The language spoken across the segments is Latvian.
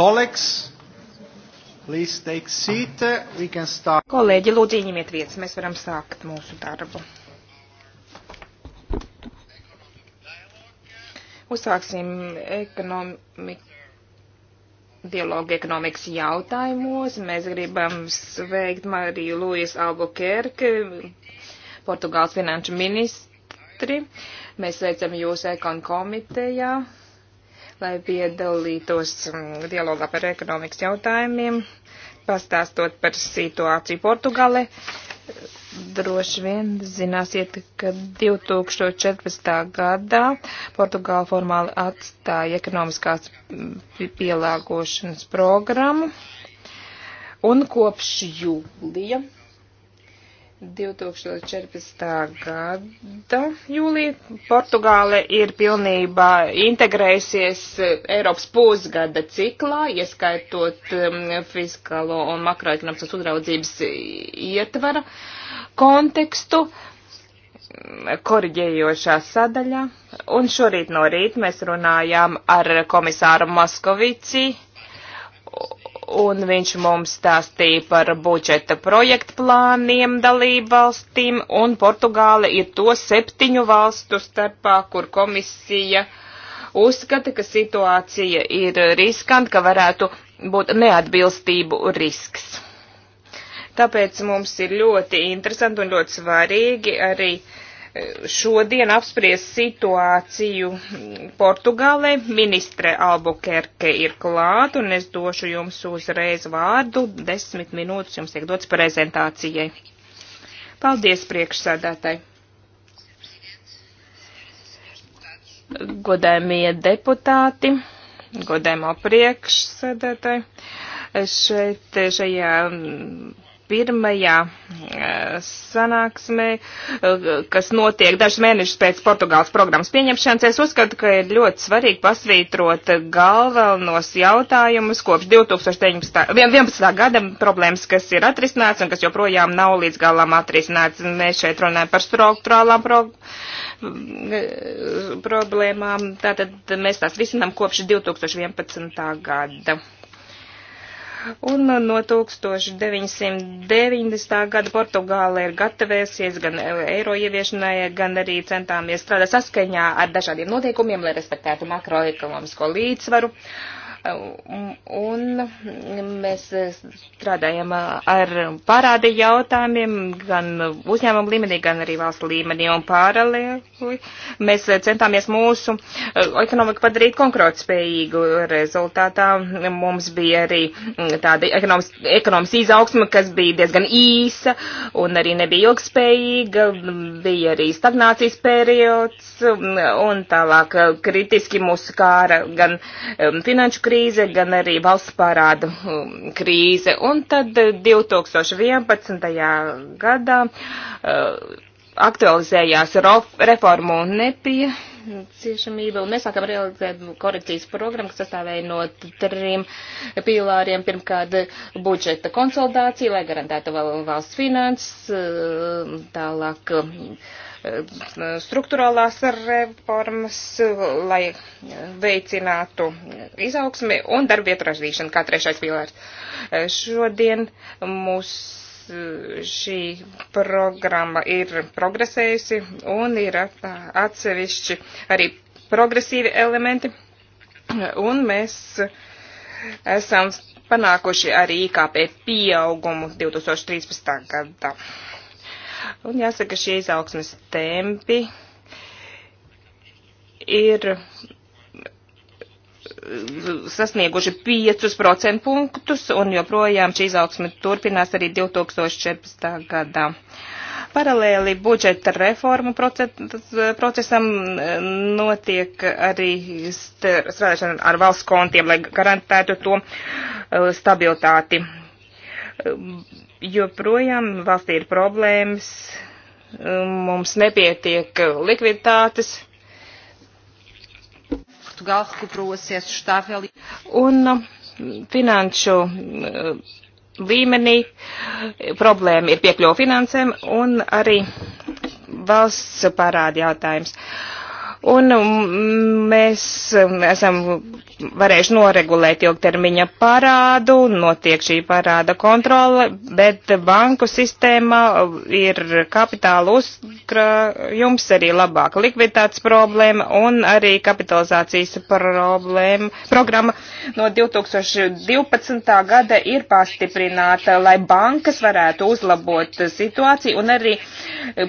Colleagues, please take seat. We can start. Kolēģi, lūdzu, ieņemiet vietas. Mēs varam sākt mūsu darbu. Uzsāksim ekonomiku. Dialogu ekonomikas jautājumos mēs gribam sveikt Mariju Lujas Albuquerque, Portugāles finanšu ministri. Mēs sveicam jūs ekon komitejā lai piedalītos mm, dialogā par ekonomikas jautājumiem, pastāstot par situāciju Portugale. Droši vien zināsiet, ka 2014. gadā Portugāla formāli atstāja ekonomiskās pielāgošanas programmu, un kopš jūlija 2014. gada jūlija Portugāle ir pilnībā integrējusies eh, Eiropas pusgada ciklā, ieskaitot um, fiskālo un makroekonomiskās uzraudzības ietvara kontekstu koriģējošā sadaļā. Un šorīt no rīta mēs runājām ar komisāru Moskovici un viņš mums stāstīja par budžeta projektu plāniem dalību valstīm, un Portugāla ir to septiņu valstu starpā, kur komisija uzskata, ka situācija ir riskanta, ka varētu būt neatbilstību risks. Tāpēc mums ir ļoti interesanti un ļoti svarīgi arī uh, šodien apspries situāciju Portugālē. Ministre Albuquerque ir klāt, un es došu jums uzreiz vārdu. Desmit minūtes jums tiek dots prezentācijai. Paldies priekšsādātai. Godējumie deputāti, godējumo priekšsādātai. Šeit, šajā pirmajā eh, sanāksmē, eh, kas notiek dažus mēnešus pēc Portugāles programmas pieņemšanas, es uzskatu, ka ir ļoti svarīgi pasvītrot galvenos jautājumus kopš 2011. gada problēmas, kas ir atrisināts un kas joprojām nav līdz galam atrisināts. Mēs šeit runājam par struktūrālām pro eh, problēmām, tātad mēs tās risinām kopš 2011. gada. Un no 1990. gada Portugāla ir gatavēsies gan eiro ieviešanai, gan arī centāmies strādāt saskaņā ar dažādiem noteikumiem, lai respektētu makroekonomisko līdzsvaru. Uh, Un mēs strādājam ar parādi jautājumiem gan uzņēmumu līmenī, gan arī valsts līmenī un paralēli. Mēs centāmies mūsu eh, ekonomiku padarīt konkurētspējīgu. Rezultātā mums bija arī mm, tāda ekonomis, ekonomis izaugsma, kas bija diezgan īsa un arī nebija ilgspējīga. Bija arī stagnācijas periods mm, un tālāk eh, kritiski mūs kāra gan eh, finanšu krīze, krīze, gan arī valsts pārāda um, krīze. Un tad 2011. Eh, gadā eh, aktualizējās reformu nepie ciešamība, un mēs sākam realizēt korekcijas programmu, kas sastāvēja no trim pīlāriem. Pirmkārt, budžeta konsolidācija, lai garantētu valsts finanses, eh, tālāk struktūrālās reformas, lai veicinātu izaugsmi un darbvietu ražīšanu, kā trešais pilārs. Šodien mūs šī programma ir progresējusi un ir atsevišķi arī progresīvi elementi, un mēs esam panākuši arī IKP pieaugumu 2013. gadā. Un jāsaka, šie izaugsmes tempi ir sasnieguši 5% punktus, un joprojām šī izaugsme turpinās arī 2014. gadā. Paralēli budžeta reformu procesam eh, notiek arī strādāšana ar valsts kontiem, lai garantētu to eh, stabilitāti joprojām valstī ir problēmas, um, mums nepietiek likviditātes. E- un um, finanšu um, līmenī eh, problēma ir piekļuva finansēm un arī valsts parāda jautājums. Uh, Un um, mēs um, esam varējuši noregulēt ilgtermiņa parādu, notiek šī parāda kontrole, bet banku sistēmā um, ir kapitāla uzkrājums, arī labāka likviditātes problēma un arī kapitalizācijas problēma. Programma no 2012. gada ir pastiprināta, lai bankas varētu uzlabot situāciju un arī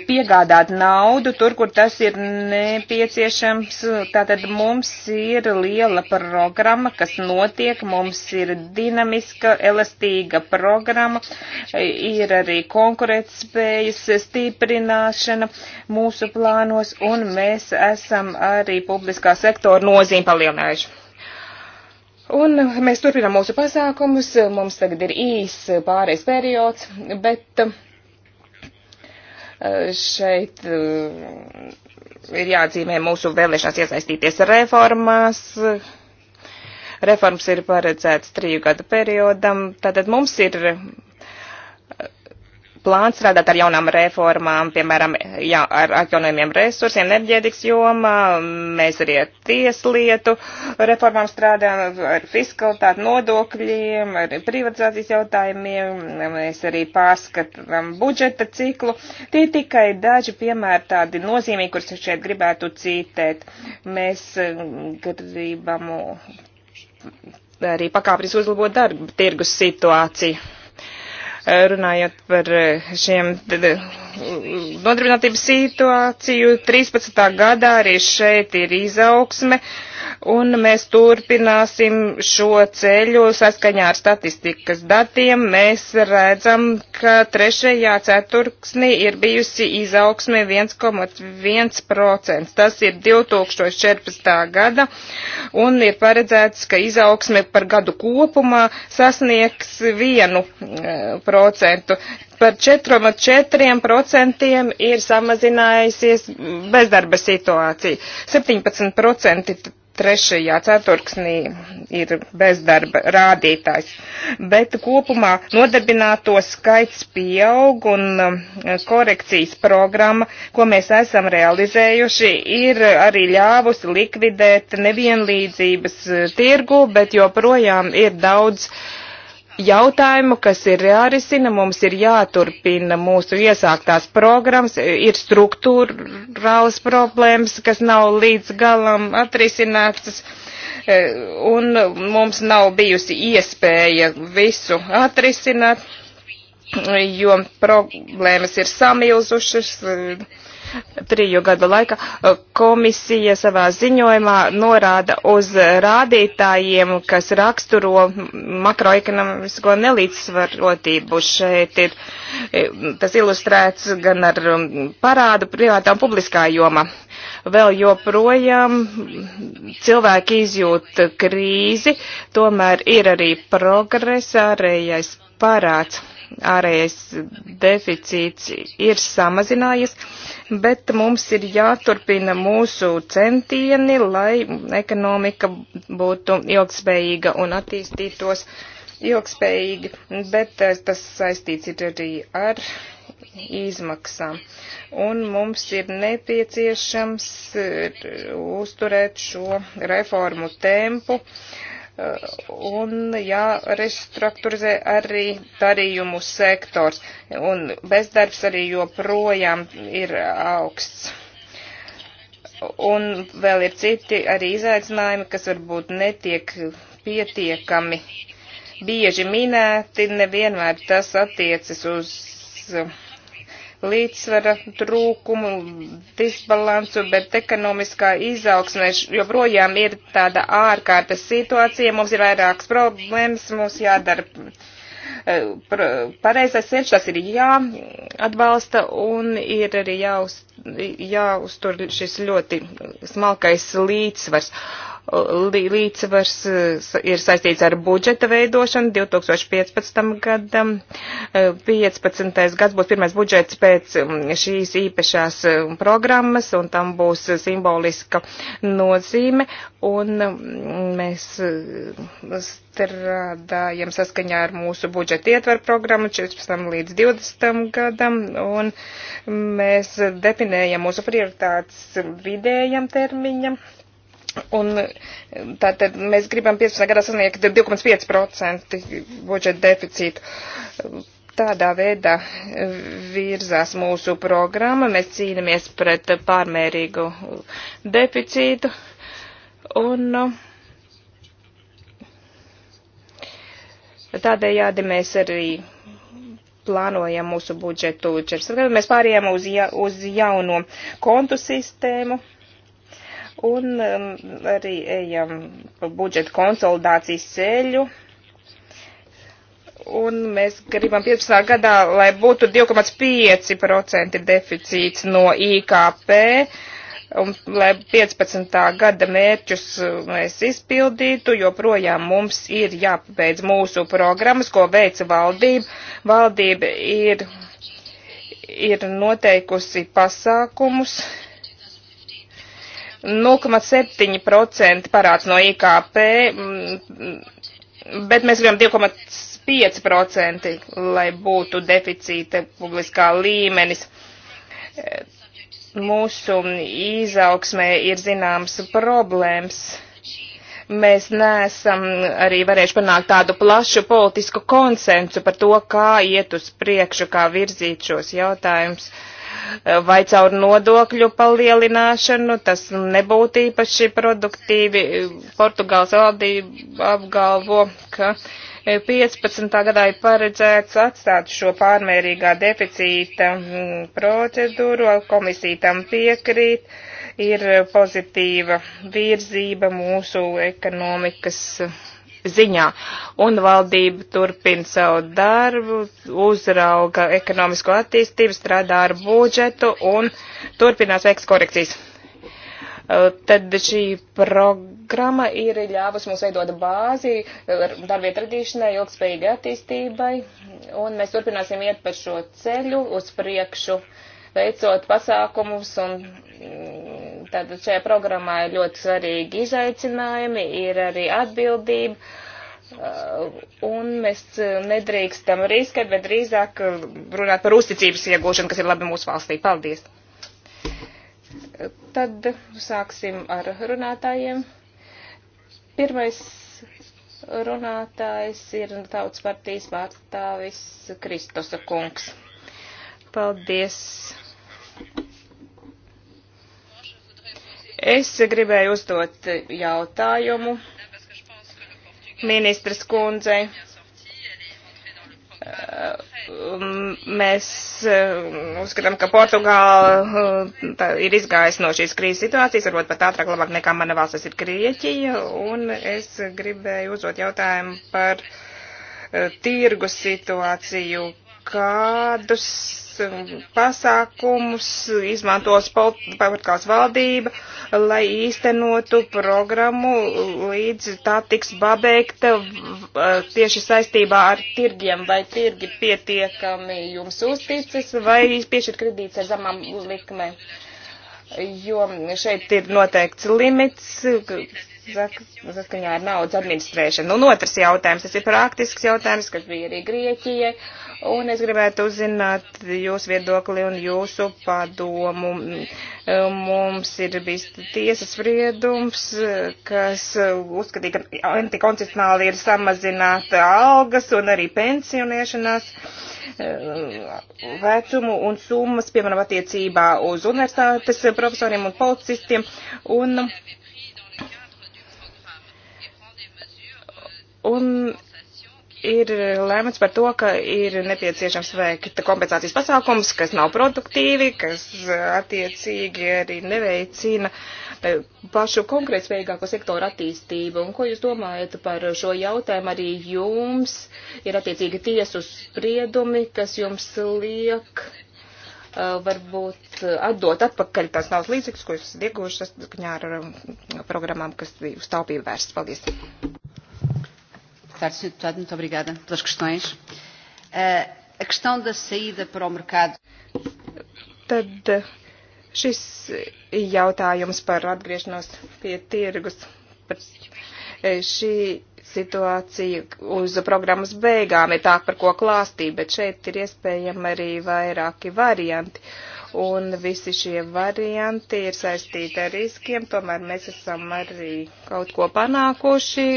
piegādāt naudu tur, kur tas ir nepieciešams nepieciešams. Tātad mums ir liela programma, kas notiek, mums ir dinamiska, elastīga programma, ir arī konkurētspējas stiprināšana mūsu plānos, un mēs esam arī publiskā sektora nozīmi palielinājuši. Un mēs turpinām mūsu pasākumus, mums tagad ir īs pārējais periods, bet eh, šeit eh, ir jāatzīmē mūsu vēlēšanās iesaistīties reformās. Reformas ir paredzēts triju gadu periodam, tātad mums ir plāns strādāt ar jaunām reformām, piemēram, ja, ar atjaunojumiem resursiem, enerģētikas jomā, mēs arī ar tieslietu reformām strādājam, ar fiskalitāti nodokļiem, ar privatizācijas jautājumiem, mēs arī pārskatām budžeta ciklu. Tie tikai daži piemēri tādi nozīmīgi, kurus es šeit gribētu citēt. Mēs mm, gribam arī pakāpjas uzlabot darba tirgus situāciju runājot par eh, šiem nodarbinātības situāciju. 13. gadā arī šeit ir izaugsme, un mēs turpināsim šo ceļu saskaņā ar statistikas datiem. Mēs redzam, ka trešajā ceturksnī ir bijusi izaugsme 1,1%. Tas ir 2014. gada, un ir paredzēts, ka izaugsme par gadu kopumā sasniegs 1% par 4,4% ir samazinājusies bezdarba situācija. 17% trešajā ceturksnī ir bezdarba rādītājs. Bet kopumā nodarbināto skaits pieaug un um, korekcijas programma, ko mēs esam realizējuši, ir arī ļāvusi likvidēt nevienlīdzības uh, tirgu, bet joprojām ir daudz uh, jautājumu, kas ir jārisina. Mums ir jāturpina mūsu iesāktās programmas, ir struktūrāls problēmas, kas nav līdz galam atrisinātas. E, un mums nav bijusi iespēja visu atrisināt, jo problēmas ir samilzušas triju gadu laika eh, komisija savā ziņojumā norāda uz rādītājiem, kas raksturo makroekonomisko nelīdzsvarotību. Šeit ir eh, tas ilustrēts gan ar um, parādu privātā un publiskā joma. Vēl joprojām cilvēki izjūt krīzi, tomēr ir arī progresa, arējais parāds ārējais deficīts ir samazinājies, bet mums ir jāturpina mūsu centieni, lai ekonomika būtu ilgspējīga un attīstītos ilgspējīgi, bet tas saistīts ir arī ar izmaksām. Un mums ir nepieciešams eh, uzturēt šo reformu tempu un jārestruktūrizē arī darījumu sektors. Un bezdarbs arī joprojām ir augsts. Un vēl ir citi arī izaicinājumi, kas varbūt netiek pietiekami bieži minēti, nevienmēr tas attiecas uz līdzsvara trūkumu, disbalansu, bet ekonomiskā izaugsme joprojām ir tāda ārkārtas situācija. Mums ir vairākas problēmas, mums jādara eh, pareizais ceļš, tas ir jāatbalsta un ir arī jāuz, jāuztur šis ļoti smalkais līdzsvars. Uh, līdzsvars eh, ir saistīts ar budžeta veidošanu 2015. gadam. 15. Eh, gads būs pirmais budžets pēc mm, šīs īpašās mm, programmas, un tam būs simboliska nozīme, un mm, mēs eh, strādājam saskaņā ar mūsu budžeta ietveru programmu 14. līdz 20. gadam, un mēs definējam mūsu prioritātes vidējam termiņam Un eh, tātad mēs gribam 15. gadā sasniegt 2,5% budžeta deficītu. Tādā veidā eh, virzās mūsu programma. Mēs cīnāmies pret pārmērīgu deficītu. Un eh, tādējādi mēs arī plānojam mūsu budžetu. Mēs pārējām uz, ja, uz jauno kontu sistēmu un um, arī ejam budžeta konsolidācijas ceļu. Un mēs gribam 15. gadā, lai būtu 2,5% deficīts no IKP, un lai 15. gada mērķus mēs izpildītu, jo projām mums ir jāpabeidz mūsu programmas, ko veica valdība. Valdība ir, ir noteikusi pasākumus, 0,7% parāds no IKP, mm, bet mēs gribam 2,5%, lai būtu deficīta publiskā līmenis. Mūsu izaugsmē ir zināms problēmas. Mēs neesam arī varējuši panākt tādu plašu politisku konsensu par to, kā iet uz priekšu, kā virzīt šos jautājumus. Uh, vai caur nodokļu palielināšanu. Tas nebūtu īpaši produktīvi. Portugāls valdība apgalvo, ka 15. gadā ir paredzēts atstāt šo pārmērīgā deficīta mm, procedūru, komisija tam piekrīt, ir pozitīva virzība mūsu ekonomikas ziņā. Un valdība turpina savu darbu, uzrauga ekonomisko attīstību, strādā ar budžetu un turpinās veiks korekcijas. Uh, tad šī programma ir ļāvusi mums veidot bāzi uh, darbvietu radīšanai, ilgspējīgai attīstībai, un mēs turpināsim iet pa šo ceļu uz priekšu. Uh, veicot pasākumus, un mm, tad šajā programmā ir ļoti svarīgi izaicinājumi, ir arī atbildība, uh, un mēs uh, nedrīkstam riskēt, bet drīzāk uh, runāt par uzticības iegūšanu, kas ir labi mūsu valstī. Paldies! Tad sāksim ar runātājiem. Pirmais runātājs ir Tautas partijas pārstāvis Kristosa kungs. Paldies! Es gribēju uzdot jautājumu ministras kundzei. Uh, mēs uh, uzskatām, ka Portugāla uh, ir izgājusi no šīs krīzes situācijas, varbūt pat ātrāk labāk nekā mana valsts ir Grieķija, un es gribēju uzdot jautājumu par tirgus situāciju, kādus pasākumus izmantos pārvaldkās valdība, lai īstenotu programmu, līdz tā tiks pabeigta tieši saistībā ar tirgiem, vai tirgi pietiekami jums uzticas, vai piešķirt kredīts ar zemām likmēm jo šeit ir noteikts limits, saskaņā ar naudas administrēšanu. Nu, un otrs jautājums, tas ir praktisks jautājums, kas bija arī Grieķijai, un es gribētu uzzināt jūsu viedokli un jūsu padomu. Mm, mums ir bijis tiesas spriedums, kas uzskatīja, ka antikoncepcionāli ir samazināta algas un arī pensionēšanās mm, vecumu un summas, piemēram, attiecībā uz universitātes profesoriem un policistiem. Un, Un ir lēmts par to, ka ir nepieciešams veikt kompensācijas pasākums, kas nav produktīvi, kas eh, attiecīgi arī neveicina eh, pašu konkrētspējīgāko sektoru attīstību. Un ko jūs domājat par šo jautājumu? Arī jums ir attiecīgi tiesu spriedumi, kas jums liek eh, varbūt atdot atpakaļ tās naudas līdzekļus, ko jūs esat ieguvuši saskaņā ar programmām, kas bija uz taupību vērsts. Paldies! tarde, Sr. Deputado. Muito obrigada pelas questões. Uh, a questão da saída para o mercado. Tad eh, šis jautājums par atgriešanos pie tirgus, par eh, šī situācija uz programmas beigām ir tā, par ko klāstī, bet šeit ir iespējami arī vairāki varianti. Uh, un visi šie varianti ir saistīti ar riskiem, tomēr mēs esam arī kaut ko panākuši,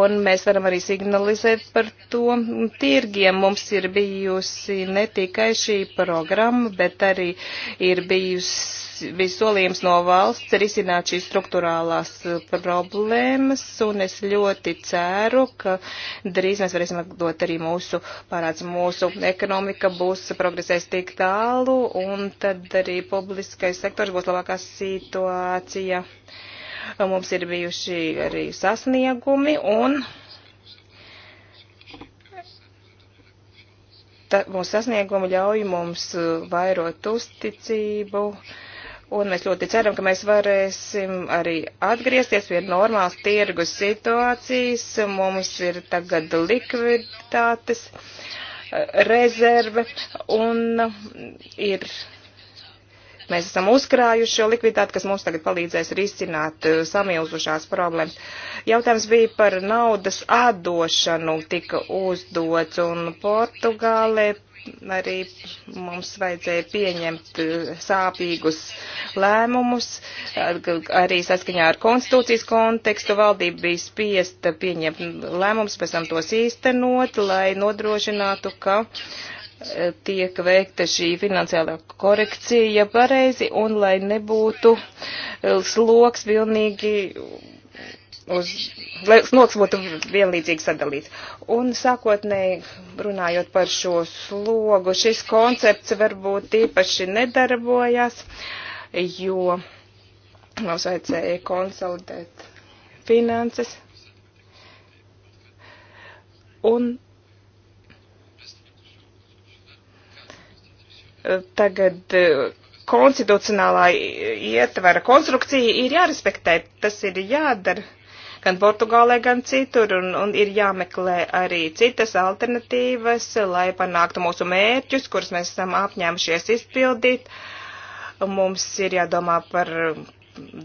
un mēs varam arī signalizēt par to tirgiem. Mums ir bijusi ne tikai šī programma, bet arī ir bijusi bija solījums no valsts risināt šīs struktūrālās eh, problēmas, un es ļoti ceru, ka drīz mēs varēsim atdot arī mūsu pārāds. Mūsu ekonomika būs progresēs tik tālu, un tad arī publiskais sektors būs labākā situācija. Mums ir bijuši arī sasniegumi, un. ta, mūsu sasniegumi ļauj mums eh, vairot uzticību, uh, Un mēs ļoti ceram, ka mēs varēsim arī atgriezties pie normālas tirgus situācijas. Mums ir tagad likviditātes eh, rezerve un ir mēs esam uzkrājuši šo likviditāti, kas mums tagad palīdzēs risināt eh, samilzušās problēmas. Jautājums bija par naudas atdošanu, tika uzdots, un Portugālē arī mums vajadzēja pieņemt eh, sāpīgus lēmumus. Arī saskaņā ar konstitūcijas kontekstu valdība bija spiesta pieņemt lēmumus, pēc tam tos īstenot, lai nodrošinātu, ka eh, tiek veikta šī finansiālā korekcija pareizi un lai nebūtu eh, sloks pilnīgi uz, lai sloks būtu vienlīdzīgi sadalīts. Un sākotnēji runājot par šo slogu, šis koncepts varbūt īpaši nedarbojās, jo mums vajadzēja konsolidēt finanses. Un tagad eh, konstitucionālā ietvara konstrukcija ir jārespektē, tas ir jādara gan Portugālē, gan citur, un, un ir jāmeklē arī citas alternatīvas, lai panāktu mūsu mērķus, kurus mēs esam apņēmušies izpildīt. Mums ir jādomā par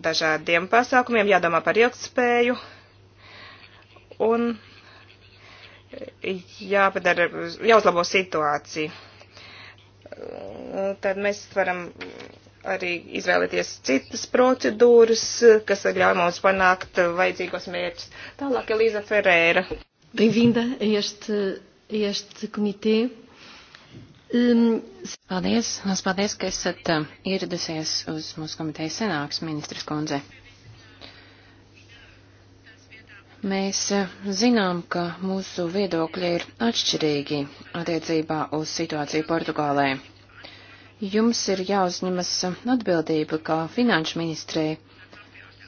dažādiem pasākumiem, jādomā par ilgtspēju. Un jāpadara, jāuzlabo situāciju. Tad mēs varam arī izvēlēties citas procedūras, kas ļauj mums panākt vajadzīgos mērķus. Tālāk Elīza Ferēra. Bem-vinda a este, a este komitē. Um, paldies, lās paldies, ka esat um, ieradusies uz mūsu komitejas senāks, ministrs kundze. Mēs uh, zinām, ka mūsu viedokļi ir atšķirīgi attiecībā uz situāciju Portugālē jums ir jāuzņemas atbildība kā finanšu ministrei.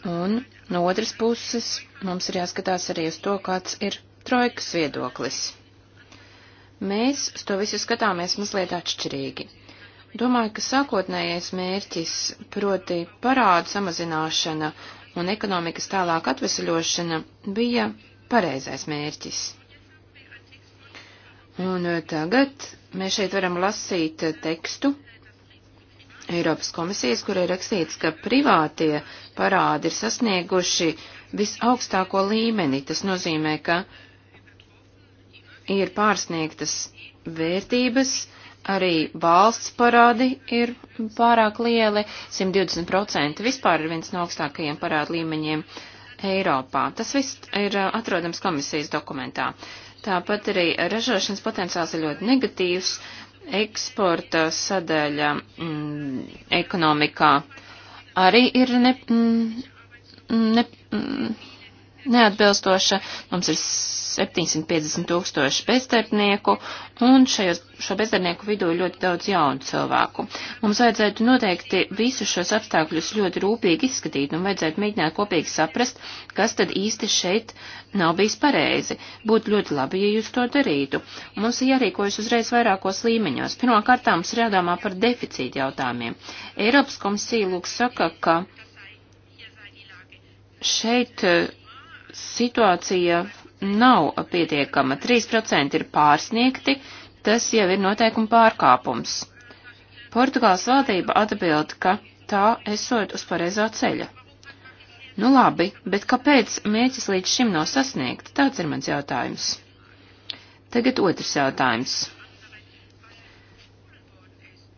Un no otras puses mums ir jāskatās arī uz to, kāds ir trojkas viedoklis. Mēs uz to visu skatāmies mazliet atšķirīgi. Domāju, ka sākotnējais mērķis, proti parādu samazināšana un ekonomikas tālāk atvesaļošana, bija pareizais mērķis. Un tagad mēs šeit varam lasīt tekstu, Eiropas komisijas, kur ir rakstīts, ka privātie parādi ir sasnieguši visaugstāko līmeni. Tas nozīmē, ka ir pārsniegtas vērtības, arī valsts parādi ir pārāk lieli, 120% vispār ir viens no augstākajiem parādu līmeņiem Eiropā. Tas viss ir uh, atrodams komisijas dokumentā. Tāpat arī ražošanas potenciāls ir ļoti negatīvs, eksporta sadaļa mm, ekonomikā arī ir ne, mm, ne, mm, neatbilstoša. Mums ir 750 tūkstoši bezdarbnieku, un šajos, šo bezdarbnieku vidū ļoti daudz jaunu cilvēku. Mums vajadzētu noteikti visus šos apstākļus ļoti rūpīgi izskatīt, un vajadzētu mēģināt kopīgi saprast, kas tad īsti šeit nav bijis pareizi. Būtu ļoti labi, ja jūs to darītu. Mums ir jārīkojas uzreiz vairākos līmeņos. Pirmkārt, mums ir jādomā par deficīti jautājumiem. Eiropas komisija lūk saka, ka šeit eh, situācija nav pietiekama. 3% ir pārsniegti, tas jau ir noteikuma pārkāpums. Portugāles valdība atbild, ka tā esot uz pareizā ceļa. Nu labi, bet kāpēc mērķis līdz šim nav sasniegts? Tāds ir mans jautājums. Tagad otrs jautājums.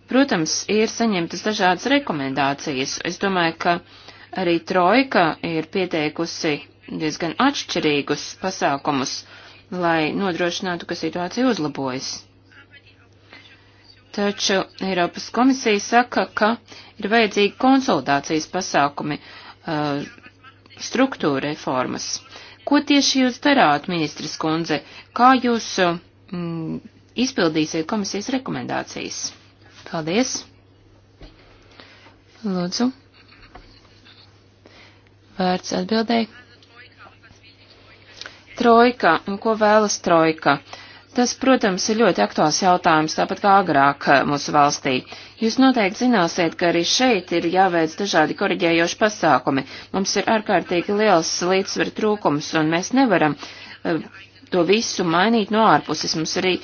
Protams, ir saņemtas dažādas rekomendācijas. Es domāju, ka arī Trojka ir pieteikusi diezgan atšķirīgus pasākumus, lai nodrošinātu, ka situācija uzlabojas. Taču Eiropas komisija saka, ka ir vajadzīgi konsultācijas pasākumi, uh, struktūra reformas. Ko tieši jūs darāt, ministras kundze? Kā jūs uh, mm, izpildīsiet komisijas rekomendācijas? Paldies! Lūdzu. Vērts atbildēja. Trojka un ko vēlas trojka? Tas, protams, ir ļoti aktuāls jautājums, tāpat kā agrāk eh, mūsu valstī. Jūs noteikti zināsiet, ka arī šeit ir jāveic dažādi koriģējoši pasākumi. Mums ir ārkārtīgi liels līdzsver trūkums, un mēs nevaram eh, to visu mainīt no ārpuses. Mums arī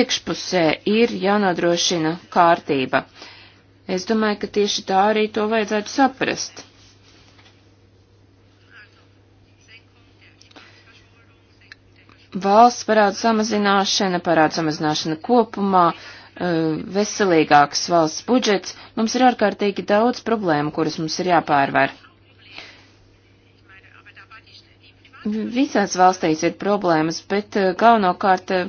iekšpusē ir jānodrošina kārtība. Es domāju, ka tieši tā arī to vajadzētu saprast. valsts parāda samazināšana, parāda samazināšana kopumā, eh, veselīgāks valsts budžets, mums ir ārkārtīgi daudz problēmu, kuras mums ir jāpārvar. Visās valstīs ir problēmas, bet eh, galvenokārt eh,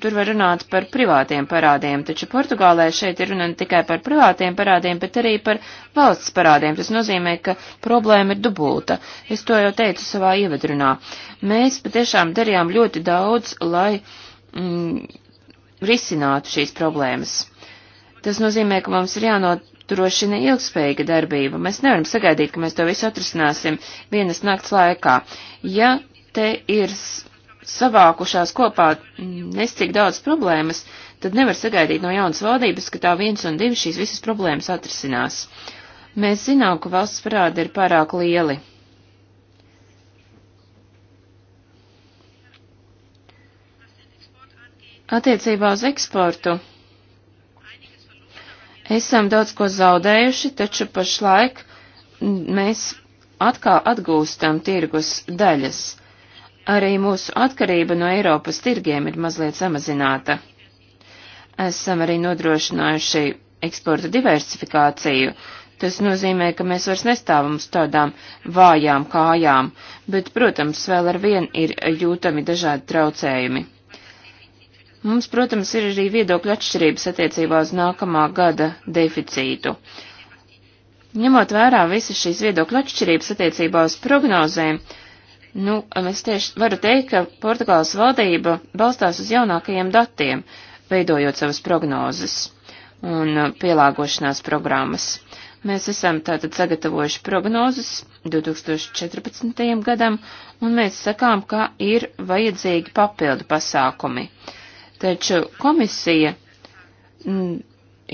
tur var runāt par privātiem parādiem, taču Portugālē šeit ir runa ne tikai par privātiem parādiem, bet arī par valsts parādiem. Tas nozīmē, ka problēma ir dubulta. Es to jau teicu savā ievadrunā. Mēs patiešām darījām ļoti daudz, lai mm, risinātu šīs problēmas. Tas nozīmē, ka mums ir jānodrošina ilgspējīga darbība. Mēs nevaram sagaidīt, ka mēs to visu atrisināsim vienas nakts laikā. Ja te ir savākušās kopā mm, nescik daudz problēmas, tad nevar sagaidīt no jaunas valdības, ka tā viens un divi šīs visas problēmas atrisinās. Mēs zinām, ka valsts parādi ir pārāk lieli. Attiecībā uz eksportu esam daudz ko zaudējuši, taču pašlaik mm, mēs atkal atgūstam tirgus daļas. Arī mūsu atkarība no Eiropas tirgiem ir mazliet samazināta. Esam arī nodrošinājuši eksporta diversifikāciju. Tas nozīmē, ka mēs vairs nestāvam uz tādām vājām kājām, bet, protams, vēl ar vien ir jūtami dažādi traucējumi. Mums, protams, ir arī viedokļa atšķirības attiecībā uz nākamā gada deficītu. Ņemot vērā visas šīs viedokļa atšķirības attiecībā uz prognozēm, Nu, es tieši varu teikt, ka Portugāles valdība balstās uz jaunākajiem datiem, veidojot savas prognozes un pielāgošanās programmas. Mēs esam tātad sagatavojuši prognozes 2014. gadam, un mēs sakām, ka ir vajadzīgi papildu pasākumi. Taču komisija mm,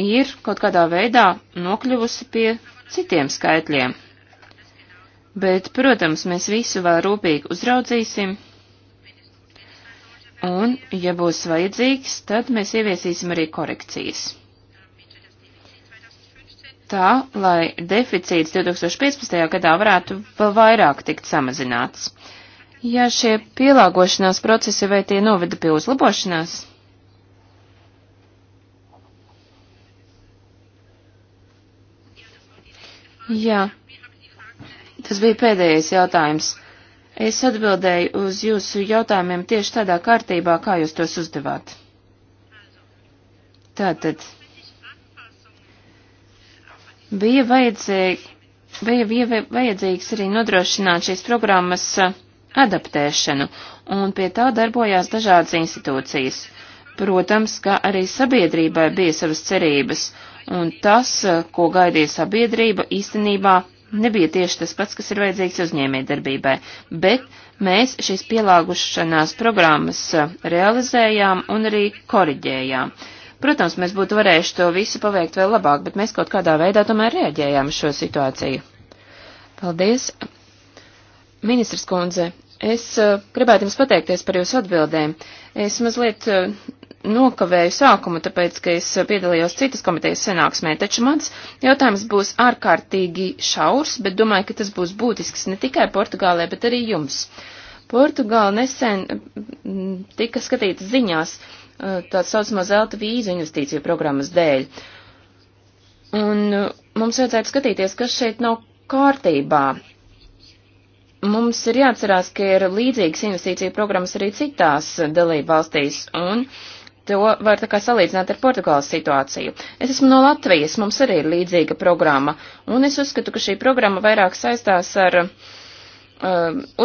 ir kaut kādā veidā nokļuvusi pie citiem skaitļiem. Bet, protams, mēs visu vēl rūpīgi uzraudzīsim. Un, ja būs vajadzīgs, tad mēs ieviesīsim arī korekcijas. Tā, lai deficīts 2015. gadā varētu vēl vairāk tikt samazināts. Ja šie pielāgošanās procesi vai tie noveda pie uzlabošanās? Jā, Tas bija pēdējais jautājums. Es atbildēju uz jūsu jautājumiem tieši tādā kārtībā, kā jūs tos uzdevāt. Tātad bija, vajadzēg, bija, bija vajadzīgs arī nodrošināt šīs programmas adaptēšanu, un pie tā darbojās dažādas institūcijas. Protams, ka arī sabiedrībai bija savas cerības, un tas, ko gaidīja sabiedrība, īstenībā nebija tieši tas pats, kas ir vajadzīgs uzņēmējdarbībai, bet mēs šīs pielāgušanās programmas uh, realizējām un arī koriģējām. Protams, mēs būtu varējuši to visu paveikt vēl labāk, bet mēs kaut kādā veidā tomēr reaģējām uz šo situāciju. Paldies! Ministrs kundze, es uh, gribētu jums pateikties par jūsu atbildēm. Es mazliet uh, nokavēju sākumu, tāpēc, ka es piedalījos citas komitejas senāksmē, taču mans jautājums būs ārkārtīgi šaurs, bet domāju, ka tas būs būtisks ne tikai Portugālē, bet arī jums. Portugāla nesen mm, tika skatīta ziņās eh, tā saucamā zelta vīzu investīciju programmas dēļ. Un eh, mums vajadzētu skatīties, kas šeit nav kārtībā. Mums ir jāatcerās, ka ir līdzīgas investīciju programmas arī citās dalību valstīs, un uh, to var tā kā salīdzināt ar Portugāles situāciju. Es esmu no Latvijas, mums arī ir līdzīga programma, un es uzskatu, ka šī programma vairāk saistās ar uh,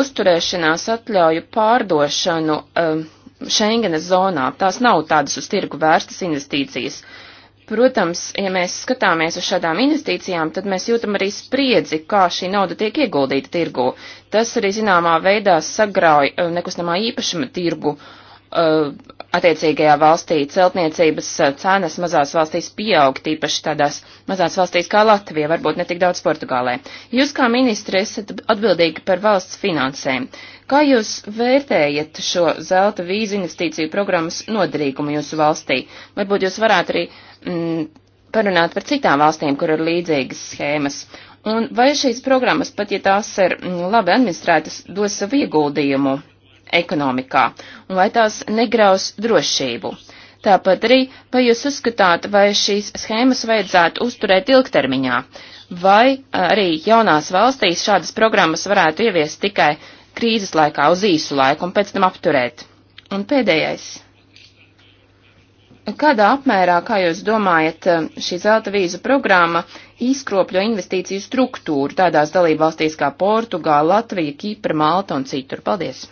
uzturēšanās atļauju pārdošanu uh, Schengenes zonā. Tās nav tādas uz tirgu vērstas investīcijas. Protams, ja mēs skatāmies uz šādām investīcijām, tad mēs jūtam arī spriedzi, kā šī nauda tiek ieguldīta tirgu. Tas arī zināmā veidā sagrauj uh, nekustamā īpašuma tirgu. Uh, Uh, attiecīgajā valstī celtniecības uh, cenas mazās valstīs pieaug, tīpaši tādās mazās valstīs kā Latvija, varbūt ne tik daudz Portugālē. Jūs kā ministri esat atbildīgi par valsts finansēm. Kā jūs vērtējat šo zelta vīzu investīciju programmas noderīgumu jūsu valstī? Varbūt jūs varētu arī mm, parunāt par citām valstīm, kur ir līdzīgas schēmas. Un vai šīs programmas, pat ja tās ir mm, labi administrētas, dos savu ieguldījumu ekonomikā un vai tās negraus drošību. Tāpat arī, vai jūs uzskatāt, vai šīs schēmas vajadzētu uzturēt ilgtermiņā, vai arī jaunās valstīs šādas programmas varētu ieviest tikai krīzes laikā uz īsu laiku un pēc tam apturēt. Un pēdējais. Kādā apmērā, kā jūs domājat, šī zelta vīzu programma izkropļo investīciju struktūru tādās dalībvalstīs kā Portugāla, Latvija, Kipra, Malta un citur? Paldies!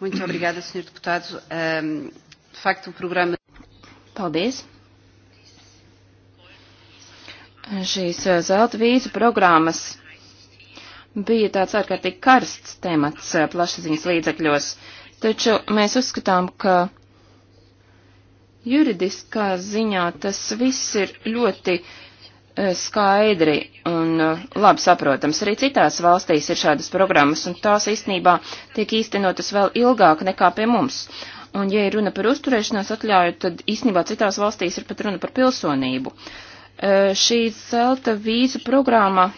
Muito obrigada, Sr. Deputado. Um, de facto, o programa. Paldies. Šīs eh, zelta vīzu programmas bija tāds ārkārtīgi karsts temats eh, plašsaziņas līdzekļos, taču mēs uzskatām, ka juridiskā ziņā tas viss ir ļoti uh, skaidri un uh, labi saprotams. Arī citās valstīs ir šādas programmas, un tās īstenībā tiek īstenotas vēl ilgāk nekā pie mums. Un, ja ir runa par uzturēšanās atļauju, tad īstenībā citās valstīs ir pat runa par pilsonību. Uh, šī zelta vīzu programma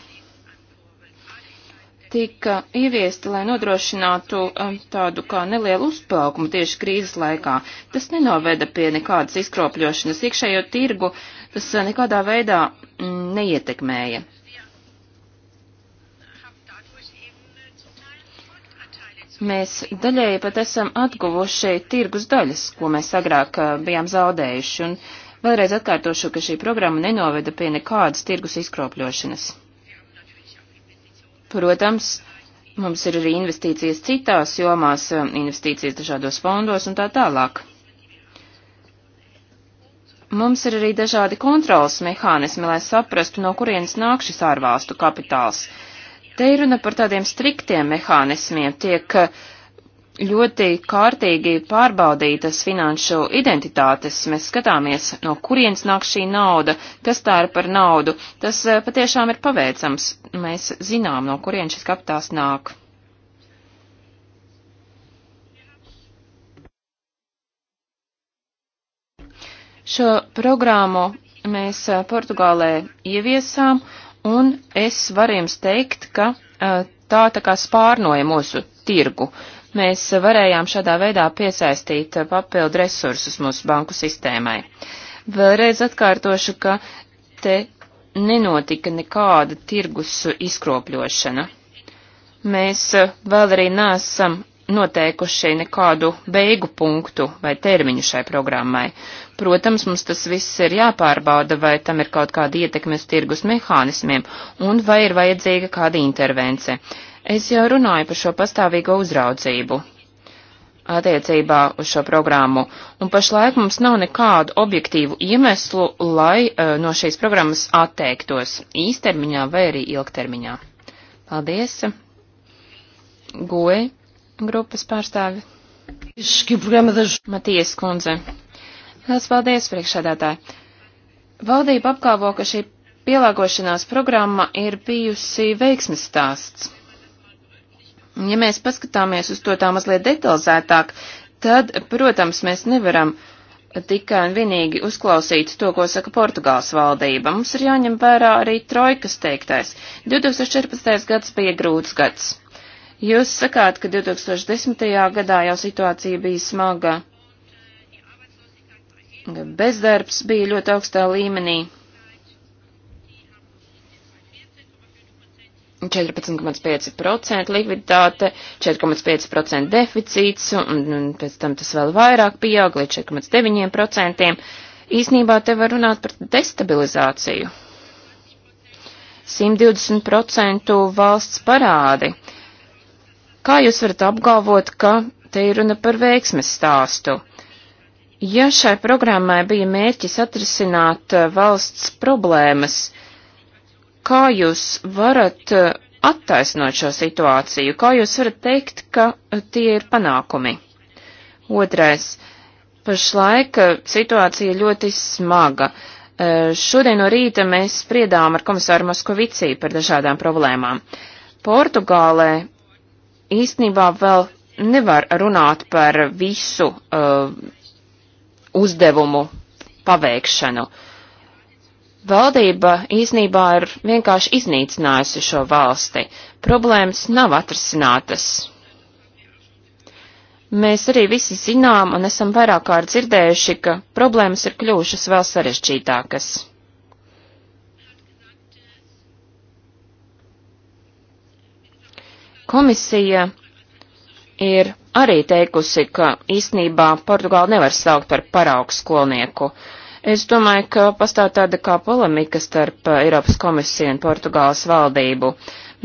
tika ieviesti, lai nodrošinātu um, tādu kā nelielu uzplaukumu tieši krīzes laikā. Tas nenoveda pie nekādas izkropļošanas. Iekšējo tirgu tas uh, nekādā veidā mm, neietekmēja. Mēs daļēji pat esam atguvuši tirgus daļas, ko mēs agrāk uh, bijām zaudējuši, un vēlreiz atkārtošu, ka šī programma nenoveda pie nekādas tirgus izkropļošanas. Protams, mums ir arī investīcijas citās jomās, um, investīcijas dažādos fondos un tā tālāk. Mums ir arī dažādi kontrolas mehānismi, lai saprastu, no kurienes nāk šis ārvalstu kapitāls. Te ir runa par tādiem striktiem mehānismiem, tiek uh, ļoti kārtīgi pārbaudītas finanšu identitātes. Mēs skatāmies, no kurienes nāk šī nauda, kas tā ir par naudu. Tas eh, patiešām ir paveicams. Mēs zinām, no kurienes šis kapitāls nāk. Šo programmu mēs eh, Portugālē ieviesām, un es varu jums teikt, ka eh, tā tā kā spārnoja mūsu tirgu. Uh, mēs varējām šādā veidā piesaistīt papildu resursus mūsu banku sistēmai. Vēlreiz atkārtošu, ka te nenotika nekāda tirgus izkropļošana. Mēs vēl arī nesam noteikuši nekādu beigu punktu vai termiņu šai programmai. Protams, mums tas viss ir jāpārbauda, vai tam ir kaut kāda ietekme uz tirgus mehānismiem un vai ir vajadzīga kāda intervence. Es jau runāju par šo pastāvīgo uzraudzību attiecībā uz šo programmu, un pašlaik mums nav nekādu objektīvu iemeslu, lai uh, no šīs programmas atteiktos īstermiņā vai arī ilgtermiņā. Paldies! Goe grupas pārstāvi. Matijas kundze. Lielas paldies, priekšsēdētāji. Valdība apgalvo, ka šī pielāgošanās programma ir bijusi veiksmes stāsts. Ja mēs paskatāmies uz to tā mazliet detalizētāk, tad, protams, mēs nevaram tikai un vienīgi uzklausīt to, ko saka Portugāles valdība. Mums ir jāņem vērā arī trojkas teiktais. 2014. gads bija grūts gads. Jūs sakāt, ka 2010. gadā jau situācija bija smaga. Bezdarbs bija ļoti augstā līmenī. 14,5% likviditāte, 4,5% deficīts, un, un pēc tam tas vēl vairāk pieaug līdz 4,9%. Īsnībā te var runāt par destabilizāciju. 120% valsts parādi. Kā jūs varat apgalvot, ka te ir runa par veiksmes stāstu? Ja šai programmai bija mērķis atrisināt eh, valsts problēmas, kā jūs varat eh, attaisnot šo situāciju, kā jūs varat teikt, ka eh, tie ir panākumi. Otrais. Pašlaik eh, situācija ļoti smaga. Šodien no rīta mēs spriedām ar komisāru Moskovici par dažādām problēmām. Portugālē īstenībā vēl nevar runāt par visu uh, uzdevumu paveikšanu. Uh, Valdība īsnībā ir vienkārši iznīcinājusi šo valsti. Problēmas nav atrasinātas. Mēs arī visi zinām un esam vairāk kārt dzirdējuši, ka problēmas ir kļuvušas vēl sarežģītākas. Komisija ir arī teikusi, ka īsnībā Portugāli nevar saukt par paraugskolnieku. skolnieku Es domāju, ka pastāv tāda kā polemika starp eh, Eiropas komisiju un Portugāles valdību.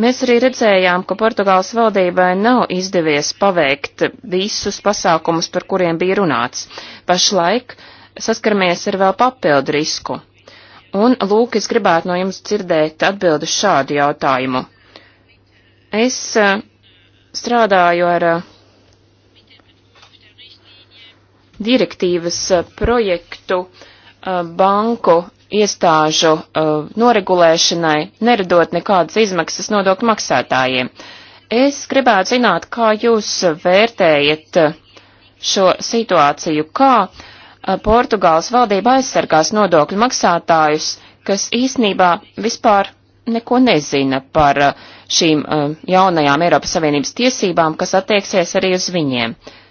Mēs arī redzējām, ka Portugāles valdībai nav izdevies paveikt visus pasākumus, par kuriem bija runāts. Pašlaik saskaramies ar vēl papildu risku. Un, lūk, es gribētu no jums dzirdēt atbildu šādu jautājumu. Es eh, strādāju ar eh, direktīvas projektu, Uh, banku iestāžu uh, noregulēšanai, neradot nekādas izmaksas nodokļu maksātājiem. Es gribētu zināt, kā jūs vērtējat uh, šo situāciju, kā Portugāles valdība aizsargās nodokļu maksātājus, kas īsnībā vispār neko nezina par šīm jaunajām Eiropas Savienības tiesībām, kas attieksies arī uz viņiem. Uh,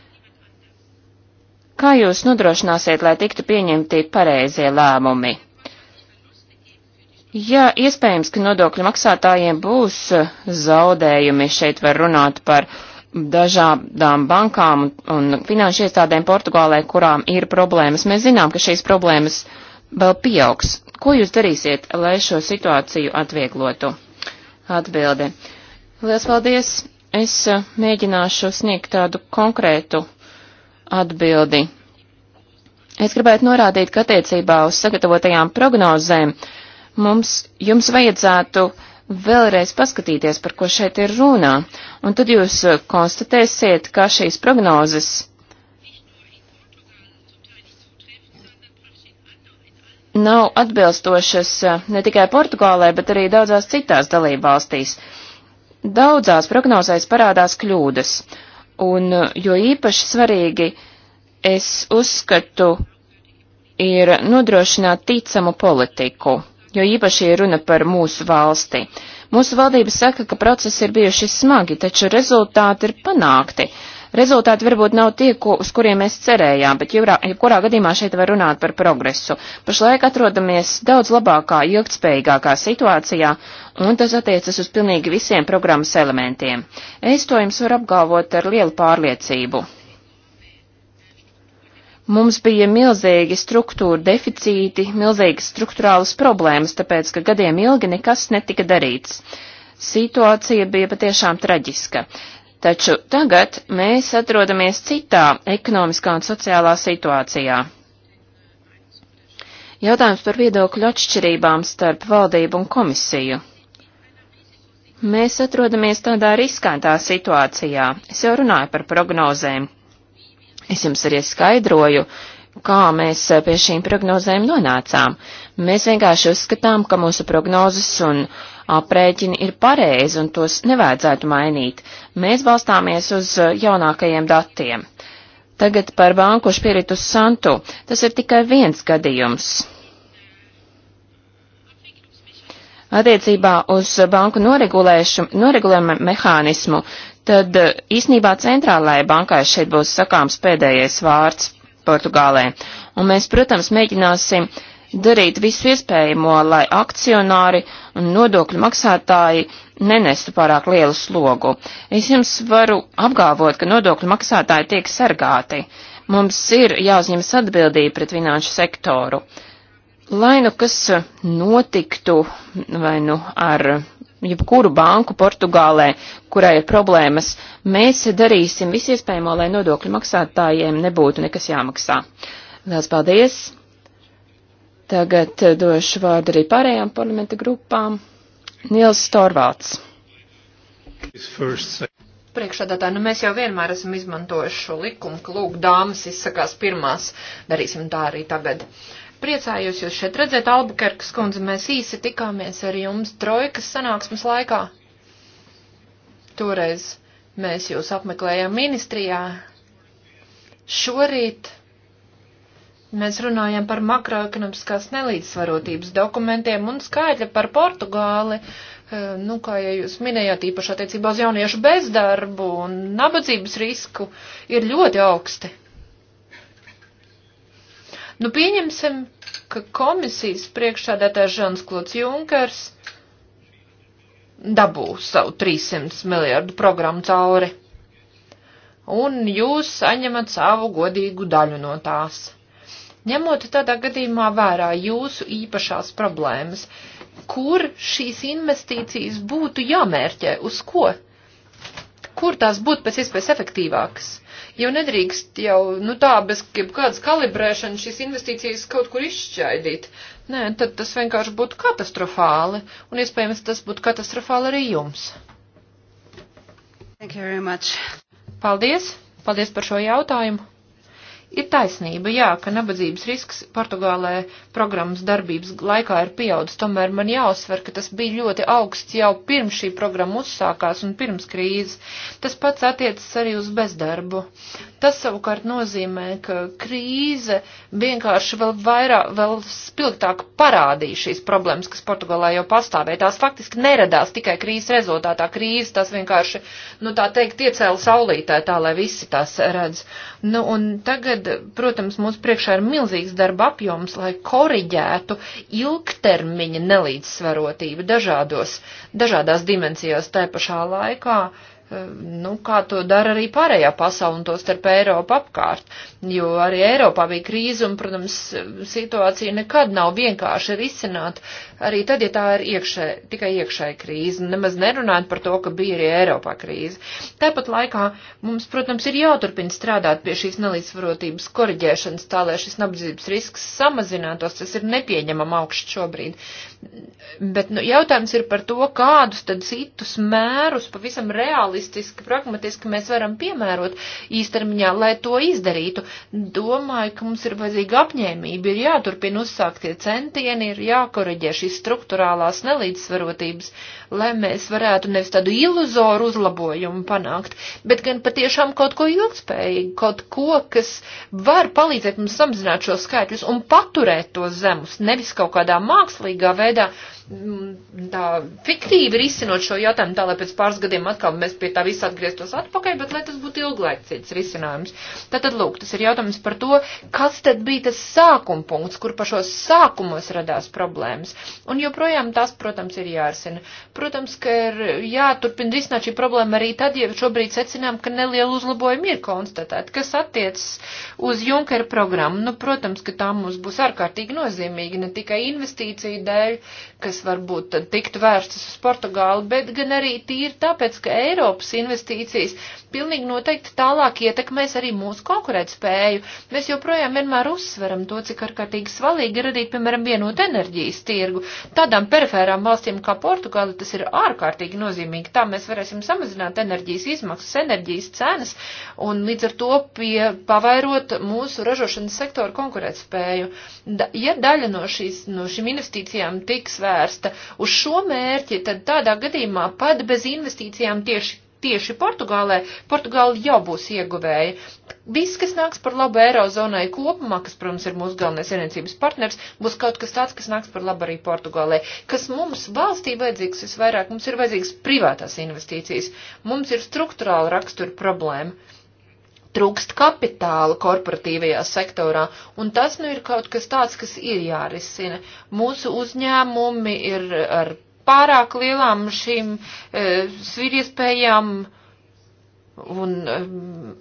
Kā jūs nodrošināsiet, lai tiktu pieņemti pareizie lēmumi? Ja iespējams, ka nodokļu maksātājiem būs eh, zaudējumi, šeit var runāt par dažādām bankām un finanšu iestādēm Portugālē, kurām ir problēmas. Mēs zinām, ka šīs problēmas vēl pieaugs. Ko jūs darīsiet, lai šo situāciju atvieglotu? Atbilde. Lielas paldies! Es eh, mēģināšu sniegt tādu konkrētu atbildi. Es gribētu norādīt, ka attiecībā uz sagatavotajām prognozēm mums, jums vajadzētu vēlreiz paskatīties, par ko šeit ir runā, un tad jūs konstatēsiet, ka šīs prognozes nav atbilstošas eh, ne tikai Portugālē, bet arī daudzās citās dalībvalstīs. Daudzās prognozēs parādās kļūdas, Un eh, jo īpaši svarīgi es uzskatu ir nodrošināt ticamu politiku, jo īpaši ir runa par mūsu valsti. Mūsu valdība saka, ka procesi ir bijuši smagi, taču rezultāti ir panākti. Rezultāti varbūt nav tie, ko, uz kuriem mēs cerējām, bet jebkurā, jebkurā gadījumā šeit var runāt par progresu. Pašlaik atrodamies daudz labākā, ilgtspējīgākā situācijā, un tas attiecas uz pilnīgi visiem programmas elementiem. Es to jums varu apgalvot ar lielu pārliecību. Mums bija milzīgi struktūra deficīti, milzīgas struktūrālas problēmas, tāpēc, ka gadiem ilgi nekas netika darīts. Situācija bija patiešām traģiska. Taču tagad mēs atrodamies citā ekonomiskā un sociālā situācijā. Jautājums par viedokļu atšķirībām starp valdību un komisiju. Mēs atrodamies tādā riskantā situācijā. Es jau runāju par prognozēm. Es jums arī skaidroju, kā mēs pie šīm prognozēm nonācām. Mēs vienkārši uzskatām, ka mūsu prognozes un uh, aprēķini ir pareizi un tos nevajadzētu mainīt. Mēs balstāmies uz eh, jaunākajiem datiem. Tagad par banku Spiritus Santu. Tas ir tikai viens gadījums. Attiecībā uz banku noregulējumu mehānismu, tad eh, īsnībā centrālajai bankai šeit būs sakāms pēdējais vārds Portugālē. Un mēs, protams, mēģināsim uh, darīt visu iespējamo, lai akcionāri un nodokļu maksātāji nenestu pārāk lielu slogu. Es jums varu apgalvot, ka nodokļu maksātāji tiek sargāti. Mums ir jāuzņemas atbildība pret finanšu sektoru. Lai nu kas notiktu, vai nu ar jebkuru banku Portugālē, kurai ir problēmas, mēs darīsim visu iespējamo, lai nodokļu maksātājiem nebūtu nekas jāmaksā. Lielas paldies! Tagad eh, došu vārdu arī pārējām parlamenta grupām. Nils Storvalds. Priekšādātāji, nu mēs jau vienmēr esam izmantojuši šo likumu, ka lūk, dāmas izsakās pirmās, darīsim tā arī tagad. Priecājos jūs šeit redzēt, Albukerkas kundze, mēs īsi tikāmies ar jums trojkas sanāksmes laikā. Toreiz mēs jūs apmeklējām ministrijā. Šorīt Mēs runājam par makroekonomiskās nelīdzsvarotības dokumentiem un skaidri par Portugāli. Eh, nu, kā ja jūs minējāt, īpaši attiecībā uz jauniešu bezdarbu un nabadzības risku ir ļoti augsti. Nu, pieņemsim, ka komisijas priekšsādātājs Žans Klots Junkers dabūs savu 300 miljardu programmu cauri. Un jūs saņemat savu godīgu daļu no tās ņemot tādā gadījumā vērā jūsu īpašās problēmas, kur šīs investīcijas būtu jāmērķē, uz ko? Kur tās būtu pēc iespējas efektīvākas? Jo nedrīkst jau, nu tā, bez kādas kalibrēšanas šīs investīcijas kaut kur izšķaidīt. Nē, tad tas vienkārši būtu katastrofāli, un iespējams tas būtu katastrofāli arī jums. Thank you very much. Paldies! Paldies par šo jautājumu! Ir taisnība, jā, ka nabadzības risks Portugālē programmas darbības laikā ir pieaudzis, tomēr man jāuzsver, ka tas bija ļoti augsts jau pirms šī programma uzsākās un pirms krīzes. Tas pats attiecas arī uz bezdarbu. Tas savukārt nozīmē, ka krīze vienkārši vēl vairāk, vēl spilgtāk parādīja šīs problēmas, kas Portugālē jau pastāvēja. Tās faktiski neradās tikai krīzes rezultātā. Krīze tas vienkārši, nu tā teikt, iecēla saulītē tā, lai visi tās redz. Nu, un tagad, protams, mums priekšā ir milzīgs darba apjoms, lai koriģētu ilgtermiņa nelīdzsvarotību dažādos, dažādās dimensijās tai pašā laikā. Eh, nu, kā to dara arī pārējā pasaule un to starp Eiropu apkārt, jo arī Eiropā bija krīze un, protams, situācija nekad nav vienkārši risināt, arī tad, ja tā ir iekšē, tikai iekšēja krīze, nemaz nerunājot par to, ka bija arī Eiropā krīze. Tāpat laikā mums, protams, ir jāturpina strādāt pie šīs nelīdzsvarotības koriģēšanas, tā lai šis nabadzības risks samazinātos, tas ir nepieņemam augsts šobrīd. Bet nu, jautājums ir par to, kādus tad citus mērus pavisam realistiski, pragmatiski mēs varam piemērot īstermiņā, lai to izdarītu. Domāju, ka mums ir vajadzīga apņēmība, ir jāturpina uzsāktie centieni, ir jākoriģē šī šīs struktūrālās nelīdzsvarotības, lai mēs varētu nevis tādu iluzoru uzlabojumu panākt, bet gan patiešām kaut ko ilgspējīgu, kaut ko, kas var palīdzēt mums samazināt šos skaitļus un paturēt tos zemus, nevis kaut kādā mākslīgā veidā, mm, tā fiktīvi risinot šo jautājumu, tā lai pēc pāris gadiem atkal mēs pie tā visa atgrieztos atpakaļ, bet lai tas būtu ilglaicīgs risinājums. Tātad, lūk, tas ir jautājums par to, kas tad bija tas sākuma punkts, kur pašos sākumos radās problēmas. Un joprojām tas, protams, ir jārisina. Protams, ka ir jāturpina risināt šī problēma arī tad, ja šobrīd secinām, ka neliela uzlabojuma ir konstatēta, kas attiecas uz Junkera programmu. Nu, protams, ka tā mums būs ārkārtīgi nozīmīga ne tikai investīciju dēļ, kas varbūt tiktu vērstas uz Portugāli, bet gan arī tīri tāpēc, ka Eiropas investīcijas pilnīgi noteikti tālāk ietekmēs arī mūsu konkurētspēju. Mēs joprojām vienmēr uzsveram to, cik ārkārtīgi svalīgi ir radīt, piemēram, vienotu enerģijas tirgu. Tādām perifērām valstīm kā Portugāla tas ir ārkārtīgi nozīmīgi. Tā mēs varēsim samazināt enerģijas izmaksas, enerģijas cenas un līdz ar to pie, pavairot mūsu ražošanas sektoru konkurētspēju. Da, ja daļa no, šīs, no šīm investīcijām tiks vērsta uz šo mērķi, tad tādā gadījumā pat bez investīcijām tieši tieši Portugālē, Portugāla jau būs ieguvēja. Viss, kas nāks par labu Eirozonai kopumā, kas, protams, ir mūsu galvenais vienības partners, būs kaut kas tāds, kas nāks par labu arī Portugālē. Kas mums valstī vajadzīgs visvairāk? Mums ir vajadzīgs privātās investīcijas. Mums ir struktūrāla rakstura problēma trūkst kapitāla korporatīvajā sektorā, un tas nu ir kaut kas tāds, kas ir jārisina. Mūsu uzņēmumi ir ar pārāk lielām šīm e, svīriespējām un e,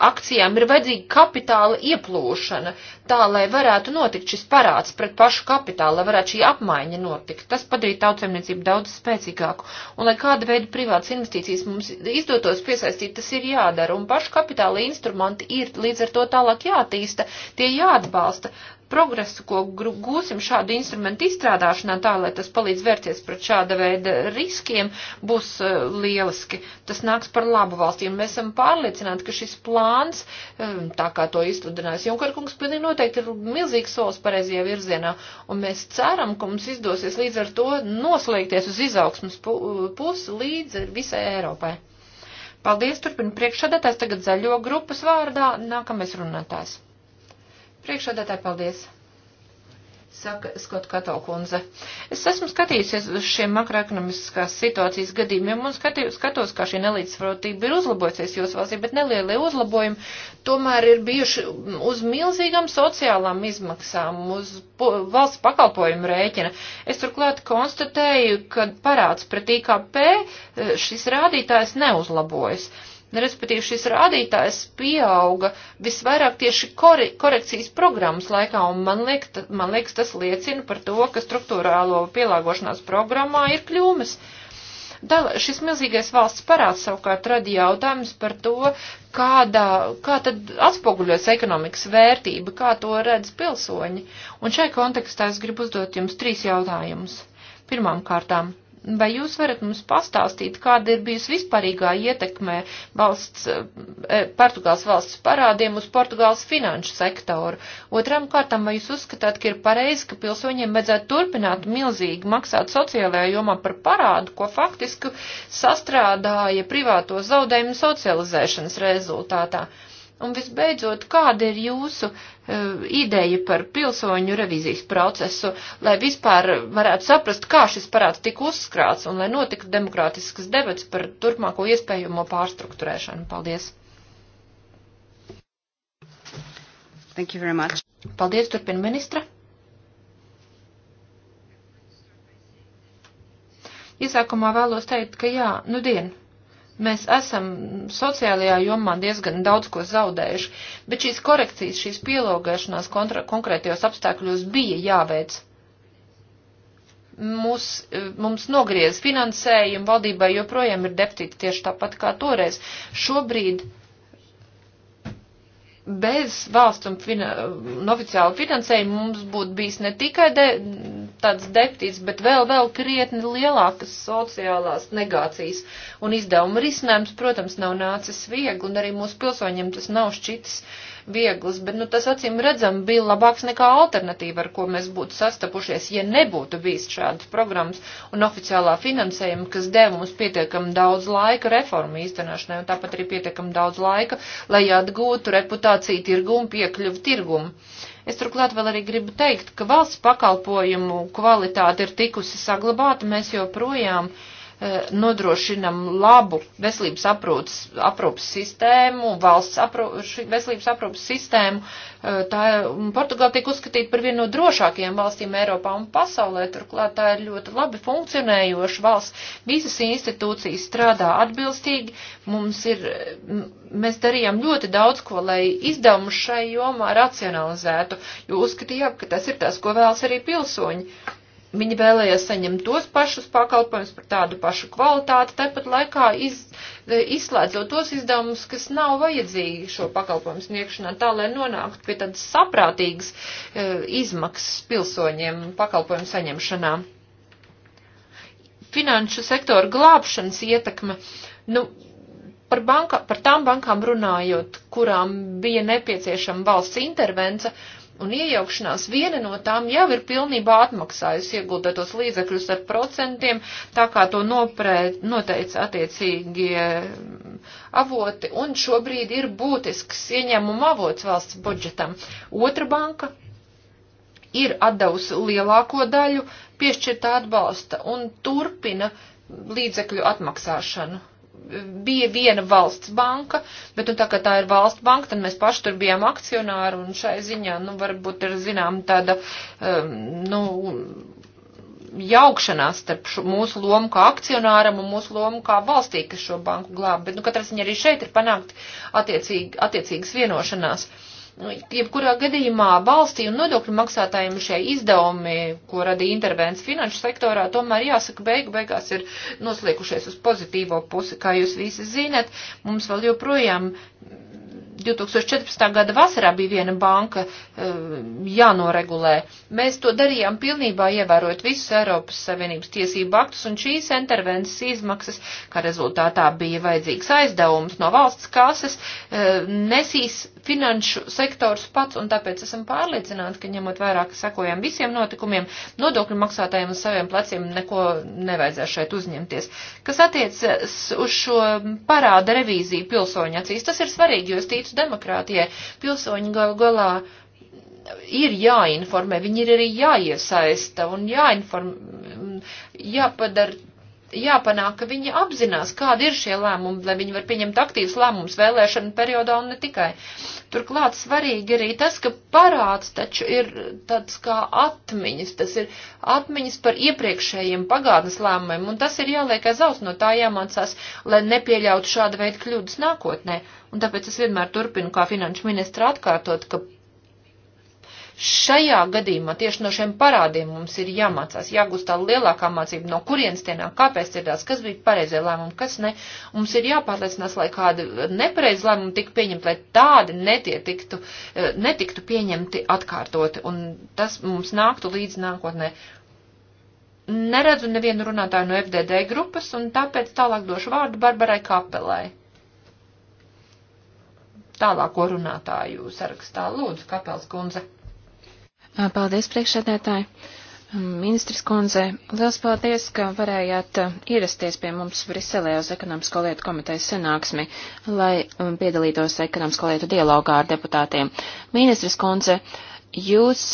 akcijām ir vajadzīga kapitāla ieplūšana, tā, lai varētu notikt šis parāds pret pašu kapitālu, lai varētu šī apmaiņa notikt. Tas padarītu tautsēmniecību daudz spēcīgāku. Un lai kāda veida privātas investīcijas mums izdotos piesaistīt, tas ir jādara. Un pašu kapitāla instrumenti ir līdz ar to tālāk jātīsta, tie jāatbalsta, progresu, ko gūsim šādu instrumentu izstrādāšanā, tā lai tas palīdz vērties pret šāda veida riskiem, būs uh, lieliski. Tas nāks par labu valstīm. Mēs esam pārliecināti, ka šis plāns, um, tā kā to izsludinājis Junkarkungs, pilnīgi noteikti ir milzīgs solis pareizajā virzienā, un mēs ceram, ka mums izdosies līdz ar to noslēgties uz izaugsmas pu eh, pusi līdz visai Eiropai. Paldies, turpina priekšsādātājs tagad zaļo grupas vārdā, nākamais runātājs. Priekšādātāji, paldies! Saka Skot Kato kundze. Es esmu skatījusies uz šiem makroekonomiskās situācijas gadījumiem un skatī, skatos, kā šī nelīdzsvarotība ir uzlabojusies jūsu valstī, bet nelielie uzlabojumi tomēr ir bijuši uz milzīgām sociālām izmaksām, uz po, valsts pakalpojumu rēķina. Es turklāt konstatēju, ka parāds pret IKP eh, šis rādītājs neuzlabojas. Uh, Nu, respektīvi šis rādītājs pieauga visvairāk tieši kore, korekcijas programmas laikā, un man, liek, man liekas, tas liecina par to, ka struktūrālo pielāgošanās programmā ir kļūmes. Da, šis milzīgais valsts parāds savukārt radīja jautājumus par to, kādā, kā tad atspoguļos ekonomikas vērtība, kā to redz pilsoņi. Un šai kontekstā es gribu uzdot jums trīs jautājumus. Pirmām kārtām Vai jūs varat mums pastāstīt, kāda ir bijusi vispārīgā ietekmē valsts, eh, Portugāles valsts parādiem uz Portugāles finanšu sektoru? Otram kārtam, vai jūs uzskatāt, ka ir pareizi, ka pilsoņiem vajadzētu turpināt milzīgi maksāt sociālajā jomā par parādu, ko faktiski sastrādāja privāto zaudējumu socializēšanas rezultātā? Uh, Un visbeidzot, kāda ir jūsu uh, ideja par pilsoņu revizijas procesu, lai vispār varētu saprast, kā šis parāds tika uzskrāts un lai notika demokrātiskas debats par turpmāko iespējamo pārstruktūrēšanu? Paldies! Thank you very much. Paldies, turpina ministra. Iesākumā vēlos teikt, ka jā, nu dienu. Mēs esam sociālajā jomā diezgan daudz ko zaudējuši, bet šīs korekcijas, šīs pielogēšanās konkrētajos apstākļos bija jāveic. Mūs, mums nogriez finansējumu, valdībai joprojām ir deficīts tieši tāpat kā toreiz. Šobrīd bez valsts un, fina, un oficiāla finansējuma mums būtu bijis ne tikai de, tāds deficīts, bet vēl, vēl krietni lielākas sociālās negācijas un izdevuma risinājums, protams, nav nācis viegli, un arī mūsu pilsoņiem tas nav šķitis vieglas, bet nu, tas acīm redzam bija labāks nekā alternatīva, ar ko mēs būtu sastapušies, ja nebūtu bijis šādas programmas un oficiālā finansējuma, kas deva mums pietiekam daudz laika reformu īstenošanai un tāpat arī pietiekam daudz laika, lai atgūtu reputāciju tirgumu, piekļuvu tirgumu. Es turklāt vēl arī gribu teikt, ka valsts pakalpojumu kvalitāte ir tikusi saglabāta, mēs joprojām. Uh, Eh, nodrošinam labu veselības aprūpas, aprūpas sistēmu, valsts aprū, veselības aprūpas sistēmu. Eh, tā Portugāla tiek uzskatīta par vienu no drošākajām valstīm Eiropā un pasaulē. Turklāt tā ir ļoti labi funkcionējoša valsts. Visas institūcijas strādā atbilstīgi. Mums ir, mēs darījām ļoti daudz ko, lai izdevumu šai jomā racionalizētu, jo uzskatījām, ka tas ir tas, ko vēlas arī pilsoņi Viņi vēlējās saņemt tos pašus pakalpojumus par tādu pašu kvalitāti, tāpat laikā iz, e, izslēdzot tos izdevumus, kas nav vajadzīgi šo pakalpojumu sniegšanā, tā lai nonāktu pie tādas saprātīgas e, izmaksas pilsoņiem pakalpojumu saņemšanā. Finanšu sektora glābšanas ietekme. Nu, par, banka, par tām bankām runājot, kurām bija nepieciešama valsts intervence, uh, un iejaukšanās viena no tām jau ir pilnībā atmaksājusi ieguldētos līdzekļus ar procentiem, tā kā to noprē, noteica attiecīgie mm, avoti, un šobrīd ir būtisks ieņēmuma avots valsts budžetam. Otra banka ir atdevusi lielāko daļu piešķirtā atbalsta un turpina līdzekļu atmaksāšanu bija viena valsts banka, bet nu, tā kā tā ir valsts banka, tad mēs paši tur bijām akcionāri un šai ziņā, nu, varbūt ir zinām tāda, um, nu, jaukšanās starp šo, mūsu lomu kā akcionāram un mūsu lomu kā valstī, kas šo banku glāb. Bet, nu, katrā ziņā arī šeit ir panākt attiecīgi, attiecīgas vienošanās. Uh, Nu, jebkurā gadījumā valstī un nodokļu maksātājiem šie izdevumi, ko radīja intervents finanšu sektorā, tomēr jāsaka beigu beigās ir noslīkušies uz pozitīvo pusi. Kā jūs visi zinat, mums vēl joprojām 2014. gada vasarā bija viena banka eh, jānoregulē. Mēs to darījām pilnībā ievērot visus Eiropas Savienības tiesību aktus, un šīs intervences izmaksas, kā rezultātā bija vajadzīgs aizdevums no valsts kases, eh, nesīs finanšu sektors pats, un tāpēc esam pārliecināti, ka ņemot vairāk sakojam visiem notikumiem, nodokļu maksātājiem uz saviem pleciem neko nevajadzēs šeit uzņemties. Kas attiecas uz šo parāda revīziju pilsoņu acīs, tas ir svarīgi, jo es ticu tieši demokrātijai. Pilsoņi gal galā ir jāinformē, viņi ir arī jāiesaista un jāinformē, jāpadara jāpanāk, ka viņi apzinās, kādi ir šie lēmumi, lai viņi var pieņemt aktīvs lēmums vēlēšanu periodā un ne tikai. Turklāt svarīgi arī tas, ka parāds taču ir tāds kā atmiņas, tas ir atmiņas par iepriekšējiem pagātnes lēmumiem, un tas ir jāliek aiz aus no tā jāmācās, lai nepieļautu šādu veidu kļūdas nākotnē. Un tāpēc es vienmēr turpinu kā finanšu ministra atkārtot, ka Šajā gadījumā tieši no šiem parādiem mums ir jāmācās, jāgūst tā lielākā mācība, no kurienes tie nāk, kāpēc ir tās, kas bija pareizie lēmumi, kas ne. Mums ir jāpārliecinās, lai kādi nepareizi lēmumi tika pieņemti, lai tādi netietiktu, eh, netiktu pieņemti atkārtoti, un tas mums nāktu līdz nākotnē neredzu nevienu runātāju no FDD grupas, un tāpēc tālāk došu vārdu Barbarai Kapelai. Tālāko runātāju sarakstā lūdzu, Kapels kundze. Paldies, priekšsēdētāji. Ministrs kundze, liels paldies, ka varējāt ierasties pie mums Briselē uz ekonomisko lietu komitejas sanāksmi, lai piedalītos ekonomisko lietu dialogā ar deputātiem. Ministrs kundze, jūs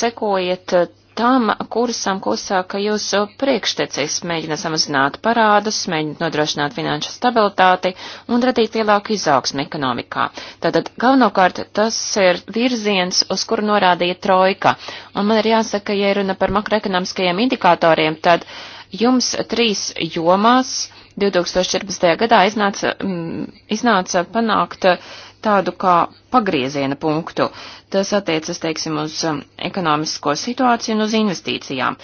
sekojat tam kursam, ko uzsāka jūsu priekštecis, mēģina samazināt parādus, mēģina nodrošināt finanšu stabilitāti un radīt lielāku izaugsmu ekonomikā. Tātad galvenokārt tas ir virziens, uz kuru norādīja trojka. Un man ir jāsaka, ja runa par makroekonomiskajiem indikatoriem, tad jums trīs jomās 2014. gadā iznāca, mm, iznāca panākt uh, tādu kā pagrieziena punktu. Tas attiecas, teiksim, uz um, ekonomisko situāciju un uz investīcijām.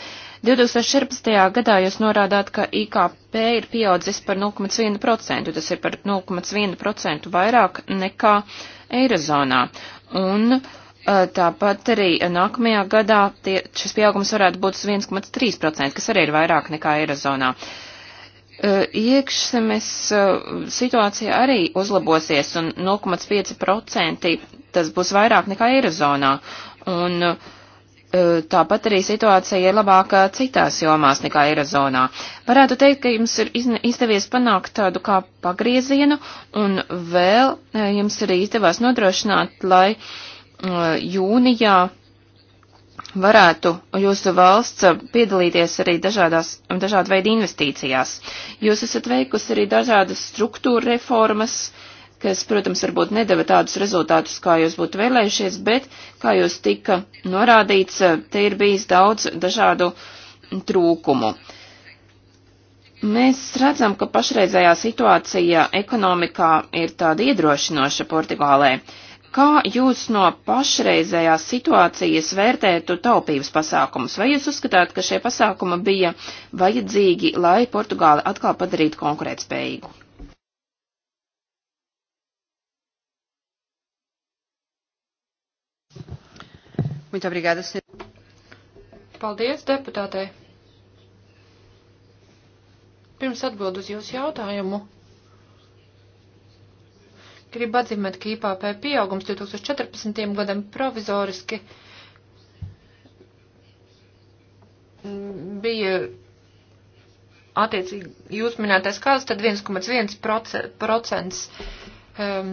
2014. gadā jūs norādāt, ka IKP ir pieaudzis par 0,1%, tas ir par 0,1% vairāk nekā Eirozonā. Un uh, tāpat arī nākamajā gadā tie, šis pieaugums varētu būt 1,3%, kas arī ir vairāk nekā Eirozonā. Uh, E, iekšzemes e, situācija arī uzlabosies un 0,5% tas būs vairāk nekā Eirozonā. Un e, tāpat arī situācija ir labāka citās jomās nekā Eirozonā. Varētu teikt, ka jums ir izdevies panākt tādu kā pagriezienu un vēl jums arī izdevās nodrošināt, lai jūnijā varētu jūsu valsts piedalīties arī dažādās, dažādu veidu investīcijās. Jūs esat veikusi arī dažādas struktūra reformas, kas, protams, varbūt nedeva tādus rezultātus, kā jūs būtu vēlējušies, bet, kā jūs tika norādīts, te ir bijis daudz dažādu trūkumu. Mēs redzam, ka pašreizējā situācija ekonomikā ir tāda iedrošinoša Portugālē. Uh, Kā jūs no pašreizējās situācijas vērtētu taupības pasākumus? Vai jūs uzskatāt, ka šie pasākumi bija vajadzīgi, lai Portugāli atkal padarītu konkurētspējīgu? Muito obrigada, senhor. Paldies, deputātei. Pirms atbild uz jūsu jautājumu, Gribu atzīmēt, ka IPP pieaugums 2014. gadam provizoriski mm, bija attiecīgi jūs minētais kāds, tad 1,1% um, ehm,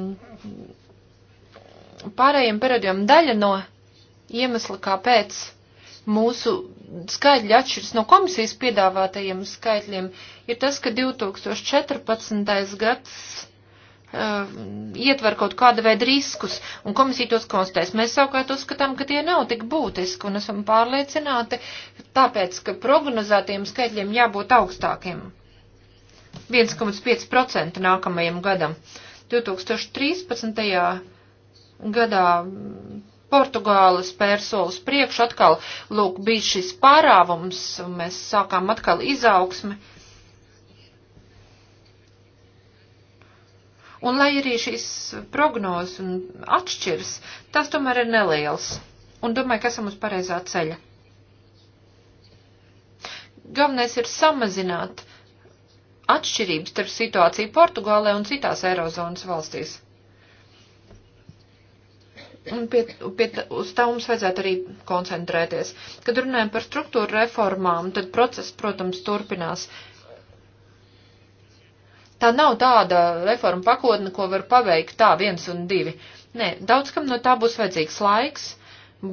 pārējiem periodiem daļa no iemesla, kāpēc mūsu skaitļi atšķiras no komisijas piedāvātajiem skaitļiem, ir tas, ka 2014. gads Um, ietver kaut kāda veida riskus, un komisija tos konstatēs. Mēs savukārt uzskatām, ka tie nav tik būtiski, un esam pārliecināti, tāpēc, ka prognozētiem skaitļiem jābūt augstākiem. 1,5% nākamajam gadam. 2013. gadā Portugāla spēr solis priekš, atkal, lūk, bija šis pārāvums, un mēs sākām atkal izaugsmi Un lai arī šīs prognozes atšķiras, tas tomēr ir neliels. Un domāju, ka esam uz pareizā ceļa. Galvenais ir samazināt atšķirības starp situāciju Portugālē un citās Eirozonas valstīs. Un pie, pie, uz tā mums vajadzētu arī koncentrēties. Kad runājam par struktūra reformām, tad process, protams, turpinās. Uh, Tā nav tāda reforma pakotne, ko var paveikt tā viens un divi. Nē, daudz kam no tā būs vajadzīgs laiks,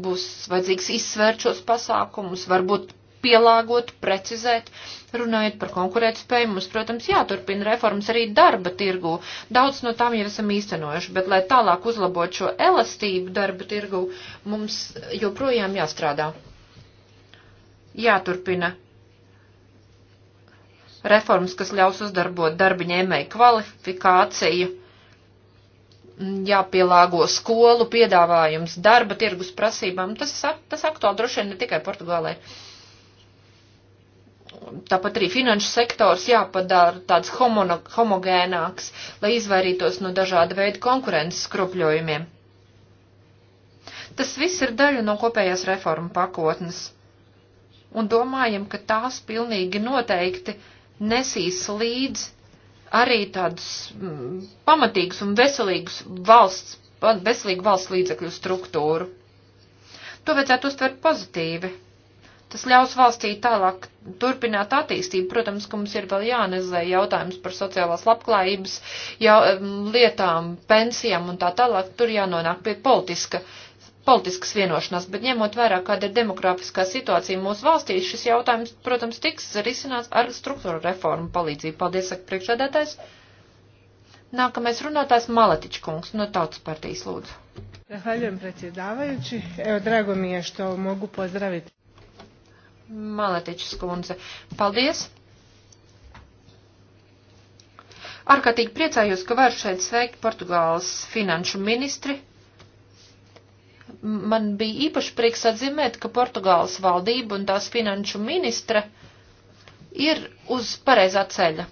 būs vajadzīgs izsvērt šos pasākumus, varbūt pielāgot, precizēt. Runājot par konkurētspēju, mums, protams, jāturpina reformas arī darba tirgu. Daudz no tām jau esam īstenojuši, bet, lai tālāk uzlabot šo elastību darba tirgu, mums joprojām jāstrādā. Jāturpina reformas, kas ļaus uzdarbot darbiņēmēju kvalifikāciju, jāpielāgo skolu piedāvājums darba tirgus prasībām. Tas, tas aktuāli droši vien ne tikai Portugālē. Tāpat arī finanšu sektors jāpadara tāds homono, homogēnāks, lai izvairītos no dažāda veida konkurences skropļojumiem. Tas viss ir daļa no kopējās reformu pakotnes un domājam, ka tās pilnīgi noteikti nesīs līdz arī tādus mm, pamatīgus un veselīgus valsts, veselīgu valsts līdzekļu struktūru. To vajadzētu uztvert pozitīvi. Tas ļaus valstī tālāk turpināt attīstību. Protams, ka mums ir vēl jānezē jautājums par sociālās labklājības jau, mm, lietām, pensijām un tā tālāk. Tur jānonāk pie politiska uh, politiskas vienošanās, bet ņemot vērā, kāda ir demografiskā situācija mūsu valstī, šis jautājums, protams, tiks risināts ar struktūra reformu palīdzību. Paldies, saka priekšsēdētājs. Nākamais runātājs Maletičkungs no Tautas partijas lūdzu. Zahvaljujem predsjedavajući. Evo, drago mi je što mogu pozdraviti. Maletičs kundze, paldies. Ārkārtīgi priecājos, ka varu šeit sveikt Portugāles finanšu ministri man bija īpaši prieks atzīmēt, ka Portugāles valdība un tās finanšu ministre ir uz pareizā ceļa.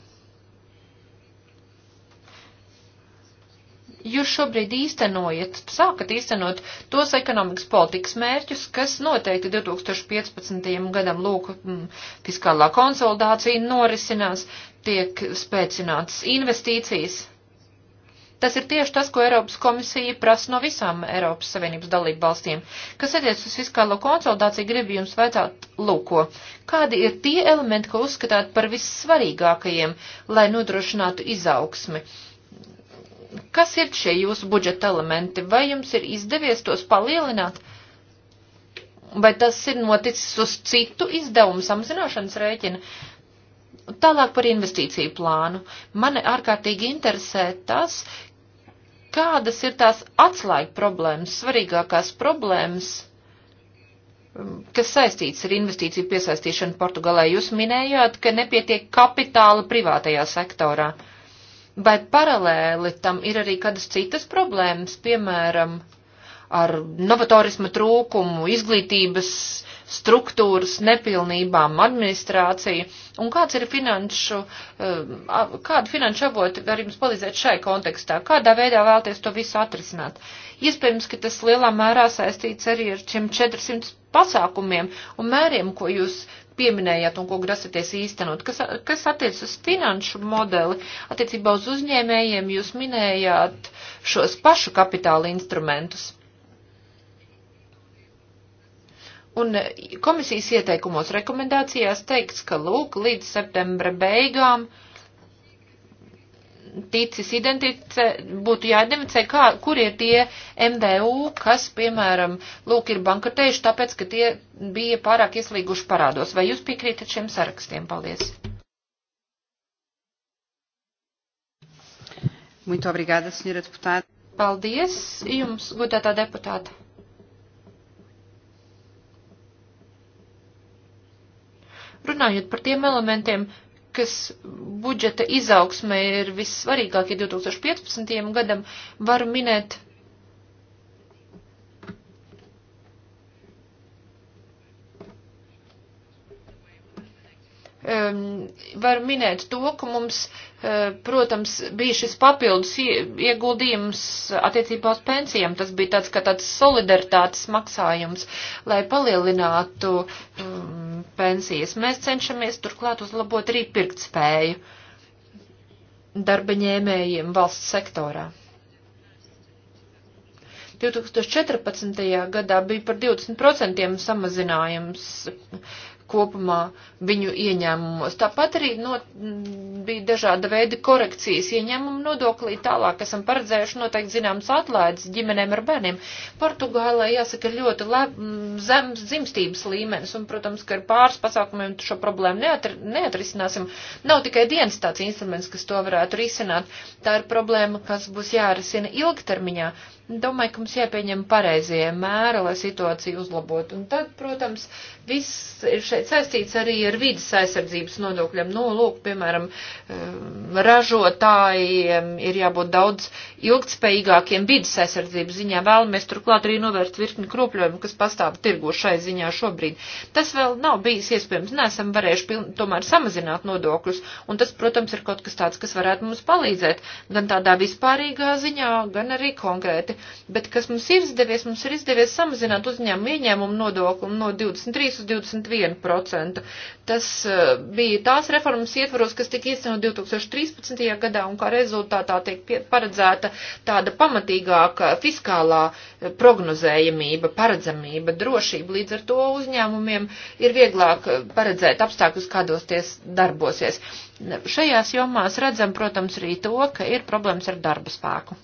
Jūs šobrīd īstenojat, sākat īstenot tos ekonomikas politikas mērķus, kas noteikti 2015. gadam lūk mm, fiskālā konsolidācija norisinās, tiek spēcināts investīcijas Tas ir tieši tas, ko Eiropas komisija prasa no visām Eiropas Savienības dalību valstīm. Kas attiec uz fiskālo konsolidāciju, gribu jums vajadzāt lūko. Kādi ir tie elementi, ko uzskatāt par vissvarīgākajiem, lai nodrošinātu izaugsmi? Kas ir šie jūsu budžeta elementi? Vai jums ir izdevies tos palielināt? Vai tas ir noticis uz citu izdevumu samazināšanas rēķina? Tālāk par investīciju plānu. Mani ārkārtīgi interesē tas, kādas ir tās atslēga problēmas, svarīgākās problēmas, um, kas saistīts ar investīciju piesaistīšanu Portugalē. Jūs minējāt, ka nepietiek kapitāla privātajā sektorā. Vai paralēli tam ir arī kādas citas problēmas, piemēram, ar novatorismu trūkumu, izglītības struktūras nepilnībām, administrāciju, un kāds ir finanšu, um, kāda finanšu avoti var jums palīdzēt šai kontekstā, kādā veidā vēlties to visu atrisināt. Iespējams, ka tas lielā mērā saistīts arī ar šiem 400 pasākumiem un mēriem, ko jūs pieminējāt un ko grasaties īstenot. Kas, kas attiec uz finanšu modeli, attiecībā uz uzņēmējiem jūs minējāt šos pašu kapitāla instrumentus. Un e, komisijas ieteikumos rekomendācijās teikts, ka lūk, līdz septembra beigām ticis identificē, būtu jāidentificē, kā, kur ir tie MVU, kas, piemēram, lūk, ir bankrotējuši, tāpēc, ka tie bija pārāk ieslīguši parādos. Vai jūs piekrītat šiem sarakstiem? Paldies! Muito obrigada, senhora deputāta. Paldies jums, godātā deputāta. Runājot par tiem elementiem, kas budžeta izaugsmē ir vissvarīgākie 2015. gadam, var minēt um, var minēt to, ka mums, uh, protams, bija šis papildus ieguldījums attiecībā uz pensijām. Tas bija tāds kā tāds solidaritātes maksājums, lai palielinātu um, pensijas. Mēs cenšamies turklāt uzlabot arī pirktspēju darba ņēmējiem valsts sektorā. 2014. gadā bija par 20% samazinājums kopumā viņu ieņēmumos. Tāpat arī no, bija dažāda veida korekcijas ieņēmumu nodoklī tālāk, esam paredzējuši noteikti zināmas atlaides ģimenēm ar bērniem. Portugālē jāsaka ļoti lab, zems dzimstības līmenis un, protams, ka ar pāris pasākumiem šo problēmu neatr neatrisināsim. Nav tikai viens tāds instruments, kas to varētu risināt. Tā ir problēma, kas būs jārisina ilgtermiņā Domāju, ka mums jāpieņem pareizie mēri, lai situāciju uzlabotu. Un tad, protams, viss ir šeit saistīts arī ar vidas aizsardzības nodokļiem. No, nu, lūk, piemēram, eh, ražotājiem ir jābūt daudz ilgtspējīgākiem vidas aizsardzības ziņā. Vēlamies turklāt arī novērst virkni kropļojumu, kas pastāv tirgo šai ziņā šobrīd. Tas vēl nav bijis iespējams. Nesam varējuši piln, tomēr samazināt nodokļus. Un tas, protams, ir kaut kas tāds, kas varētu mums palīdzēt. Gan tādā vispārīgā ziņā, gan arī konkrēti bet kas mums ir izdevies, mums ir izdevies samazināt uzņēmumu ieņēmumu nodokli no 23 uz 21 procentu. Tas eh, bija tās reformas ietvaros, kas tika īstenot 2013. gadā, un kā rezultātā tiek paredzēta tāda pamatīgāka fiskālā eh, prognozējamība, paredzamība, drošība. Līdz ar to uzņēmumiem ir vieglāk eh, paredzēt apstākļus, kādos tie darbosies. Šajās jomās redzam, protams, arī to, ka ir problēmas ar darba spēku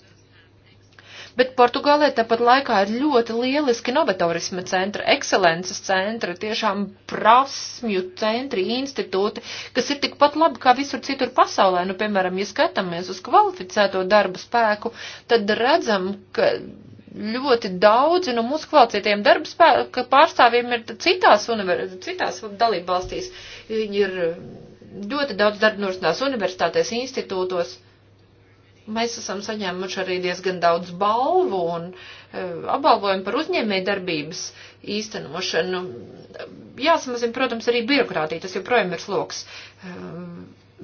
bet Portugālē tāpat laikā ir ļoti lieliski novatorisma centra, ekscelences centra, tiešām prasmju centri, institūti, kas ir tikpat labi kā visur citur pasaulē. Nu, piemēram, ja skatāmies uz kvalificēto darba spēku, tad redzam, ka ļoti daudzi no mūsu kvalificētiem darba spēka pārstāvjiem ir citās, univer... citās dalību valstīs. Viņi ir ļoti daudz darba norisinās universitātēs, institūtos. Uh, Mēs esam saņēmuši arī diezgan daudz balvu un e, apbalvojumu par uzņēmēju darbības īstenošanu. Jāsamazina, protams, arī birokrātija, tas joprojām ir sloks e,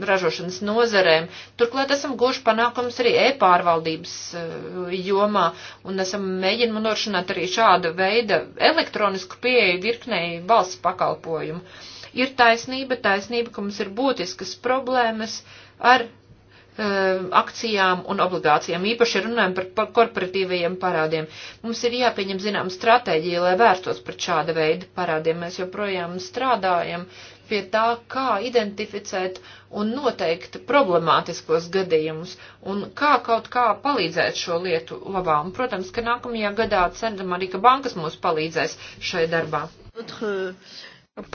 ražošanas nozarēm. Turklāt esam guvuši panākums arī e-pārvaldības e, jomā un esam mēģinām nodrošināt arī šāda veida elektronisku pieeju virknei valsts pakalpojumu. Ir taisnība, taisnība, ka mums ir būtiskas problēmas ar Eh, akcijām un obligācijām, īpaši runājam par, par korporatīvajiem parādiem. Mums ir jāpieņem zinām stratēģija, lai vērstos pret šāda veida parādiem. Mēs joprojām strādājam pie tā, kā identificēt un noteikt problemātiskos gadījumus un kā kaut kā palīdzēt šo lietu labā. Un, protams, ka nākamajā gadā ceram arī, ka bankas mums palīdzēs šai darbā.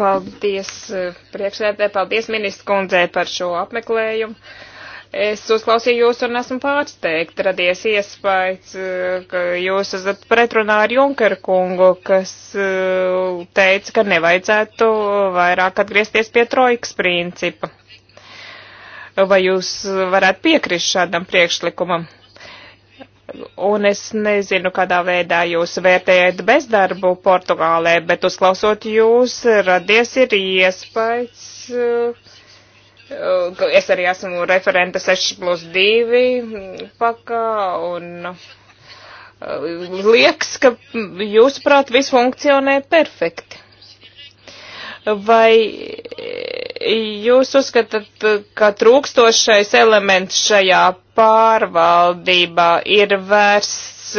Paldies, eh, priekšsēdē, paldies ministru kundzei par šo apmeklējumu. Es uzklausīju jūs un esmu pārsteigta. Radies iespējas, eh, ka jūs esat pretrunā ar Junkeru kungu, kas eh, teica, ka nevajadzētu vairāk atgriezties pie trojkas principa. Vai jūs varētu piekrist šādam priekšlikumam? Un es nezinu, kādā veidā jūs vērtējat bezdarbu Portugālē, bet uzklausot jūs, radies ir iespējas eh, Es arī esmu referente 6 plus 2 pakā un uh, liekas, ka jūsuprāt viss funkcionē perfekti. Vai jūs uzskatāt, ka trūkstošais elements šajā pārvaldībā ir vērsts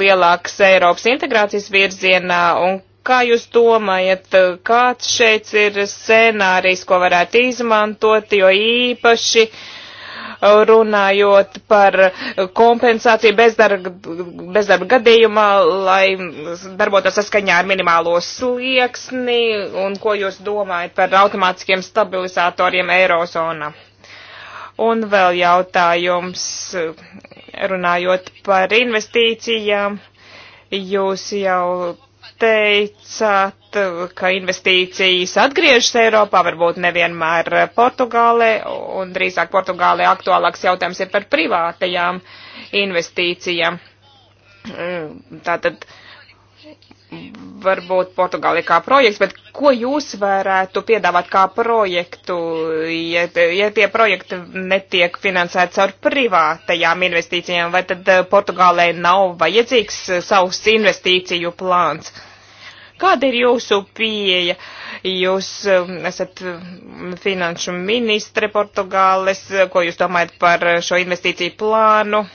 lielākas Eiropas integrācijas virzienā un Kā jūs domājat, kāds šeit ir scenārijs, ko varētu izmantot, jo īpaši runājot par kompensāciju bezdarba, bezdarba gadījumā, lai darbotos saskaņā ar minimālo slieksni, un ko jūs domājat par automātiskiem stabilizatoriem Eirozonā? Un vēl jautājums, runājot par investīcijām, jūs jau teicāt, ka investīcijas atgriežas Eiropā, varbūt nevienmēr Portugālē, un drīzāk Portugālē aktuālāks jautājums ir par privātajām investīcijām. Tātad varbūt Portugāli kā projekts, bet ko jūs varētu piedāvāt kā projektu, ja, ja tie projekti netiek finansēts ar privātajām investīcijām, vai tad eh, Portugālei nav vajadzīgs eh, savs investīciju plāns? Kāda ir jūsu pieeja? Jūs eh, esat mm, finanšu ministre Portugāles, ko jūs domājat par šo investīciju plānu?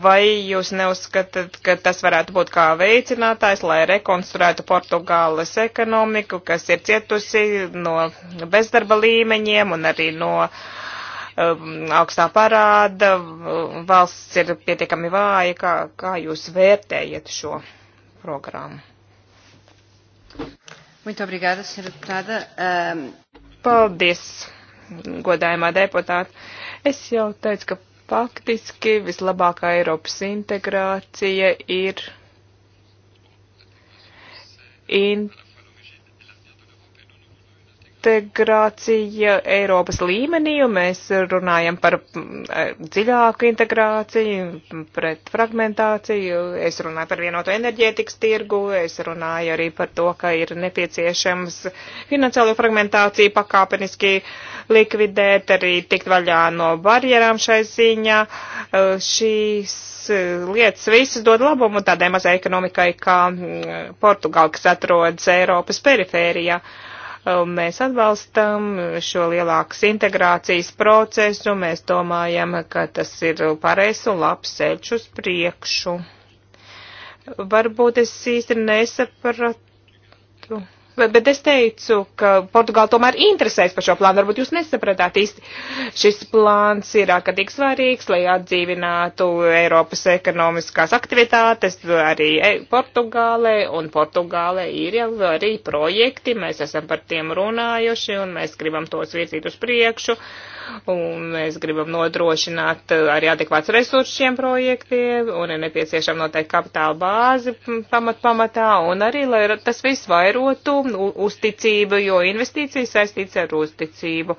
vai jūs neuzskatāt, ka tas varētu būt kā veicinātājs, lai rekonstruētu Portugāles ekonomiku, kas ir cietusi no bezdarba līmeņiem un arī no um, augstā parāda, valsts ir pietiekami vāja, kā, kā jūs vērtējat šo programmu? Muito obrigada, senhora deputada. Um... Paldies, godājumā deputāta. Es jau teicu, ka Faktiski vislabākā Eiropas integrācija ir int integrācija Eiropas līmenī, un mēs runājam par mm, eh, dziļāku integrāciju, mm, pret fragmentāciju. Es runāju par vienoto enerģētikas tirgu, es runāju arī par to, ka ir nepieciešams finansiālo fragmentāciju pakāpeniski likvidēt, arī tikt vaļā no barjerām šai ziņā. Eh, šīs eh, lietas visas dod labumu tādai mazai ekonomikai kā mm, Portugāla, kas atrodas Eiropas perifērijā. Uh, Um, mēs atbalstam šo lielākas integrācijas procesu, mēs domājam, ka tas ir pareizs un labs ceļš uz priekšu. Varbūt es īsti nesapratu bet es teicu, ka Portugāla tomēr interesēs par šo plānu. Varbūt jūs nesapratāt īsti. Šis plāns ir ārkārtīgi svarīgs, lai atdzīvinātu Eiropas ekonomiskās aktivitātes arī e, Portugālē, un Portugālē ir jau arī projekti, mēs esam par tiem runājuši, un mēs gribam tos virzīt uz priekšu, un mēs gribam nodrošināt arī adekvāts resursu šiem projektiem, un ir nepieciešama noteikti kapitāla bāzi pamat pamatā, un arī, lai tas viss vairotu uzticību, jo investīcijas saistīts ar uzticību.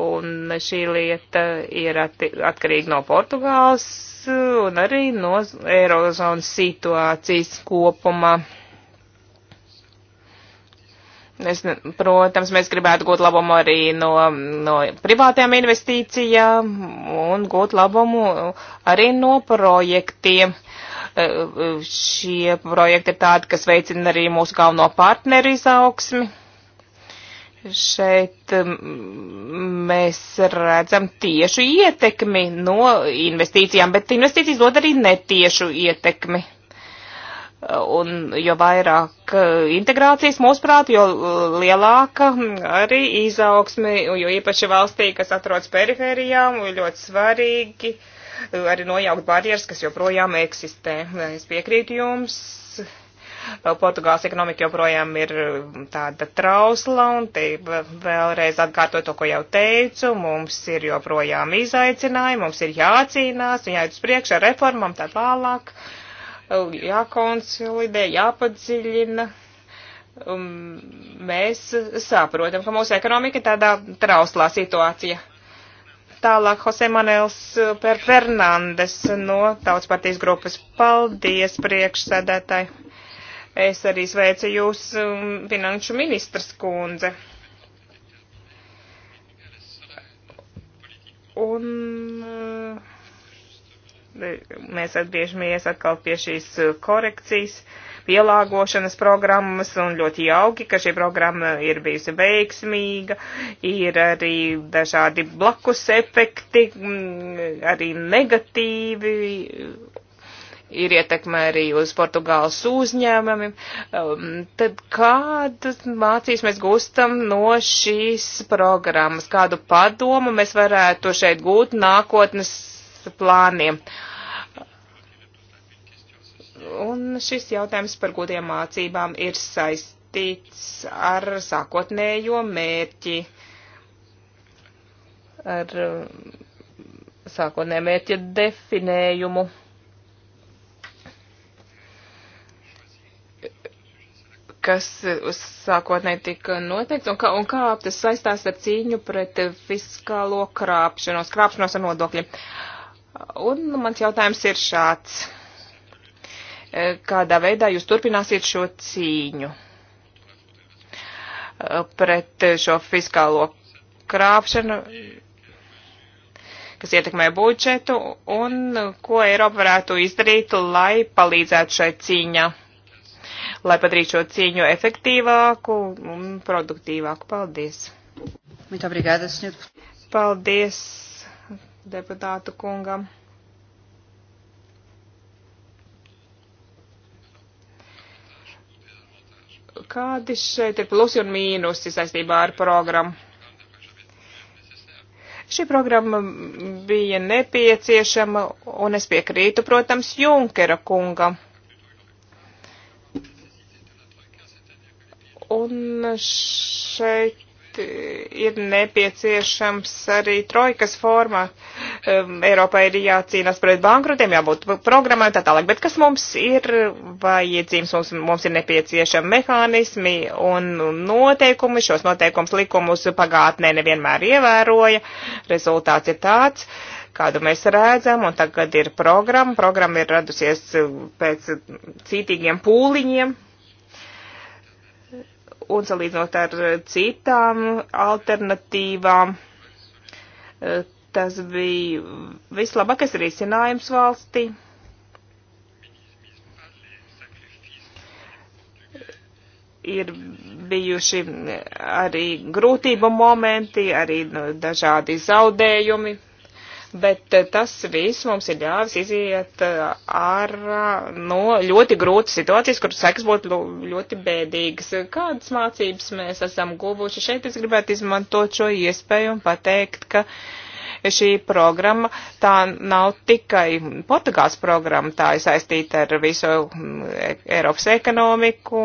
Un šī lieta ir atkarīga no Portugāles un arī no Eirozonas situācijas kopumā. Es, protams, mēs gribētu gūt labumu arī no, no privātajām investīcijām un gūt labumu arī no projektiem. Uh, Šie projekti ir tādi, kas veicina arī mūsu galveno partneru izaugsmi. Šeit mēs redzam tiešu ietekmi no investīcijām, bet investīcijas dod arī netiešu ietekmi un jo vairāk e, integrācijas mūsuprāt, jo lielāka arī izaugsme, jo īpaši valstī, kas atrodas perifērijā, ļoti svarīgi arī nojaukt barjeras, kas joprojām eksistē. Es piekrītu jums. Portugāles ekonomika joprojām ir tāda trausla, un te vēlreiz atkārtoju to, ko jau teicu, mums ir joprojām izaicinājumi, mums ir jācīnās, un jāiet uz priekšu ar reformām, tā tālāk, jākonsolidē, jāpadziļina. Um, mēs saprotam, ka mūsu ekonomika ir tādā trauslā situācija Tālāk Jose Manuels eh, per Fernandes no Tautas partijas grupas. Paldies, priekšsēdētāji. Es arī sveicu jūs, um, finanšu ministrs kundze. Un eh, mēs atgriežamies atkal pie šīs eh, korekcijas. Uh, pielāgošanas programmas, un ļoti jauki, ka šī programma ir bijusi veiksmīga, ir arī dažādi blakus efekti, mm, arī negatīvi ir ietekme arī uz Portugāles uzņēmumiem. Um, tad kādas mācīs mēs gūstam no šīs programmas? Kādu padomu mēs varētu šeit gūt nākotnes plāniem? Uh, Un šis jautājums par godiem mācībām ir saistīts ar sākotnējo mērķi, ar um, sākotnējo mērķa definējumu. kas sākotnēji tika noteikts un kā, un kā tas saistās ar cīņu pret fiskālo krāpšanos, krāpšanos ar nodokļiem. Un mans jautājums ir šāds. Uh, kādā veidā jūs turpināsiet šo cīņu eh, pret šo fiskālo krāpšanu, kas ietekmē budžetu, un ko Eiropa varētu izdarīt, lai palīdzētu šai cīņā, lai padarītu šo cīņu efektīvāku un produktīvāku. Paldies! Paldies deputātu kungam! Kādi šeit ir plusi un mīnusi saistībā ar programmu? Šī programma bija nepieciešama, un es piekrītu, protams, Junkera kungam. Un šeit šeit ir nepieciešams arī trojkas forma. Um, Eiropai ir jācīnās pret bankrotiem, jābūt programmai tā tālāk, bet kas mums ir vajadzīgs, mums, mums ir nepieciešami mehānismi un noteikumi, šos noteikumus likumus pagātnē nevienmēr ievēroja, rezultāts ir tāds kādu mēs redzam, un tagad ir programma. Programma ir radusies pēc cītīgiem pūliņiem, un salīdzinot ar eh, citām alternatīvām, eh, tas bija vislabākais risinājums valstī. ir bijuši arī grūtību momenti, arī nu, dažādi zaudējumi bet eh, tas viss mums ir ļāvis iziet ārā eh, eh, no ļoti grūtas situācijas, kur sekas būtu ļoti bēdīgas. Kādas mācības mēs esam guvuši? Šeit es gribētu izmantot šo iespēju un pateikt, ka uh, šī programma tā nav tikai Portugāls programma, tā ir saistīta ar visu mm, e, Eiropas ekonomiku.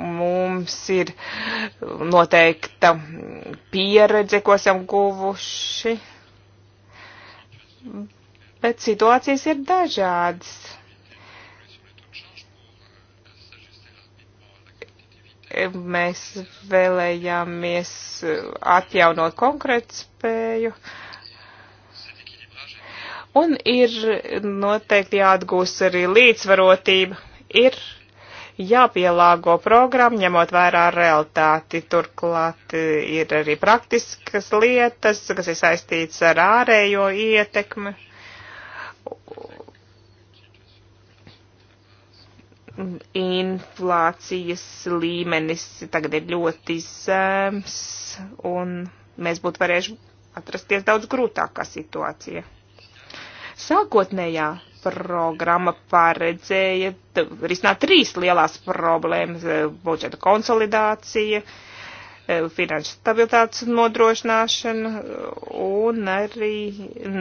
Mums ir noteikta pieredze, ko esam guvuši, bet situācijas ir dažādas mēs vēlējāmies atjaunot konkrētu spēju. Un ir noteikti jāatgūst arī līdzvarotība. Ir jāpielāgo programma, ņemot vērā realitāti. Turklāt ir arī praktiskas lietas, kas ir saistīts ar ārējo ietekmi. inflācijas līmenis tagad ir ļoti zems, un mēs būtu varējuši atrasties daudz grūtākā situācijā. Sākotnējā programma paredzēja risināt trīs lielās problēmas - budžeta konsolidācija, uh, Eh, finanšu stabilitātes nodrošināšana un arī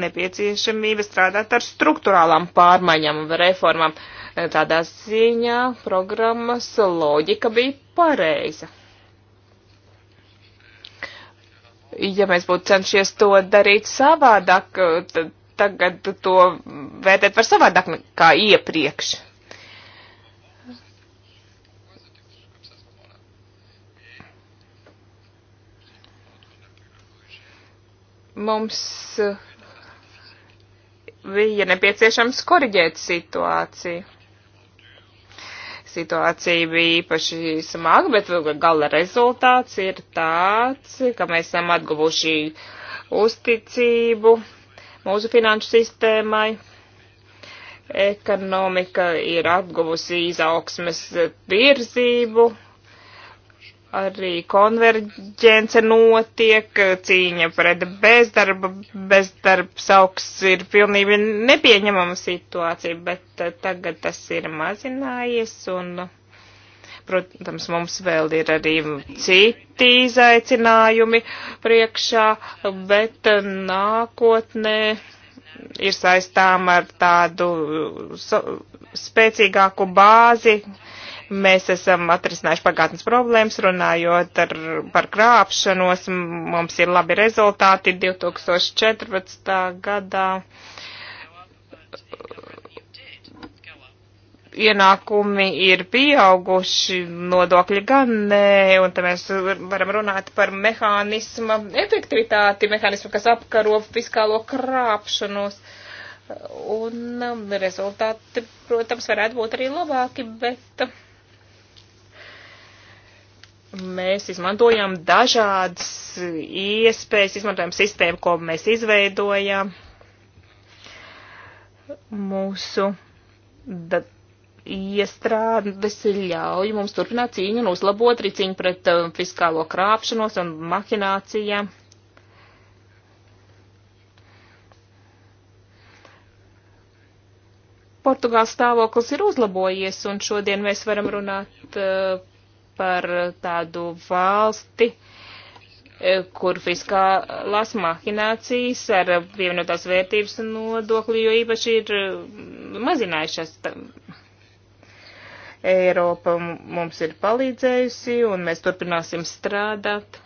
nepieciešamība strādāt ar struktūrālām pārmaiņām un reformām. Eh, tādā ziņā programmas loģika bija pareiza. Ja mēs būtu cenšies to darīt savādāk, eh, tad tagad to vērtēt var savādāk nekā iepriekš. mums eh, bija nepieciešams koriģēt situāciju. Situācija bija īpaši smaga, bet gala rezultāts ir tāds, ka mēs esam atguvuši uzticību mūsu finanšu sistēmai. Ekonomika ir atguvusi izaugsmes virzību, arī konverģence notiek, cīņa pret bezdarba, bezdarbs augsts ir pilnīgi nepieņemama situācija, bet eh, tagad tas ir mazinājies un, protams, mums vēl ir arī citi izaicinājumi priekšā, bet eh, nākotnē ir saistām ar tādu so, spēcīgāku bāzi, uh, Mēs esam atrisinājuši pagātnes problēmas, runājot ar, par krāpšanos, mums ir labi rezultāti 2014. gadā. Ienākumi ir pieauguši, nodokļi gan nē, un te mēs varam runāt par mehānisma efektivitāti, mehānismu, kas apkaro fiskālo krāpšanos. Un rezultāti, protams, varētu būt arī labāki, bet mēs izmantojam dažādas iespējas, izmantojam sistēmu, ko mēs izveidojam. Mūsu iestrādes ļauj mums turpināt cīņu un uzlabot arī cīņu pret uh, fiskālo krāpšanos un mahinācijām. Portugāls stāvoklis ir uzlabojies, un šodien mēs varam runāt uh, par tādu valsti, e, kur fiskālās mahinācijas ar pievienotās vērtības nodokli, jo īpaši ir e, mazinājušās. Eiropa mums ir palīdzējusi un mēs turpināsim strādāt.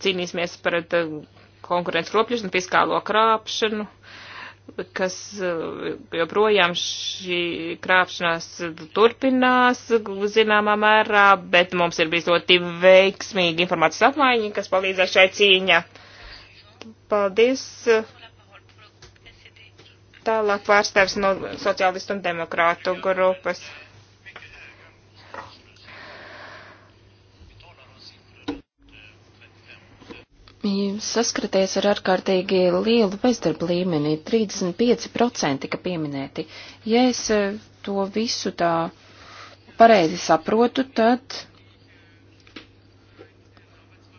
Cīnīsimies pret konkurences kropļus un fiskālo krāpšanu. Uh, kas eh, joprojām šī krāpšanās turpinās zināmā mērā, bet mums ir bijis ļoti veiksmīgi informācijas apmaiņa, kas palīdzēs šai cīņā. Paldies. Tālāk pārstāvis no sociālistu un demokrātu grupas. saskaties ar ārkārtīgi lielu bezdarba līmeni, 35% tika pieminēti. Ja es eh, to visu tā pareizi saprotu, tad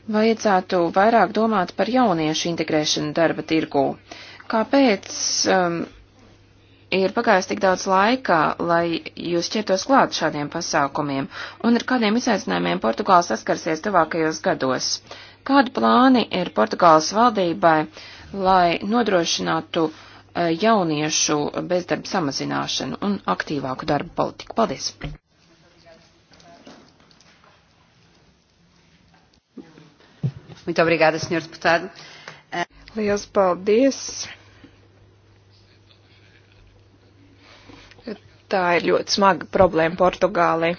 vajadzētu vairāk domāt par jauniešu integrēšanu darba tirgū. Kāpēc um, ir pagājis tik daudz laika, lai jūs ķertos klāt šādiem pasākumiem, un ar kādiem izaicinājumiem Portugāla saskarsies tuvākajos gados? Uh, Kādi plāni ir Portugāles valdībai, lai nodrošinātu e, jauniešu bezdarba samazināšanu un aktīvāku darba politiku? Paldies! Muito obrigada, senhor deputado. Eh, Liels paldies! Tā ir ļoti smaga problēma Portugālei.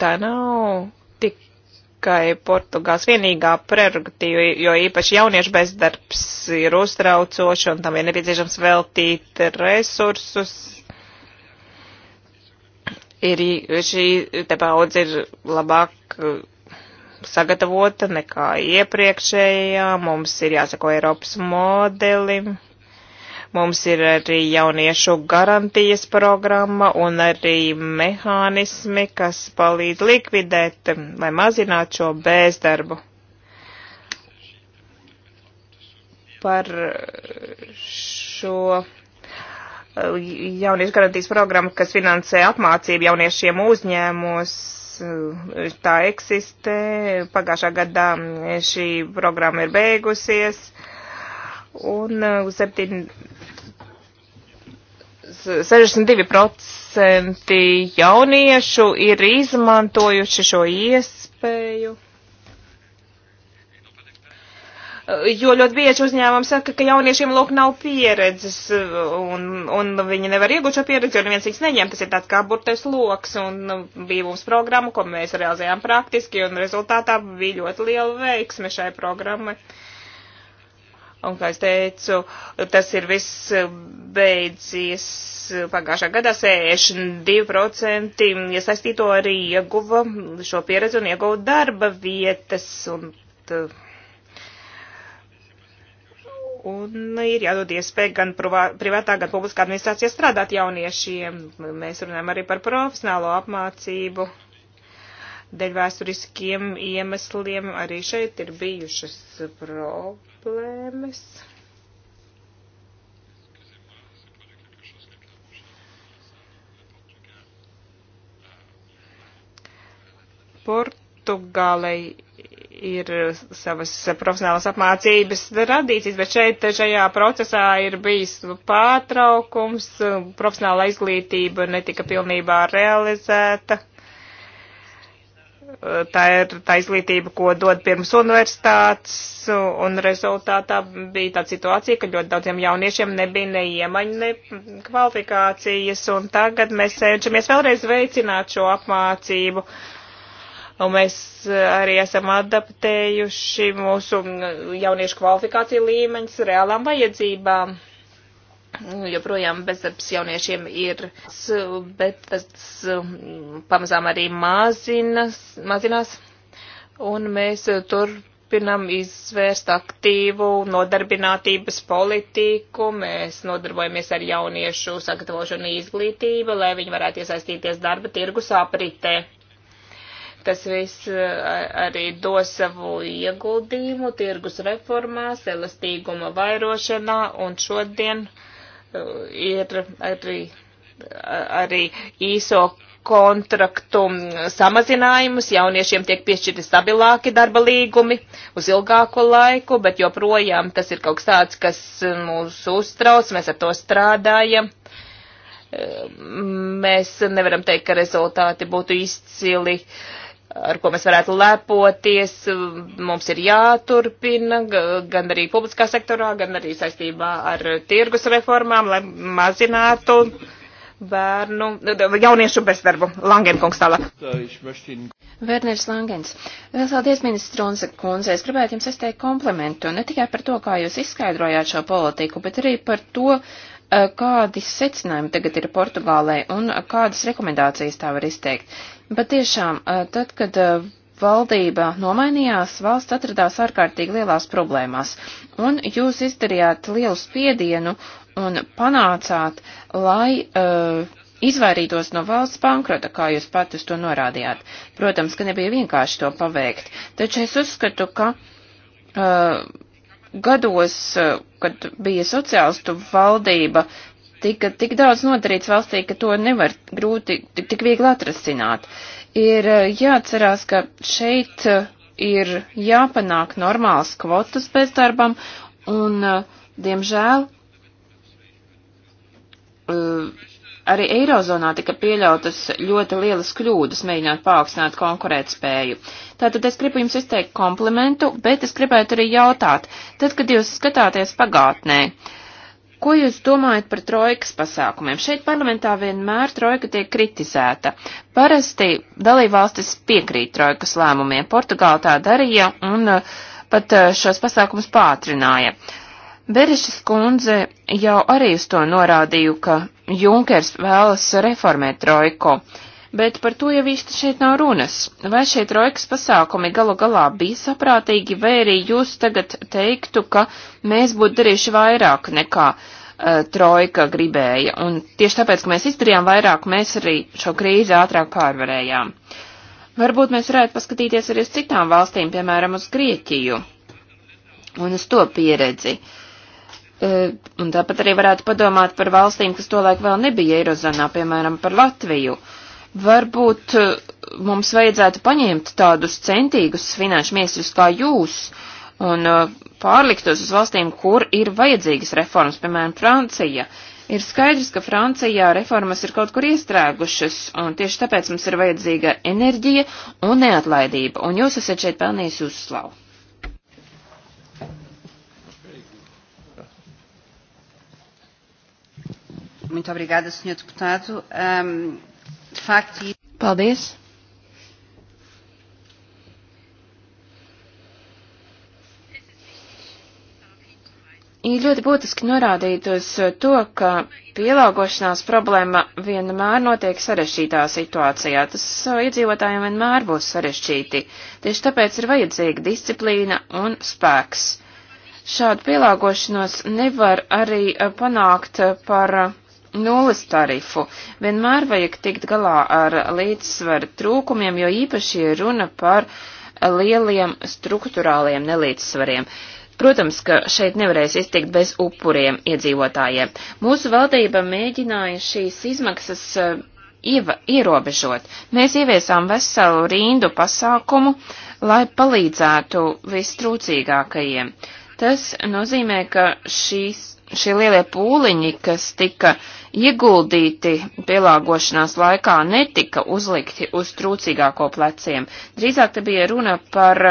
tā nav tikai Portugāls vienīgā prerogatīva, jo īpaši jauniešu bezdarbs ir uztraucoši un tam ir nepieciešams veltīt resursus. Ir šī te paudze ir labāk uh, sagatavota nekā iepriekšējā, mums ir jāsako Eiropas modelim Mums ir arī jauniešu garantijas programma un arī mehānismi, kas palīdz likvidēt vai mazināt šo bezdarbu. Par šo eh, jauniešu garantijas programmu, kas finansē apmācību jauniešiem uzņēmos, eh, tā eksistē. Pagājušā gadā eh, šī programma ir beigusies. Un 7 62% jauniešu ir izmantojuši šo iespēju. Jo ļoti bieži uzņēmumi saka, ka jauniešiem lūk nav pieredzes un, un viņi nevar iegūt šo pieredzi, jo neviens viņus neņem. Tas ir tāds kā burtais loks un bija mums programma, ko mēs realizējām praktiski un rezultātā bija ļoti liela veiksme šai programmai. Uh, Un, kā es teicu, tas ir viss beidzies pagājušā gadā 62% iesaistīto ja arī ieguva šo pieredzi un ieguva darba vietas. Un, un ir jādod iespēja gan privātā, gan publiskā administrācijā strādāt jauniešiem. Mēs runājam arī par profesionālo apmācību dēļ vēsturiskiem iemesliem arī šeit ir bijušas problēmas. Portugālei ir savas profesionālas apmācības radīcijas, bet šeit šajā procesā ir bijis pārtraukums, profesionāla izglītība netika pilnībā realizēta tā ir tā izglītība, ko dod pirms universitātes, un rezultātā bija tā situācija, ka ļoti daudziem jauniešiem nebija ne iemaņa, ne kvalifikācijas, un tagad mēs cenšamies vēlreiz veicināt šo apmācību. Un mēs arī esam adaptējuši mūsu jauniešu kvalifikāciju līmeņus reālām vajadzībām. Mm, joprojām bezdarbs jauniešiem ir, bet tas mm, pamazām arī mazinas, mazinās, un mēs turpinam izvērst aktīvu nodarbinātības politiku, mēs nodarbojamies ar jauniešu sagatavošanu izglītību, lai viņi varētu iesaistīties darba tirgus apritē. Tas viss e, arī dos savu ieguldījumu tirgus reformās, elastīguma vairošanā un šodien uh, ir arī, arī īso kontraktu samazinājumus, jauniešiem tiek piešķirti stabilāki darba līgumi uz ilgāku laiku, bet joprojām tas ir kaut kas tāds, kas mūs uztrauc, mēs ar to strādājam. Mēs nevaram teikt, ka rezultāti būtu izcili. Uh, ar ko mēs varētu lepoties, mums ir jāturpina gan arī publiskā sektorā, gan arī saistībā ar tirgus reformām, lai mazinātu bērnu, jauniešu bezdarbu. Langenkungs tālāk. Vērners Langens. Vēl paldies, ministrons kundze. Es gribētu jums izteikt komplementu ne tikai par to, kā jūs izskaidrojāt šo politiku, bet arī par to, eh, kādi secinājumi tagad ir Portugālē un eh, kādas rekomendācijas tā var izteikt. Bet tiešām, tad, kad valdība nomainījās, valsts atradās ārkārtīgi lielās problēmās, un jūs izdarījāt lielu spiedienu un panācāt, lai uh, izvairītos no valsts bankrota, kā jūs pati uz to norādījāt. Protams, ka nebija vienkārši to paveikt, taču es uzskatu, ka uh, gados, uh, kad bija sociālistu valdība, uh, tika tik daudz nodarīts valstī, ka to nevar grūti tik, tik viegli atrasināt. Ir eh, jāatcerās, ka šeit eh, ir jāpanāk normāls kvotas bezdarbam un, eh, diemžēl, arī Eirozonā tika pieļautas ļoti lielas kļūdas, mēģināt paaugstināt konkurētspēju. Tātad es gribu jums izteikt komplimentu, bet es gribētu arī jautāt, tad, kad jūs skatāties pagātnē, uh, Ko jūs domājat par trojkas pasākumiem? Šeit parlamentā vienmēr trojka tiek kritizēta. Parasti dalībvalstis piekrīt trojkas lēmumiem. Portugāla tā darīja un uh, pat uh, šos pasākumus pātrināja. Berešas kundze jau arī uz to norādīju, ka Junkers vēlas reformēt trojku. Uh, bet par to jau īsti šeit nav runas. Vai šie trojkas pasākumi galu galā bija saprātīgi, vai arī jūs tagad teiktu, ka mēs būtu darījuši vairāk nekā uh, eh, trojka gribēja, un tieši tāpēc, ka mēs izdarījām vairāk, mēs arī šo krīzi ātrāk pārvarējām. Varbūt mēs varētu paskatīties arī uz citām valstīm, piemēram, uz Grieķiju un uz to pieredzi. Uh, un tāpat arī varētu padomāt par valstīm, kas tolaik vēl nebija Eirozonā, piemēram, par Latviju. Varbūt eh, mums vajadzētu paņemt tādus centīgus finanšu ministrus kā jūs un eh, pārliktos uz valstīm, kur ir vajadzīgas reformas, piemēram, Francija. Ir skaidrs, ka Francijā reformas ir kaut kur iestrēgušas, un tieši tāpēc mums ir vajadzīga enerģija un neatlaidība, un jūs esat šeit pelnījis uzslavu. Muito obrigada, Sr. Deputado. Um, Fakti. Paldies! Ir ļoti būtiski norādīt uz to, ka pielāgošanās problēma vienmēr notiek sarešķītā situācijā. Tas iedzīvotājiem vienmēr būs sarešķīti. Tieši tāpēc ir vajadzīga disciplīna un spēks. Šādu pielāgošanos nevar arī eh, panākt eh, par nulles tarifu. Vienmēr vajag tikt galā ar līdzsvaru trūkumiem, jo īpaši ir runa par lieliem struktūrāliem nelīdzsvariem. Protams, ka šeit nevarēs iztikt bez upuriem iedzīvotājiem. Mūsu valdība mēģināja šīs izmaksas eh, ieva, ierobežot. Mēs ieviesām veselu rindu pasākumu, lai palīdzētu vistrūcīgākajiem. Tas nozīmē, ka šīs, šie lielie pūliņi, kas tika uh, ieguldīti pielāgošanās laikā netika uzlikti uz trūcīgāko pleciem. Drīzāk te bija runa par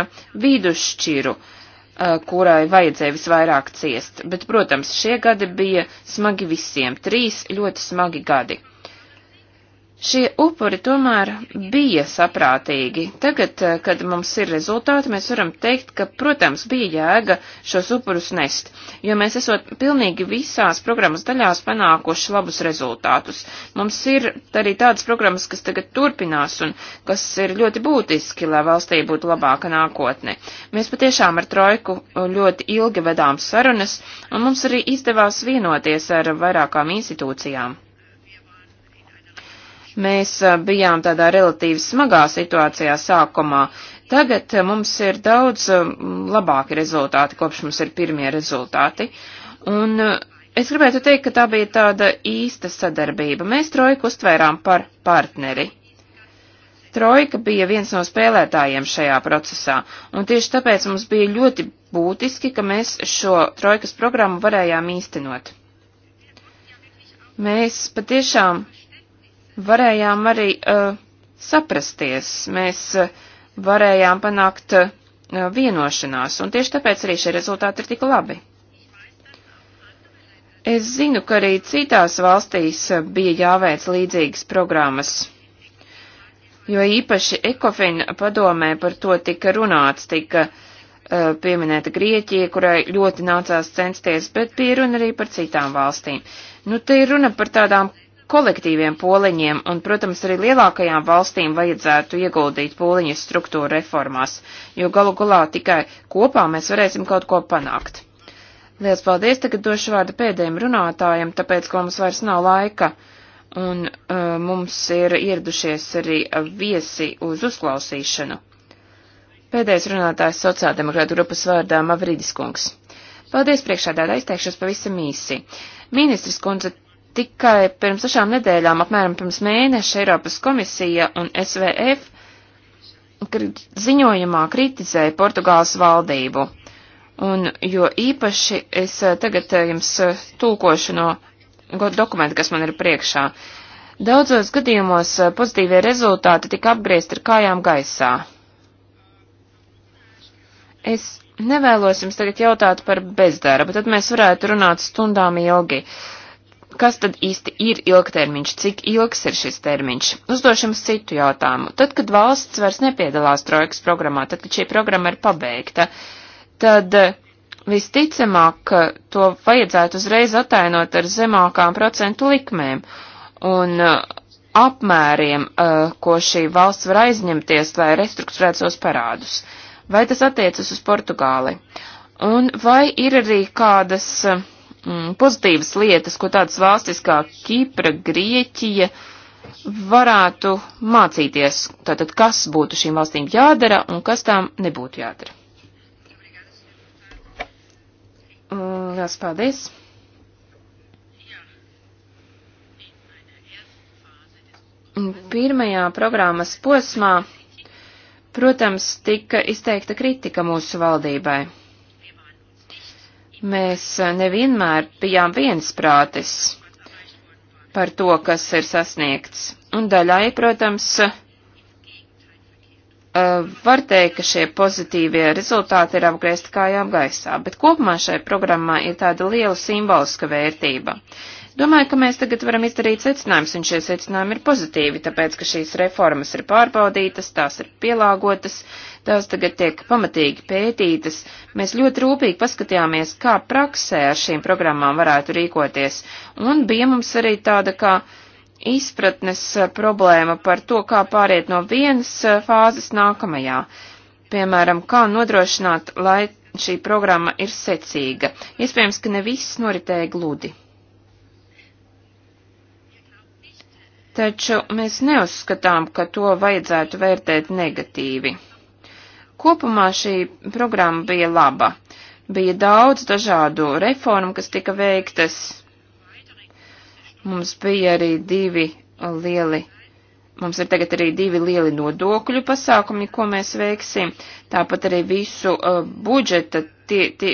vidusšķiru, eh, kurai vajadzēja visvairāk ciest. Bet, protams, šie gadi bija smagi visiem, trīs ļoti smagi gadi. Šie upuri tomēr bija saprātīgi. Tagad, eh, kad mums ir rezultāti, mēs varam teikt, ka, protams, bija jēga šos upurus nest, jo mēs esot pilnīgi visās programmas daļās panākuši labus rezultātus. Mums ir arī tādas programmas, kas tagad turpinās un kas ir ļoti būtiski, lai valstī būtu labāka nākotne. Mēs patiešām ar Trojku eh, ļoti ilgi vedām sarunas, un mums arī izdevās vienoties ar vairākām institūcijām. Mēs eh, bijām tādā relatīvi smagā situācijā sākumā. Tagad eh, mums ir daudz eh, labāki rezultāti, kopš mums ir pirmie rezultāti. Un es gribētu teikt, ka tā bija tāda īsta sadarbība. Mēs trojku uztvērām par partneri. Trojka bija viens no spēlētājiem šajā procesā, un tieši tāpēc mums bija ļoti būtiski, ka mēs šo trojkas programmu varējām īstenot. Mēs patiešām varējām arī uh, saprasties, mēs uh, varējām panākt uh, vienošanās, un tieši tāpēc arī šie rezultāti ir tik labi. Es zinu, ka arī citās valstīs bija jāveic līdzīgas programmas, jo īpaši Ekofin padomē par to tika runāts, tika uh, pieminēta Grieķija, kurai ļoti nācās censties, bet bija runa arī par citām valstīm. Nu, te ir runa par tādām kolektīviem poliņiem, un, protams, arī lielākajām valstīm vajadzētu ieguldīt poliņas struktūra reformās, jo galu galā tikai kopā mēs varēsim kaut ko panākt. Liels paldies, tagad došu vārdu pēdējiem runātājiem, tāpēc, ka mums vairs nav laika, un uh, mums ir ieradušies arī viesi uz uzklausīšanu. Pēdējais runātājs sociāldemokrāta grupas vārdā Mavridis Kungs. Paldies priekšādā, izteikšos pavisam īsi. Ministrs kundze Tikai pirms sešām nedēļām, apmēram pirms mēneša, Eiropas komisija un SVF ziņojumā kritizēja Portugāles valdību. Un jo īpaši es eh, tagad eh, jums eh, tulkošu no dokumenta, kas man ir priekšā. Daudzos gadījumos pozitīvie rezultāti tika apgriezt ar kājām gaisā. Es nevēlos jums tagad jautāt par bezdarbu, tad mēs varētu runāt stundām ilgi. Uh, kas tad īsti ir ilgtermiņš, cik ilgs ir šis termiņš. Uzdošam citu jautājumu. Tad, kad valsts vairs nepiedalās trojkas programmā, tad, kad šī programma ir pabeigta, tad eh, visticamāk to vajadzētu uzreiz atainot ar zemākām procentu likmēm un eh, apmēriem, eh, ko šī valsts var aizņemties, lai restruktūrētu savus parādus. Vai tas attiecas uz Portugāli? Un vai ir arī kādas uh, Mm, pozitīvas lietas, ko tādas valstis kā Kipra, Grieķija varētu mācīties. Tātad, kas būtu šīm valstīm jādara un kas tām nebūtu jādara. Mm, Lielas paldies! Mm, pirmajā programmas posmā, protams, tika izteikta kritika mūsu valdībai. Mēs e, nevienmēr bijām viensprātis par to, kas ir sasniegts. Un daļai, protams, e, var teikt, ka šie pozitīvie rezultāti ir apgriezti kājām gaisā, bet kopumā šai programmā ir tāda liela simboliska vērtība. Uh, Domāju, ka mēs tagad varam izdarīt secinājumus, un šie secinājumi ir pozitīvi, tāpēc, ka šīs reformas ir pārbaudītas, tās ir pielāgotas, tās tagad tiek pamatīgi pētītas. Mēs ļoti rūpīgi paskatījāmies, kā praksē ar šīm programmām varētu rīkoties, un bija mums arī tāda, kā izpratnes problēma par to, kā pāriet no vienas eh, fāzes nākamajā. Piemēram, kā nodrošināt, lai šī programma ir secīga. Iespējams, ka ne viss noritēja gludi. taču mēs neuzskatām, ka to vajadzētu vērtēt negatīvi. Kopumā šī programma bija laba. Bija daudz dažādu reformu, kas tika veiktas. Mums bija arī divi lieli Mums ir tagad arī divi lieli nodokļu pasākumi, ko mēs veiksim. Tāpat arī visu uh, budžeta tie, tie,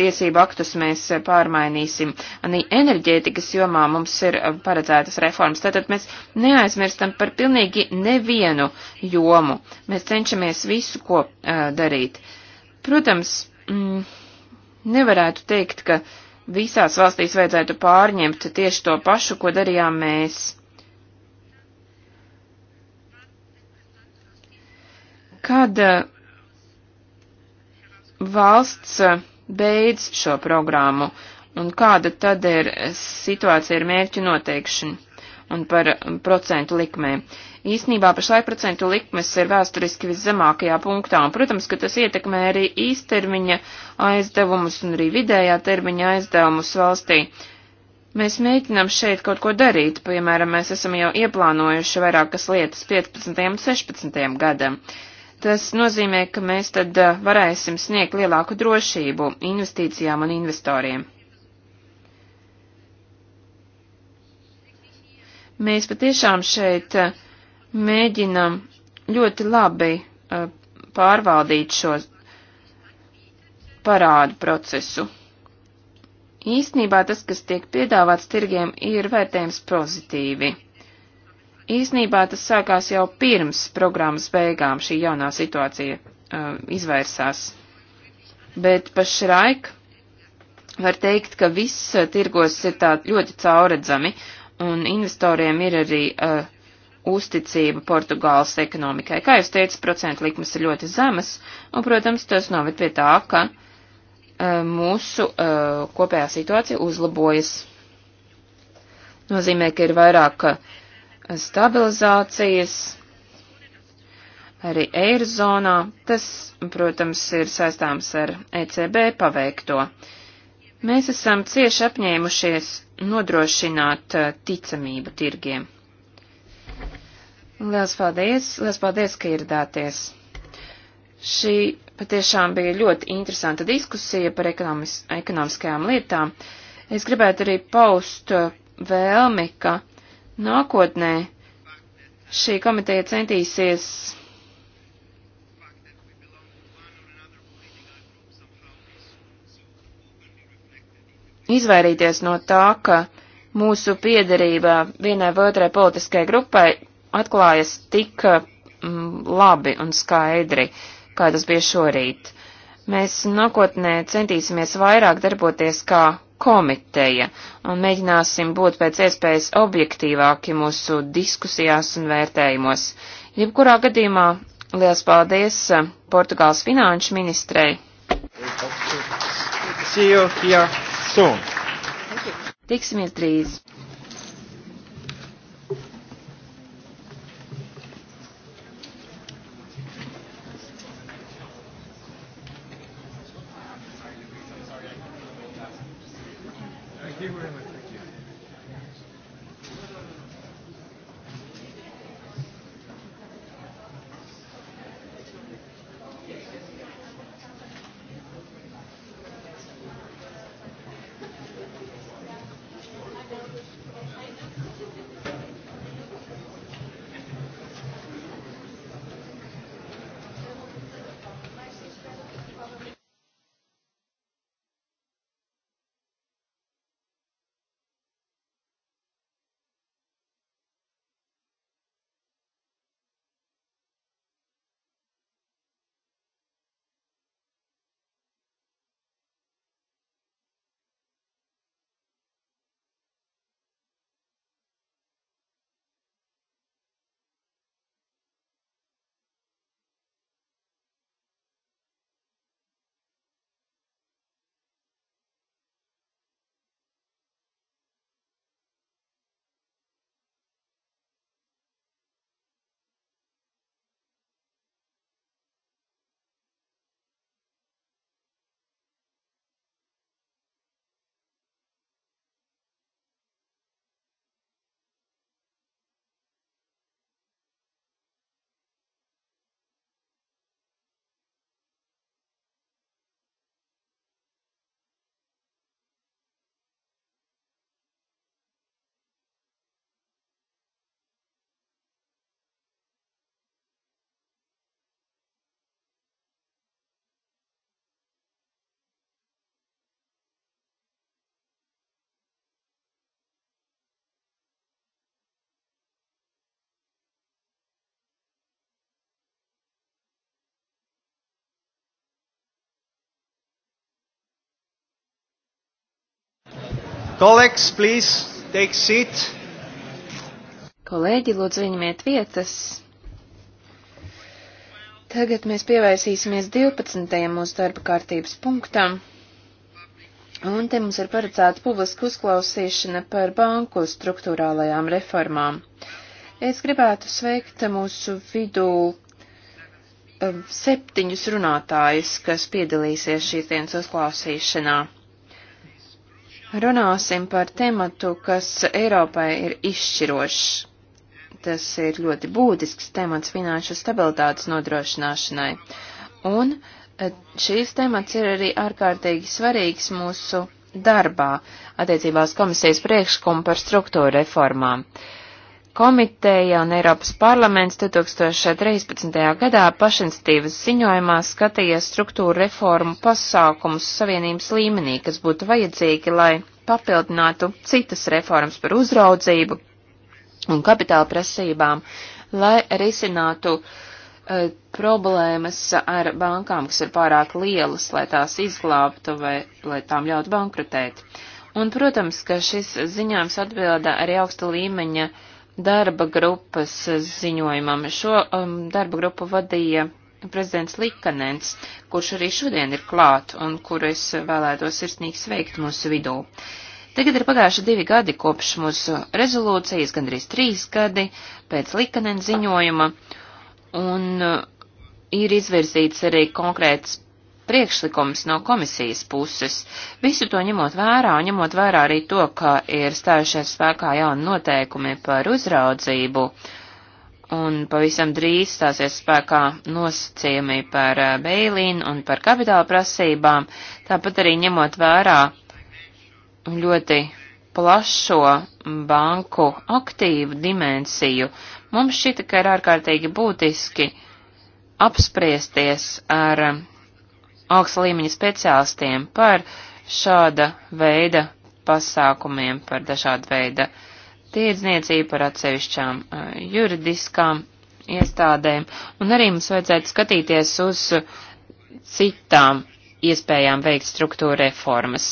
tiesību aktus mēs uh, pārmainīsim. Arī enerģētikas jomā mums ir uh, paredzētas reformas. Tātad mēs neaizmirstam par pilnīgi nevienu jomu. Mēs cenšamies visu, ko uh, darīt. Protams, mm, nevarētu teikt, ka visās valstīs vajadzētu pārņemt tieši to pašu, ko darījām mēs. Kad eh, valsts eh, beidz šo programmu un kāda tad ir eh, situācija ar mērķu noteikšanu un par mm, procentu likmēm? Īsnībā pašlaik procentu likmes ir vēsturiski viszemākajā punktā, un, protams, ka tas ietekmē arī īstermiņa aizdevumus un arī vidējā termiņa aizdevumus valstī. Mēs mēģinām šeit kaut ko darīt, piemēram, mēs esam jau ieplānojuši vairākas lietas 15. un 16. gadam. Tas nozīmē, ka mēs tad eh, varēsim sniegt lielāku drošību investīcijām un investoriem. Mēs patiešām šeit eh, mēģinam ļoti labi eh, pārvaldīt šo parādu procesu. Īsnībā tas, kas tiek piedāvāts tirgiem, ir vērtējums pozitīvi. Īsnībā tas sākās jau pirms programmas beigām šī jaunā situācija uh, izvērsās. Bet pašlaik var teikt, ka viss uh, tirgos ir tā ļoti cauredzami, un investoriem ir arī uh, uzticība Portugāles ekonomikai. Kā jūs teicat, procentu likmes ir ļoti zemas, un, protams, tas noved pie tā, ka uh, mūsu uh, kopējā situācija uzlabojas. Nozīmē, ka ir vairāk uh, stabilizācijas, arī eirozonā. Tas, protams, ir saistāms ar ECB paveikto. Mēs esam cieši apņēmušies nodrošināt eh, ticamību tirgiem. Liels paldies, liels paldies, ka ieradāties. Šī patiešām bija ļoti interesanta diskusija par ekonomis, ekonomiskajām lietām. Es gribētu arī paust eh, vēlmi, ka Nākotnē šī komiteja centīsies izvairīties no tā, ka mūsu piederība vienai vai otrai politiskajai grupai atklājas tik mm, labi un skaidri, kā tas bija šorīt. Mēs nākotnē centīsimies vairāk darboties kā komiteja un mēģināsim būt pēc iespējas objektīvāki mūsu diskusijās un vērtējumos. Jebkurā gadījumā liels paldies eh, Portugāles finanšu ministrei. Tiksimies drīz! Kolēģis, please, take seat. Kolēģi, lūdzu, ieņemiet vietas. Tagad mēs pievērsīsimies 12. mūsu darba kārtības punktam. Un te mums ir paredzēta publiska uzklausīšana par banku struktūrālajām reformām. Es gribētu sveikt mūsu vidū um, septiņus runātājus, kas piedalīsies šīs dienas uzklausīšanā runāsim par tematu, kas Eiropai ir izšķirošs. Tas ir ļoti būtisks temats finanšu stabilitātes nodrošināšanai. Un e, šīs temats ir arī ārkārtīgi svarīgs mūsu darbā attiecībās komisijas priekšlikumu par struktūra reformām. Uh, komiteja un Eiropas parlaments 2013. gadā pašinstīvas ziņojumā skatīja struktūra reformu pasākumus savienības līmenī, kas būtu vajadzīgi, lai papildinātu citas reformas par uzraudzību un kapitāla prasībām, lai risinātu uh, problēmas ar bankām, kas ir pārāk lielas, lai tās izglābtu vai lai tām ļautu bankrutēt. Un, protams, ka šis ziņojums atbilda arī augsta līmeņa uh, darba grupas ziņojumam. Šo um, darba grupu vadīja prezidents Likanens, kurš arī šodien ir klāt un kuru es vēlētos sirsnīgi sveikt mūsu vidū. Tagad ir pagājuši divi gadi kopš mūsu rezolūcijas, gandrīz trīs gadi pēc Likanens ziņojuma, un uh, ir izvirzīts arī konkrēts priekšlikums no komisijas puses. Visu to ņemot vērā, un ņemot vērā arī to, ka ir stājušies spēkā jauni noteikumi par uzraudzību, un pavisam drīz stāsies spēkā nosacījumi par eh, beilīnu un par kapitāla prasībām, tāpat arī ņemot vērā ļoti plašo banku aktīvu dimensiju, mums šķita, ka ir ārkārtīgi būtiski apspriesties ar augsta līmeņa speciālistiem par šāda veida pasākumiem, par dažāda veida tiedzniecību, par atsevišķām uh, juridiskām iestādēm, un arī mums vajadzētu skatīties uz citām iespējām veikt struktūra reformas.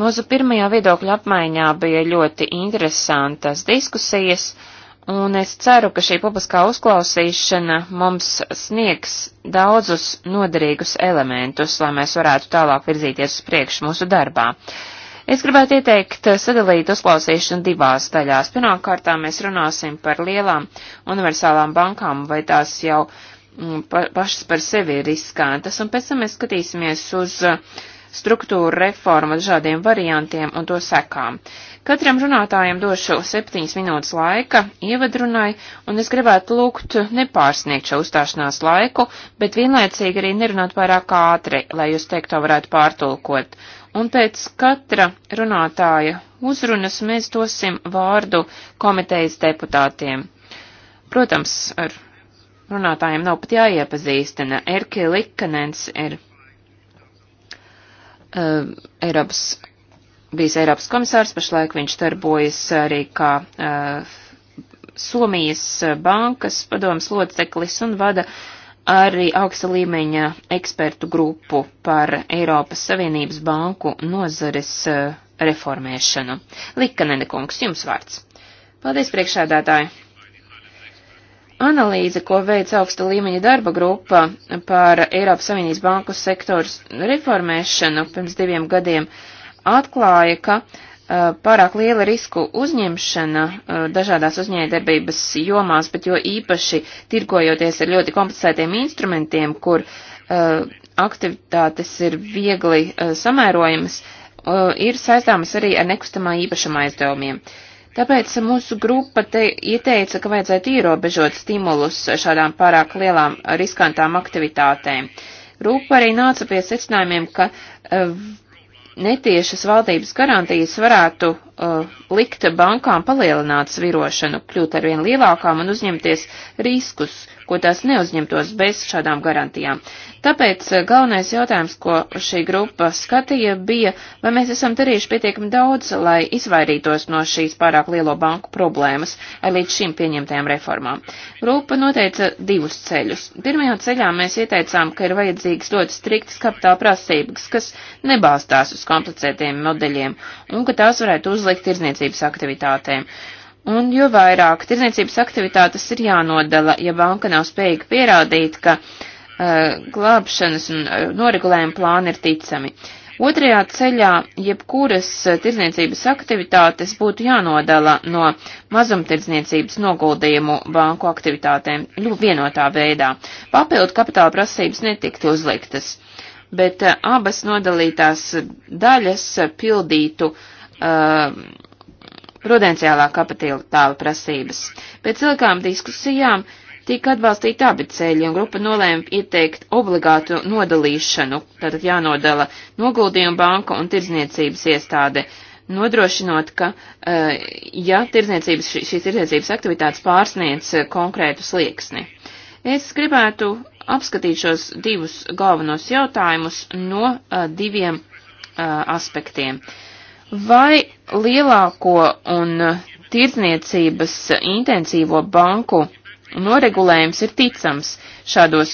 Mūsu pirmajā viedokļa apmaiņā bija ļoti interesantas diskusijas, uh, un es ceru, ka šī publiskā uzklausīšana mums sniegs daudzus noderīgus elementus, lai mēs varētu tālāk virzīties uz priekšu mūsu darbā. Es gribētu ieteikt sadalīt uzklausīšanu divās daļās. Pirmkārt, mēs runāsim par lielām universālām bankām, vai tās jau mm, pa, pašas par sevi ir riskantas, un pēc tam mēs skatīsimies uz uh, struktūra reforma dažādiem variantiem un to sekām. Katram runātājam došu septiņas minūtes laika ievadrunai, un es gribētu lūgt nepārsniegt šo uzstāšanās laiku, bet vienlaicīgi arī nerunāt pārāk ātri, lai jūs teikto varētu pārtulkot. Un pēc katra runātāja uzrunas mēs dosim vārdu komitejas deputātiem. Protams, ar runātājiem nav pat jāiepazīstina. Erki Likanens ir uh, Eiropas, bijis Eiropas komisārs, pašlaik viņš darbojas arī kā uh, Somijas eh, bankas padomas loceklis un vada arī augsta līmeņa ekspertu grupu par Eiropas Savienības banku nozares uh, reformēšanu. Likanene kungs, jums vārds. Paldies, priekšādātāji! Analīze, ko veic augsta līmeņa darba grupa par Eiropas Savienības banku sektoru reformēšanu pirms diviem gadiem, atklāja, ka uh, pārāk liela risku uzņemšana uh, dažādās uzņēmējdarbības jomās, bet jo īpaši tirgojoties ar ļoti komplicētiem instrumentiem, kur uh, aktivitātes ir viegli uh, samērojamas, uh, ir saistāmas arī ar nekustamā īpašuma aizdevumiem. Uh, Tāpēc mūsu grupa te ieteica, ka vajadzētu ierobežot stimulus šādām pārāk lielām riskantām aktivitātēm. Grupa arī nāca pie secinājumiem, ka eh, netiešas valdības garantijas varētu uh, likt bankām palielināt svirošanu, kļūt ar vien lielākām un uzņemties riskus, ko tās neuzņemtos bez šādām garantijām. Tāpēc eh, galvenais jautājums, ko šī grupa skatīja, bija, vai mēs esam darījuši pietiekami daudz, lai izvairītos no šīs pārāk lielo banku problēmas ar eh, līdz šim pieņemtajām reformām. Grupa noteica divus ceļus. Pirmajā ceļā mēs ieteicām, ka ir vajadzīgas ļoti striktas kapitāla prasības, kas nebalstās uz komplicētiem modeļiem, un ka tās varētu uzlikt tirzniecības aktivitātēm. Un jo vairāk tirdzniecības aktivitātes ir jānodala, ja banka nav spējīga pierādīt, ka uh, glābšanas un uh, noregulējuma plāni ir ticami. Otrajā ceļā jebkuras eh, tirdzniecības aktivitātes būtu jānodala no mazumtirdzniecības noguldījumu banku aktivitātēm vienotā veidā. Papildu kapitāla prasības netiktu uzliktas, bet uh, abas nodalītās daļas pildītu uh, prudenciālā kapitāla prasības. Pēc ilgām diskusijām tika atbalstīti abi ceļi, un grupa nolēma ieteikt obligātu nodalīšanu, tātad jānodala noguldījuma banka un tirdzniecības iestāde, nodrošinot, ka, eh, ja tirdzniecības, šīs tirdzniecības aktivitātes pārsniec eh, konkrētu slieksni. Es gribētu apskatīt šos divus galvenos jautājumus no eh, diviem aspektiem. Uh, Vai lielāko un tirdzniecības intensīvo banku noregulējums ir ticams šādos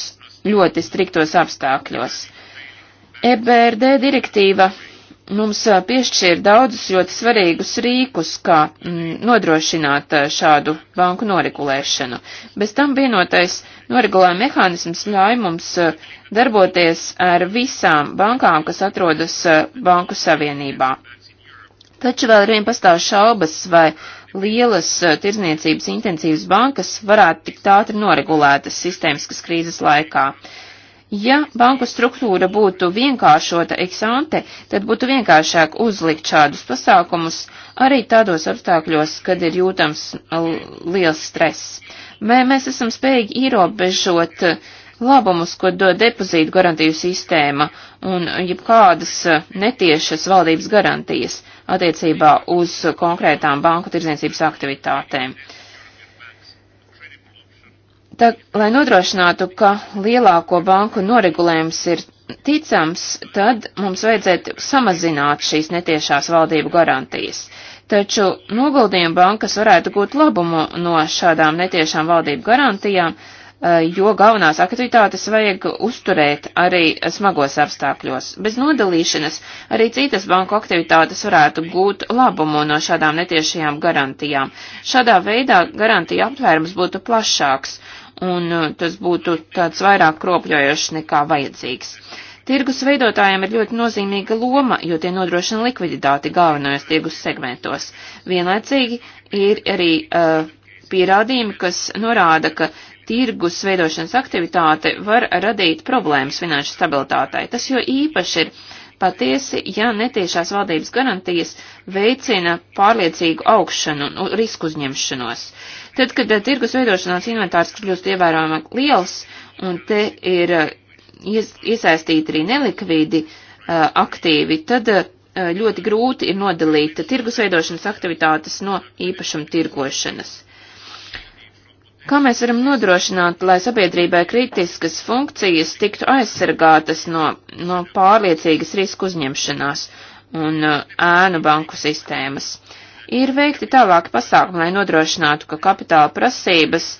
ļoti striktos apstākļos? EBRD direktīva mums piešķir daudzus ļoti svarīgus rīkus, kā mm, nodrošināt eh, šādu banku noregulēšanu. Bez tam vienotais noregulējuma mehānisms ļauj mums eh, darboties ar visām bankām, kas atrodas eh, Banku Savienībā. Taču vēl vien pastāv šaubas, vai lielas eh, tirzniecības intensīvas bankas varētu tikt ātri noregulētas sistēmiskas krīzes laikā. Ja banku struktūra būtu vienkāršota eksante, tad būtu vienkāršāk uzlikt šādus pasākumus arī tādos apstākļos, kad ir jūtams eh, liels stress. Vai mēs esam spējīgi ierobežot uh, Labumus, ko dod depozītu garantiju sistēma un jebkādas eh, netiešas valdības garantijas attiecībā uz konkrētām banku tirdzniecības aktivitātēm. Tā, lai nodrošinātu, ka lielāko banku noregulējums ir ticams, tad mums vajadzētu samazināt šīs netiešās valdību garantijas. Taču noguldījuma bankas varētu gūt labumu no šādām netiešām valdību garantijām, Eh, jo galvenās aktivitātes vajag uzturēt arī smagos apstākļos. Bez nodalīšanas arī citas banku aktivitātes varētu gūt labumu no šādām netiešajām garantijām. Šādā veidā garantija aptvērums būtu plašāks, un eh, tas būtu tāds vairāk kropļojošs nekā vajadzīgs. Tirgus veidotājiem ir ļoti nozīmīga loma, jo tie nodrošina likviditāti galvenajos tirgus segmentos. Vienlaicīgi ir arī uh, pierādījumi, kas norāda, ka tirgus veidošanas aktivitāte var radīt problēmas finanšu stabilitātei. Tas jo īpaši ir patiesi, ja netiešās valdības garantijas veicina pārliecīgu augšanu un risku uzņemšanos. Tad, kad eh, tirgus veidošanās inventārs kļūst ievērojamāk liels, un te ir eh, iesaistīti arī nelikvīdi eh, aktīvi, tad ļoti grūti ir nodalīt tirgus veidošanas aktivitātes no īpašuma tirgošanas. Kā mēs varam nodrošināt, lai sabiedrībai kritiskas funkcijas tiktu aizsargātas no, no pārliecīgas risku uzņemšanās un uh, ēnu banku sistēmas? Ir veikti tālāki pasākumi, lai nodrošinātu, ka kapitāla prasības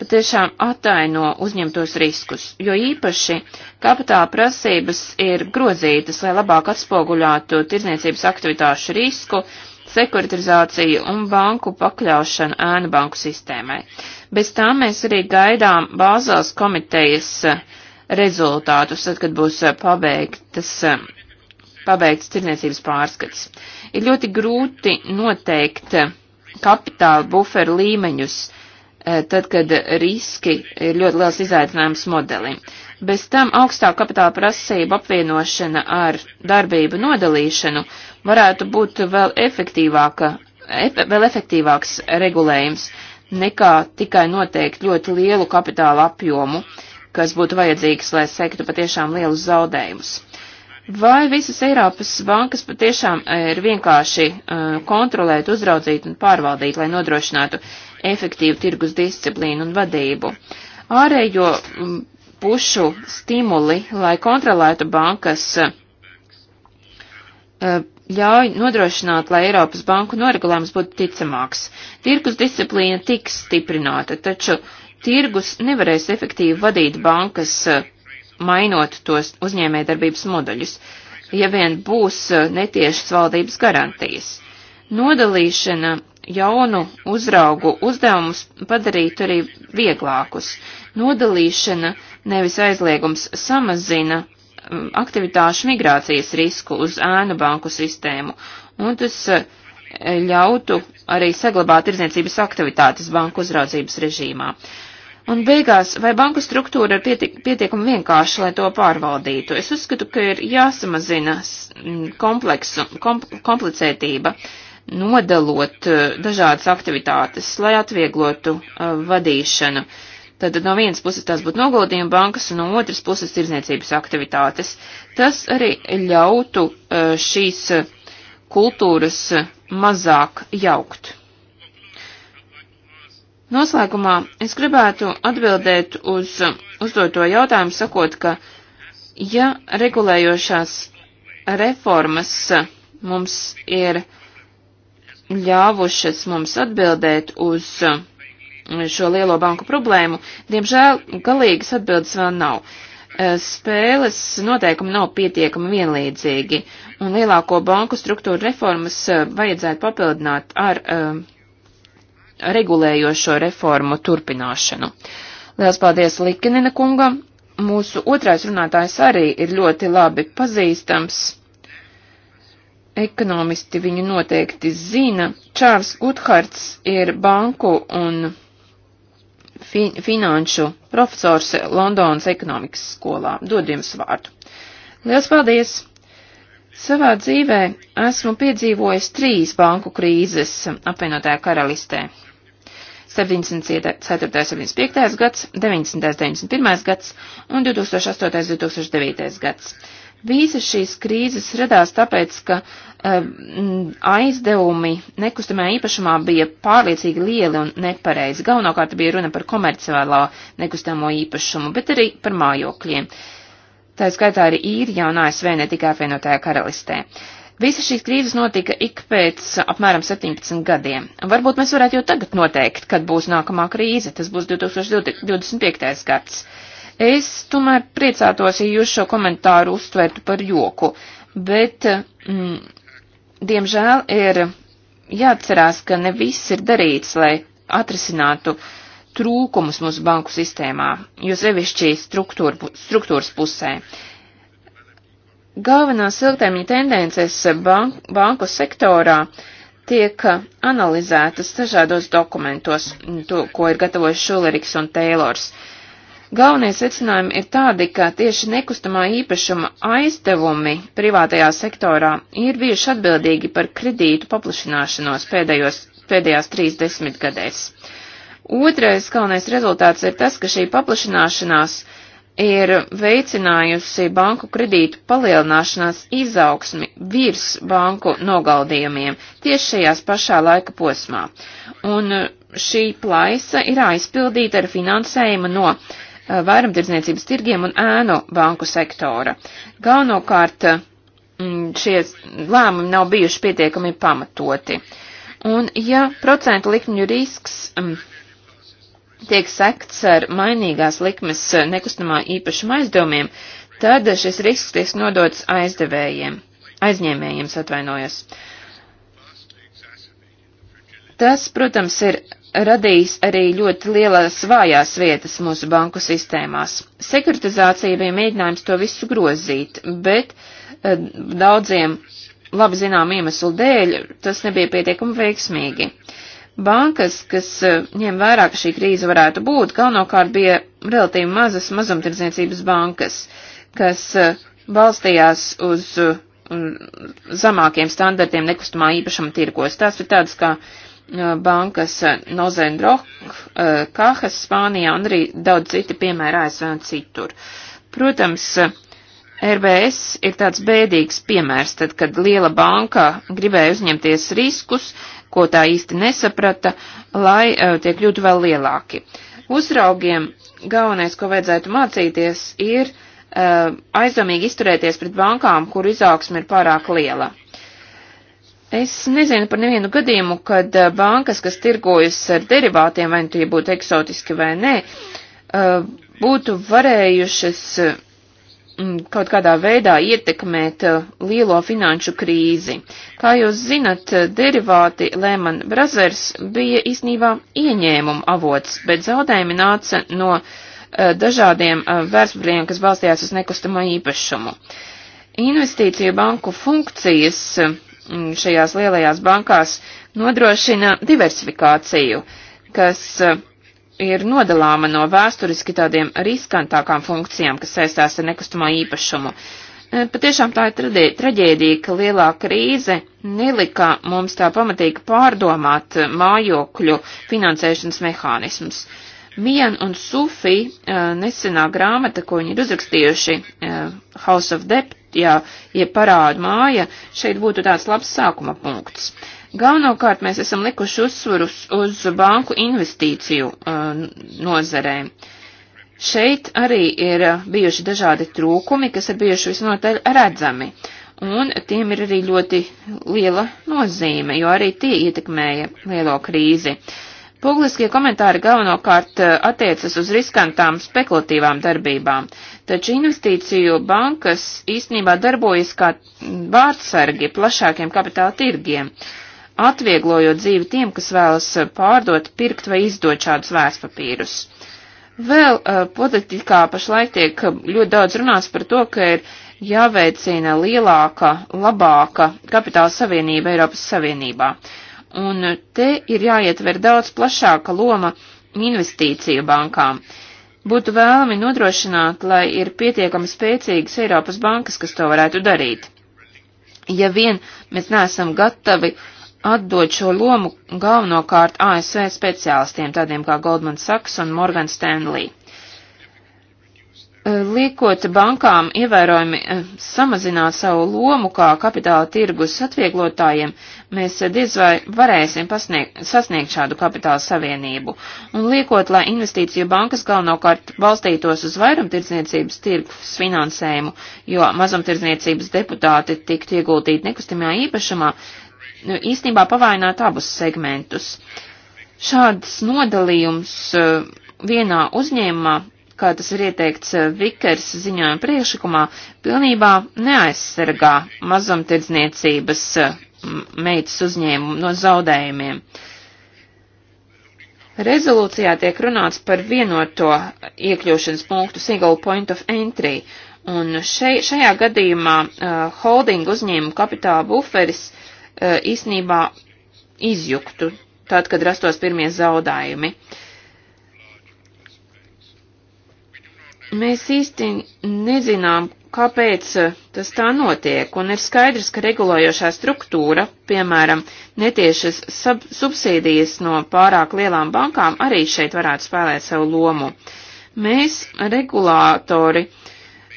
patiešām ataino uzņemtos riskus, jo īpaši kapitāla prasības ir grozītas, lai labāk atspoguļātu tirdzniecības aktivitāšu risku, uh, sekuritizāciju un banku pakļaušanu ēnu banku sistēmai. Bez tā mēs arī gaidām Bāzels komitejas eh, rezultātus, tad, kad būs eh, pabeigtas, eh, pabeigts tirniecības pārskats. Ir ļoti grūti noteikt kapitāla buferu līmeņus, tad, kad riski ir ļoti liels izaicinājums modelim. Bez tam augstā kapitāla prasība apvienošana ar darbību nodalīšanu uh, varētu būt vēl efektīvāka, ef vēl efektīvāks regulējums nekā tikai noteikt ļoti lielu kapitāla apjomu, kas būtu vajadzīgs, lai sektu patiešām lielus zaudējumus. Vai visas Eiropas bankas patiešām e, ir vienkārši uh, kontrolēt, uzraudzīt un pārvaldīt, lai nodrošinātu efektīvu tirgus disciplīnu un vadību? Ārējo pušu stimuli, lai kontrolētu bankas uh, ļauj nodrošināt, lai Eiropas banku noregulējums būtu ticamāks. Tirkus disciplīna tiks stiprināta, taču tirgus nevarēs efektīvi vadīt bankas, eh, mainot tos uzņēmējdarbības moduļus, ja vien būs eh, netiešas valdības garantijas. Nodalīšana jaunu uzraugu uzdevumus padarītu arī vieglākus. Nodalīšana nevis aizliegums samazina Mm, aktivitāšu migrācijas risku uz ēnu banku sistēmu, un tas eh, ļautu arī saglabāt tirdzniecības aktivitātes banku uzraudzības režīmā. Un beigās, vai banku struktūra ir pietiek, pietiekami vienkārša, lai to pārvaldītu? Es uzskatu, ka ir jāsamazina mm, kompleksu, kom, komplicētība, nodalot eh, dažādas aktivitātes, lai atvieglotu uh, vadīšanu. Uh, Tātad no vienas puses tās būtu noguldījuma bankas, un no otras puses tirzniecības aktivitātes. Tas arī ļautu eh, šīs eh, kultūras eh, mazāk jaukt. Noslēgumā es gribētu atbildēt uz uzdoto jautājumu, sakot, ka ja regulējošās reformas mums ir ļāvušas mums atbildēt uz uh, šo lielo banku problēmu, diemžēl galīgas atbildes vēl nav. Eh, spēles noteikumi nav pietiekami vienlīdzīgi, un lielāko banku struktūru reformas eh, vajadzētu papildināt ar um, regulējošo reformu turpināšanu. Liels paldies Likinina kungam. Mūsu otrais runātājs arī ir ļoti labi pazīstams. Ekonomisti viņu noteikti zina. Čārls Guthards ir banku un fi finanšu profesors Londonas ekonomikas skolā. Dod jums vārdu. Lielas paldies! Savā dzīvē esmu piedzīvojis trīs banku krīzes apvienotajā karalistē. 74. 75. gads, 90. 91. gads un 2008. 2009. gads. Visas šīs krīzes radās tāpēc, ka aizdevumi nekustamajā īpašumā bija pārliecīgi lieli un nepareizi. Galvenokārt bija runa par komerciālā nekustamo īpašumu, bet arī par mājokļiem. Tā skaitā arī īrijā un ASV ne tikai apvienotajā karalistē. Visa šīs krīzes notika ik pēc apmēram 17 gadiem. Varbūt mēs varētu jau tagad noteikt, kad būs nākamā krīze. Tas būs 2025. gads. Es tomēr priecātos, ja jūs šo komentāru uztvertu par joku, bet mm, Diemžēl ir jāatcerās, ka ne viss ir darīts, lai atrisinātu trūkumus mūsu banku sistēmā, jo sevišķi struktūra, struktūras pusē. Galvenās ilgtermiņa tendences bank, banku sektorā tiek analizētas dažādos dokumentos, to, ko ir gatavojis Šuleriks un Teilors. Uh, Galvenie secinājumi ir tādi, ka tieši nekustamā īpašuma aizdevumi privātajā sektorā ir bijuši atbildīgi par kredītu paplašināšanos pēdējos, pēdējās trīs desmitgadēs. Otrais galvenais rezultāts ir tas, ka šī paplašināšanās ir veicinājusi banku kredītu palielināšanās izaugsmi virs banku nogaldījumiem tieši šajās pašā laika posmā. Un šī plaisa ir aizpildīta ar finansējumu no Eh, vairumtirdzniecības tirgiem un ēnu banku sektora. Galvenokārt mm, šie lēmumi nav bijuši pietiekami pamatoti. Un ja procentu likmju risks mm, tiek sekts ar mainīgās likmes nekustamā īpašuma aizdomiem, tad šis risks tiek nodots aizdevējiem, aizņēmējiem, atvainojos. Tas, protams, ir radījis arī ļoti lielas vājās vietas mūsu banku sistēmās. Sekuritizācija bija mēģinājums to visu grozīt, bet eh, daudziem labi zinām iemeslu dēļ tas nebija pietiekami veiksmīgi. Bankas, kas eh, ņem vērā, ka šī krīze varētu būt, galvenokārt bija relatīvi mazas mazumtirdzniecības bankas, kas eh, balstījās uz zemākiem standartiem nekustamā īpašuma tirkos. Tās ir tādas kā uh, bankas Nozenrok, Kahas Spānijā un arī daudz citi piemēra ASV un citur. Protams, RBS ir tāds bēdīgs piemērs, tad, kad liela banka gribēja uzņemties riskus, ko tā īsti nesaprata, lai tie kļūtu vēl lielāki. Uzraugiem galvenais, ko vajadzētu mācīties, ir aizdomīgi izturēties pret bankām, kur izaugsme ir pārāk liela. Es nezinu par nevienu gadījumu, kad eh, bankas, kas tirgojas ar derivātiem, vai nu tie būtu eksotiski vai nē, eh, būtu varējušas eh, mm, kaut kādā veidā ietekmēt lielo finanšu krīzi. Kā jūs zinat, derivāti Lehman Brothers bija īsnībā ieņēmuma avots, bet zaudējumi nāca no dažādiem vērtspapīriem, kas balstījās uz nekustamo īpašumu. Investīciju banku funkcijas Mm, šajās lielajās bankās nodrošina diversifikāciju, kas eh, ir nodalāma no vēsturiski tādiem riskantākām funkcijām, kas saistās ar nekustamo īpašumu. Eh, patiešām tā ir traģēdija, ka lielā krīze nelika mums tā pamatīgi pārdomāt eh, mājokļu finansēšanas mehānismus. Mian un Sufi nesenā grāmata, ko viņi ir uzrakstījuši House of Debt, ja, ja parādu māja, šeit būtu tāds labs sākuma punkts. Galvenokārt mēs esam likuši uzsvarus uz banku investīciju uh, nozarēm. Šeit arī ir bijuši dažādi trūkumi, kas ir bijuši visnotaļ redzami, un tiem ir arī ļoti liela nozīme, jo arī tie ietekmēja lielo krīzi. Publiskie komentāri galvenokārt uh, attiecas uz riskantām spekulatīvām darbībām. Uh, Taču investīciju bankas īstenībā darbojas kā vārdsargi plašākiem kapitāla tirgiem, atvieglojot dzīvi tiem, kas vēlas pārdot, pirkt vai izdot šādus vēstpapīrus. Vēl uh, eh, politikā pašlaik tiek ļoti daudz runāts par to, ka ir jāveicina lielāka, labāka kapitāla savienība Eiropas Savienībā. Un te ir jāietver daudz plašāka loma investīciju bankām. Uh, Būtu vēlami nodrošināt, lai ir pietiekami spēcīgas Eiropas bankas, kas to varētu darīt. Ja vien mēs neesam gatavi atdot šo lomu galvenokārt ASV speciālistiem, tādiem kā Goldman Sachs un Morgan Stanley. Eh, liekot bankām ievērojami eh, samazināt savu lomu kā kapitāla tirgus atvieglotājiem, mēs eh, diez vai varēsim pasniegt, sasniegt šādu kapitāla savienību. Un liekot, lai investīciju bankas galvenokārt balstītos uz vairumtirdzniecības tirgus finansējumu, jo mazumtirdzniecības deputāti tiktu ieguldīti nekustamajā īpašumā, nu, īstenībā pavainot abus segmentus. Šāds nodalījums vienā uzņēmumā kā tas ir ieteikts eh, Vikers ziņojuma priekšlikumā, pilnībā neaizsargā mazumtirdzniecības eh, meitas uzņēmumu no zaudējumiem. Rezolūcijā tiek runāts par vienoto iekļūšanas punktu single point of entry, un šai, šajā gadījumā uh, holding uzņēmumu kapitāla buferis uh, īsnībā izjuktu, tad, kad rastos pirmie zaudējumi. Uh, Mēs īsti nezinām, kāpēc eh, tas tā notiek, un ir skaidrs, ka regulējošā struktūra, piemēram, netiešas subsīdijas no pārāk lielām bankām, arī šeit varētu spēlēt savu lomu. Mēs, regulātori,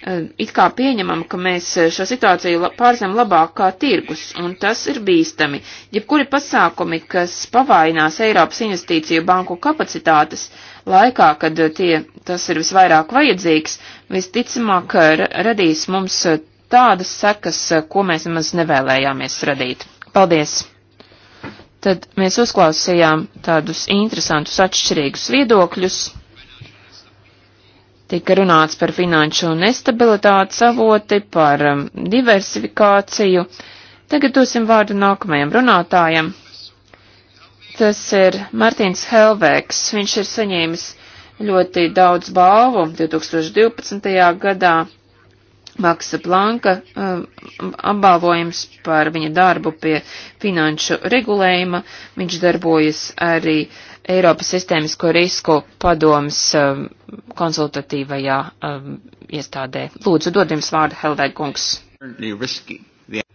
eh, it kā pieņemam, ka mēs eh, šo situāciju pārzem labāk kā tirgus, un tas ir bīstami. Jebkuri pasākumi, kas pavainās Eiropas investīciju banku kapacitātes, uh, laikā, kad eh, tie, tas ir visvairāk vajadzīgs, visticamāk eh, radīs mums eh, tādas sekas, ko mēs nemaz nevēlējāmies radīt. Paldies! Tad mēs uzklausījām tādus interesantus atšķirīgus viedokļus. Tika runāts par finanšu nestabilitāti savoti, par um, diversifikāciju. Tagad dosim vārdu nākamajam runātājam. Tas ir Martins Helvēks. Viņš ir saņēmis ļoti daudz balvu 2012. gadā. Maksa Blanka um, apbalvojums par viņa darbu pie finanšu regulējuma. Viņš darbojas arī Eiropas sistēmisko risku padomas um, konsultatīvajā um, iestādē. Lūdzu, dod jums vārdu, Helvēkungs. Riski.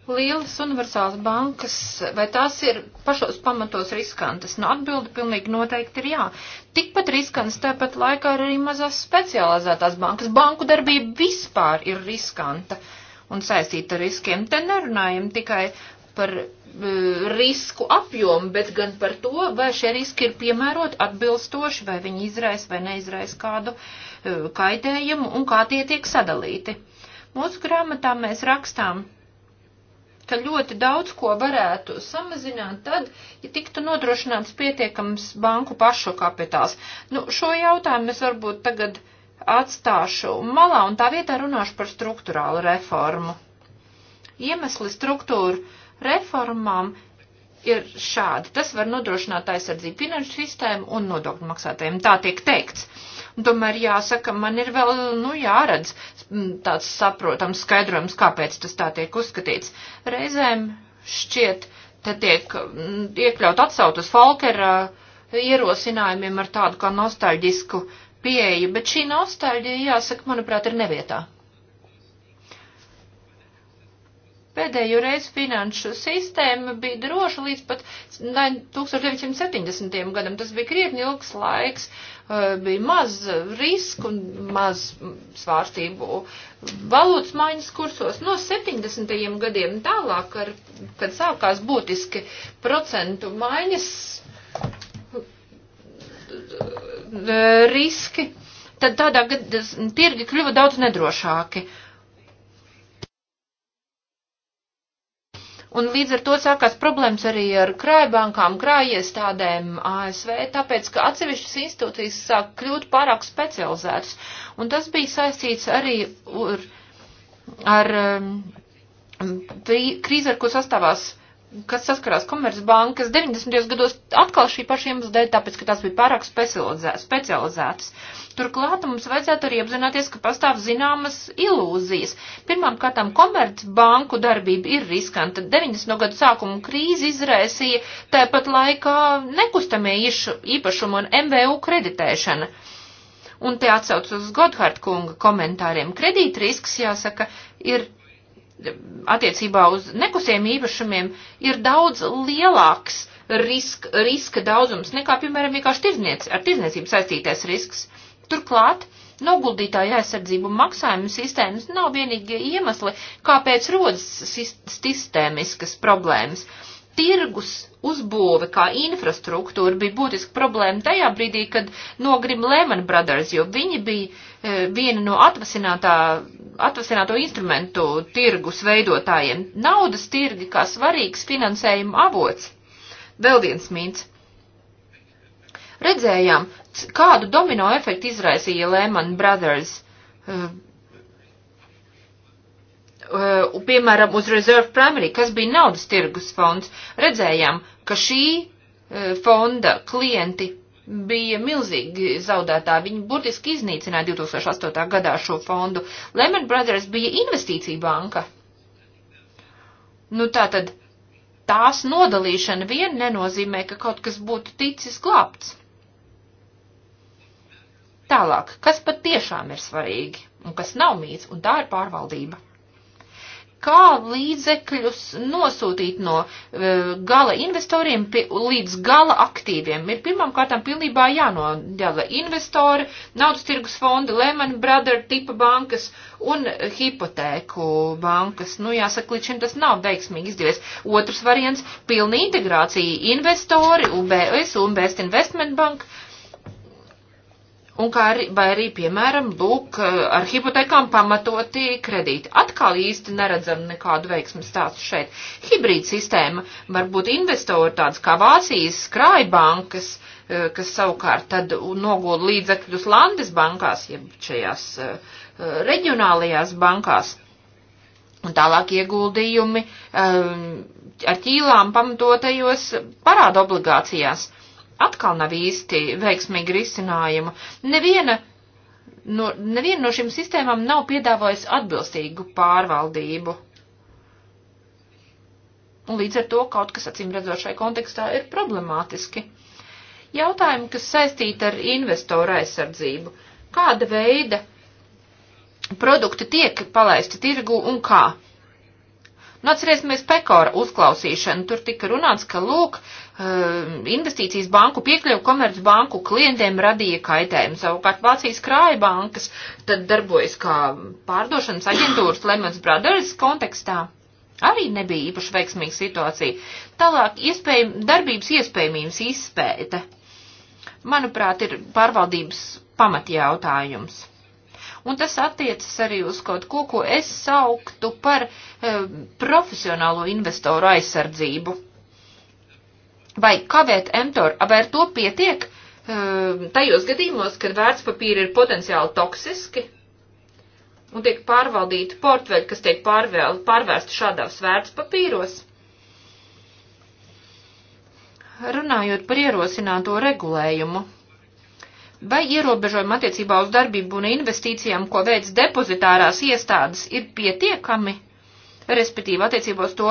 Lielas universālas bankas, vai tās ir pašos pamatos riskantas? Nu, atbildi pilnīgi noteikti ir jā. Tikpat riskantas tāpat laikā ir arī mazās specializētās bankas. Banku darbība vispār ir riskanta un saistīta ar riskiem. Te nerunājam tikai par e, risku apjomu, bet gan par to, vai šie riski ir piemēroti atbilstoši, vai viņi izraisa vai neizraisa kādu e, kaitējumu un kā tie tiek sadalīti. Mūsu grāmatā mēs rakstām ka ļoti daudz ko varētu samazināt tad, ja tiktu nodrošināts pietiekams banku pašu kapitāls. Nu, šo jautājumu es varbūt tagad atstāšu malā un tā vietā runāšu par struktūrālu reformu. Iemesli struktūru reformām ir šādi. Tas var nodrošināt aizsardzību finanšu sistēmu un nodokļu maksātājiem. Tā tiek teikts. Tomēr jāsaka, man ir vēl, nu, jāredz tāds saprotams skaidrojums, kāpēc tas tā tiek uzskatīts. Reizēm šķiet, te tiek mm, iekļaut atsaukt uz Falkera ierosinājumiem ar tādu kā nostalģisku pieeju, bet šī nostalģija, jāsaka, manuprāt, ir nevietā. Pēdējo reizi finanšu sistēma bija droša līdz pat 1970. gadam. Tas bija krietni ilgs laiks, eh, bija maz risku un maz svārstību valūtas maiņas kursos. No 70. gadiem tālāk, ar, kad sākās būtiski procentu maiņas eh, riski, tad tādā gadā tirgi kļuva daudz nedrošāki. Uh, Un līdz ar to sākās problēmas arī ar krājbankām, krājiestādēm ASV, tāpēc, ka atsevišķas institūcijas sāk kļūt pārāk specializētas. Un tas bija saistīts arī ar, ar um, krīzi, ar ko sastāvās kas saskarās Komercbankas 90. gados atkal šī paša iemesla dēļ, tāpēc, ka tās bija pārāk specializētas. Turklāt mums vajadzētu arī apzināties, ka pastāv zināmas ilūzijas. Pirmkārt, Komercbanku darbība ir riskanta. 90. gadu sākuma krīze izraisīja tāpat laikā nekustamie īpašumu un MVU kreditēšana. Un te atsauc uz Godhart kunga komentāriem. Kredīt risks, jāsaka, ir attiecībā uz nekusiem īpašumiem ir daudz lielāks risk, riska daudzums nekā, piemēram, vienkārši tirzniec, ar tirzniecību saistītais risks. Turklāt, noguldītāju aizsardzību maksājumu sistēmas nav vienīgie iemesli, kāpēc rodas sistēmiskas problēmas. Uh, tirgus uzbūve kā infrastruktūra bija būtiska problēma tajā brīdī, kad nogrim Lehman Brothers, jo viņi bija e, viena no atvasināto instrumentu tirgus veidotājiem. Naudas tirgi kā svarīgs finansējuma avots. Vēl viens mīts. Redzējām, kādu domino efektu izraisīja Lehman Brothers. E, uh, piemēram, uz Reserve Primary, kas bija naudas tirgus fonds, redzējām, ka šī uh, fonda klienti bija milzīgi zaudētā. Viņi burtiski iznīcināja 2008. gadā šo fondu. Lehman Brothers bija investīcija banka. Nu tā tad tās nodalīšana vien nenozīmē, ka kaut kas būtu ticis glābts. Tālāk, kas pat tiešām ir svarīgi un kas nav mīts, un tā ir pārvaldība kā līdzekļus nosūtīt no uh, gala investoriem pie, līdz gala aktīviem. Ir pirmām kārtām pilnībā jānodala investori, naudas tirgus fondi, Lehman Brother tipa bankas un hipotēku bankas. Nu, jāsaka, līdz šim tas nav veiksmīgi izdevies. Otrs variants - pilna integrācija investori, UBS, UBS Investment Bank. Uh, un kā arī, vai arī, piemēram, lūk, eh, ar hipotekām pamatoti kredīti. Atkal īsti neredzam nekādu veiksmu stāstu šeit. Hibrīd sistēma var būt investori tāds kā Vācijas krājbankas, eh, kas savukārt tad nogūda līdzekļus landes bankās, jeb šajās eh, reģionālajās bankās. Un tālāk ieguldījumi um, ar ķīlām pamatotajos parāda obligācijās atkal nav īsti veiksmīgi risinājuma. Neviena no, neviena no šīm sistēmām nav piedāvājusi atbilstīgu pārvaldību. Un līdz ar to kaut kas acīm redzot šai kontekstā ir problemātiski. Jautājumi, kas saistīti ar investoru aizsardzību. Kāda veida produkti tiek palaisti tirgu un kā? Nu, atcerēsimies Pekora uzklausīšanu. Tur tika runāts, ka, lūk, Eh, investīcijas banku piekļuvu komercbanku klientiem radīja kaitējumu. Savukārt Vācijas krājbankas tad darbojas kā pārdošanas aģentūras Lemons Brothers kontekstā. Arī nebija īpaši veiksmīga situācija. Tālāk iespēj, darbības iespējamības izspēte, manuprāt, ir pārvaldības pamatjautājums. Un tas attiecas arī uz kaut ko, ko es sauktu par e, profesionālo investoru aizsardzību vai kavēt mtor, vai ar to pietiek ehm, tajos gadījumos, kad vērtspapīri ir potenciāli toksiski un tiek pārvaldīti portveļi, kas tiek pārvēl, pārvērsti šādās vērtspapīros. Runājot par ierosināto regulējumu, vai ierobežojumi attiecībā uz darbību un investīcijām, ko veids depozitārās iestādes, ir pietiekami, respektīvi attiecībā uz to,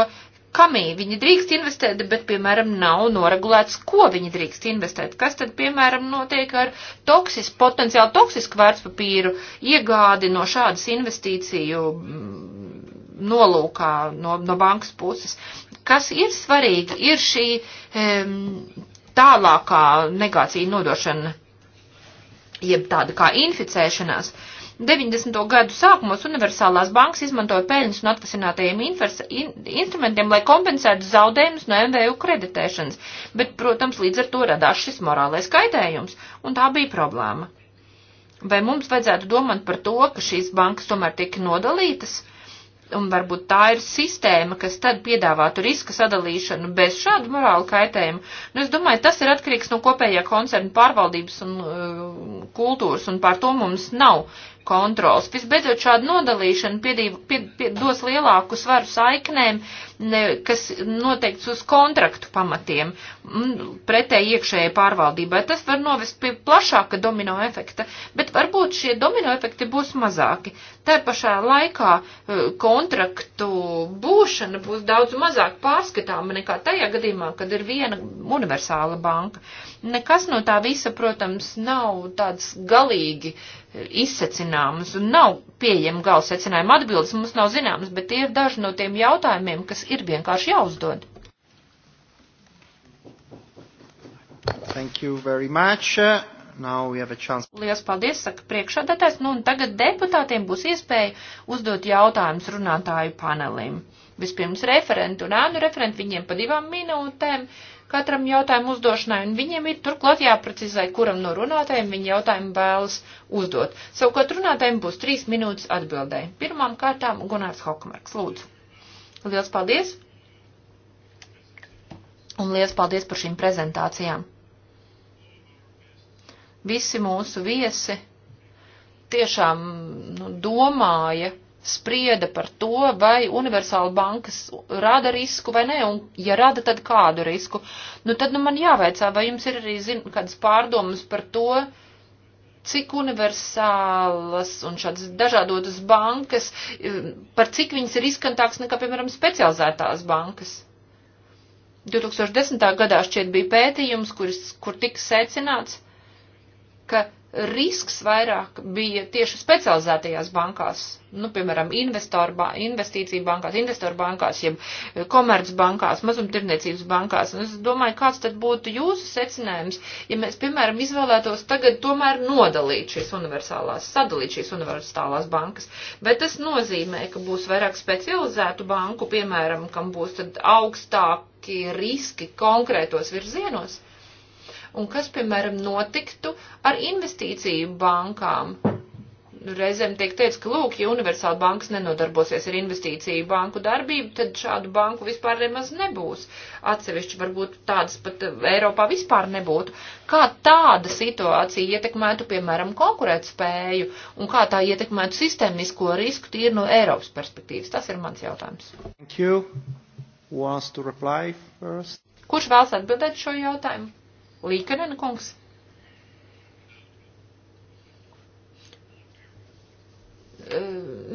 kamī viņi drīkst investēt, bet, piemēram, nav noregulēts, ko viņi drīkst investēt. Kas tad, piemēram, notiek ar toksis, potenciāli toksisku vērtspapīru iegādi no šādas investīciju mm, nolūkā no, no bankas puses? Kas ir svarīgi, ir šī um, tālākā negācija nodošana, jeb tāda kā inficēšanās. Uh, 90. gadu sākumos universālās bankas izmantoja peļņas un atvasinātajiem in, instrumentiem, lai kompensētu zaudējumus no MVU kreditēšanas, bet, protams, līdz ar to radās šis morālais kaitējums, un tā bija problēma. Vai mums vajadzētu domāt par to, ka šīs bankas tomēr tiek nodalītas? Un varbūt tā ir sistēma, kas tad piedāvātu riska sadalīšanu bez šādu morālu kaitējumu. Nu, es domāju, tas ir atkarīgs no kopējā koncerna pārvaldības un uh, kultūras, un par to mums nav uh, kontrols. Visbeidzot, šāda nodalīšana piedīv, pied, pied, dos lielāku svaru saiknēm, ne, kas noteikts uz kontraktu pamatiem pretēji iekšējai pārvaldībai. Tas var novest pie plašāka domino efekta, bet varbūt šie domino efekti būs mazāki. Tā pašā laikā e, kontraktu būšana būs daudz mazāk pārskatāma nekā tajā gadījumā, kad ir viena universāla banka. Nekas no tā visa, protams, nav tāds galīgi uh, izsacināmas un nav pieejama gala secinājuma atbildes, mums nav zināmas, bet tie ir daži no tiem jautājumiem, kas ir vienkārši jāuzdod. Thank you very much. Now we have a chance. Lielas paldies, saka priekšādātājs. Nu un tagad deputātiem būs iespēja uzdot jautājumus runātāju panelim. Vispirms referentu un ānu referentu viņiem pa divām minūtēm katram jautājumu uzdošanai, un viņiem ir turklāt jāprecizē, kuram no runātājiem viņi jautājumu vēlas uzdot. Savukārt runātājiem būs trīs minūtes atbildēji. Pirmām kārtām Gunārs Hokmarks, lūdzu. Liels paldies! Un liels paldies par šīm prezentācijām! Visi mūsu viesi tiešām nu, domāja, sprieda par to, vai universāla bankas rada risku vai nē, un ja rada, tad kādu risku. Nu, tad nu, man jāveicā, vai jums ir arī zin, kādas pārdomas par to, cik universālas un šādas dažādotas bankas, e, par cik viņas ir izskantāks nekā, piemēram, specializētās bankas. 2010. gadā šķiet bija pētījums, kuris, kur tika secināts, ka risks vairāk bija tieši specializētajās bankās, nu, piemēram, investoru, ba investīciju bankās, investoru bankās, jeb eh, komercbankās, mazumtirniecības bankās. Un es domāju, kāds tad būtu jūsu secinājums, ja mēs, piemēram, izvēlētos tagad tomēr nodalīt šīs universālās, sadalīt šīs universālās bankas. Bet tas nozīmē, ka būs vairāk specializētu banku, piemēram, kam būs tad augstāki riski konkrētos virzienos un kas, piemēram, notiktu ar investīciju bankām. Reizēm tiek teikt, ka, lūk, ja Universāla bankas nenodarbosies ar investīciju banku darbību, tad šādu banku vispār nemaz nebūs. Atsevišķi varbūt tādas pat eh, Eiropā vispār nebūtu. Kā tāda situācija ietekmētu, piemēram, konkurētspēju un kā tā ietekmētu sistēmisko risku tīri no Eiropas perspektīvas? Tas ir mans jautājums. Kurš vēlas atbildēt šo jautājumu? Līkanen kungs.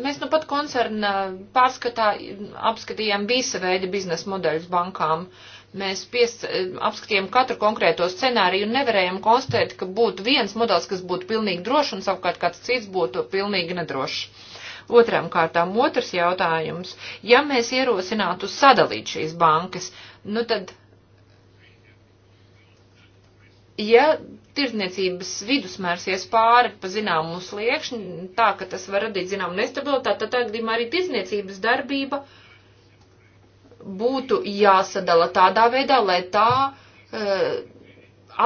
Mēs nu pat koncerna pārskatā apskatījām visa veida biznesa modeļus bankām. Mēs pies, apskatījām katru konkrēto scenāriju un nevarējām konstatēt, ka būtu viens modelis, kas būtu pilnīgi drošs un savukārt kāds cits būtu pilnīgi nedrošs. Otram kārtām otrs jautājums. Ja mēs ierosinātu sadalīt šīs bankas, nu tad ja tirdzniecības vidusmērs ies pāri pa zināmu sliekšņu, tā ka tas var radīt zināmu nestabilitāti, tad tā gadījumā arī tirdzniecības darbība būtu jāsadala tādā veidā, lai tā uh,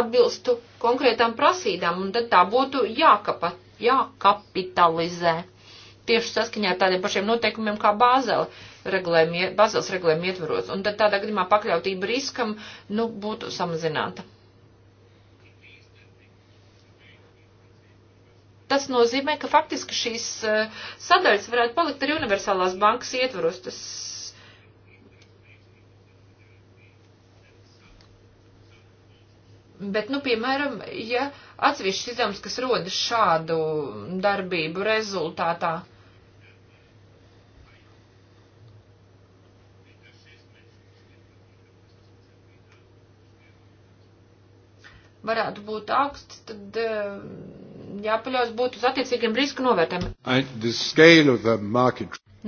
atbilstu konkrētām prasībām, un tad tā būtu jākapa, jākapitalizē. Tieši saskaņā ar tādiem pašiem noteikumiem kā Bāzela regulējumi, Bāzels regulējumi ietvaros, un tad tādā gadījumā pakļautība riskam, nu, būtu samazināta. Tas nozīmē, ka faktiski šīs eh, sadaļas varētu palikt arī universālās bankas ietvaros. Tas Bet, nu, piemēram, ja atsevišķi izdevums, kas rodas šādu darbību rezultātā, varētu būt augsts, tad eh, jāpaļaus būtu uz attiecīgiem riska novērtēm.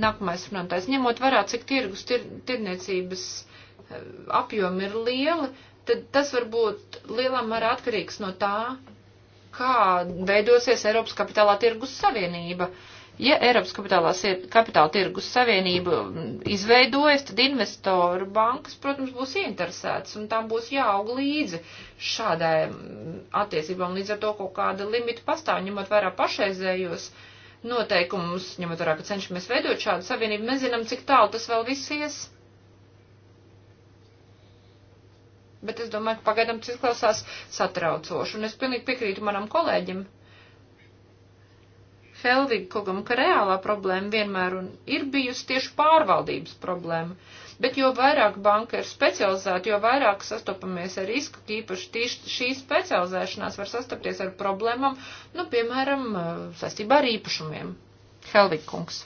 Nākamais runātājs. Ņemot vērā, cik tirgus tir, tirniecības eh, apjomi ir lieli, tad tas var būt lielā mērā atkarīgs no tā, kā veidosies Eiropas kapitālā tirgus savienība. Uh, Ja Eiropas kapitāla tirgus savienība izveidojas, tad investoru bankas, protams, būs interesētas un tām būs jāaug līdzi šādai mm, attiecībām. Līdz ar to kaut kāda limita pastāv, ņemot vērā pašreizējos noteikumus, ņemot vērā, ka cenšamies veidot šādu savienību, mēs zinām, cik tālu tas vēl viss ies. Bet es domāju, ka pagaidām tas izklausās satraucoši, un es pilnīgi piekrītu manam kolēģim. Helvig kungam, ka reālā problēma vienmēr un ir bijusi tieši pārvaldības problēma. Bet jo vairāk banka ir specializēta, jo vairāk sastopamies ar risku, ka īpaši tieši šī specializēšanās var sastapties ar problēmām, nu, piemēram, saistībā ar īpašumiem. Helvig kungs.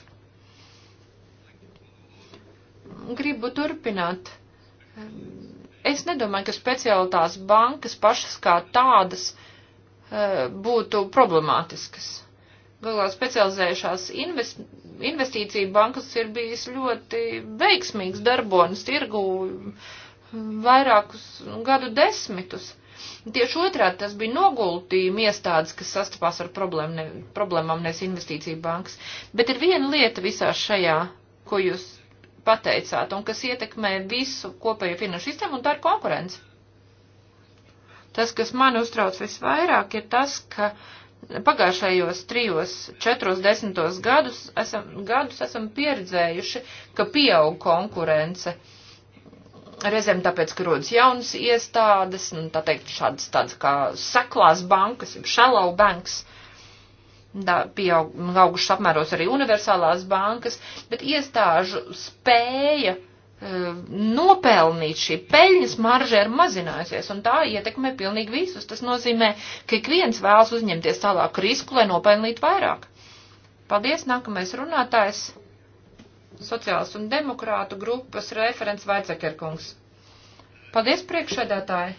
Gribu turpināt. Es nedomāju, ka speciālitātes bankas pašas kā tādas būtu problemātiskas galā specializējušās invest, investīcija bankas ir bijis ļoti veiksmīgs darbonis tirgu vairākus gadu desmitus. Tieši otrādi tas bija noguldījuma iestādes, kas sastapās ar problēmu, ne, problēmām, nevis investīcija bankas. Bet ir viena lieta visā šajā, ko jūs pateicāt, un kas ietekmē visu kopējo finanšu sistēmu, un tā ir konkurence. Tas, kas man uztrauc visvairāk, ir tas, ka uh, pagājušajos trijos, četros desmitos gadus esam, gadus esam pieredzējuši, ka pieaug konkurence. Reizēm tāpēc, ka rodas jaunas iestādes, un nu, tā teikt, šādas tādas kā seklās bankas, shallow banks, da, pieaug, augušas apmēros arī universālās bankas, bet iestāžu spēja uh, Eh, nopelnīt šī peļņas marža ir mazinājusies, un tā ietekmē pilnīgi visus. Tas nozīmē, ka ik viens vēlas uzņemties tālāku risku, lai nopelnītu vairāk. Paldies, nākamais runātājs, sociāls un demokrātu grupas referents Vaicekerkungs. Paldies, priekšsēdētāji!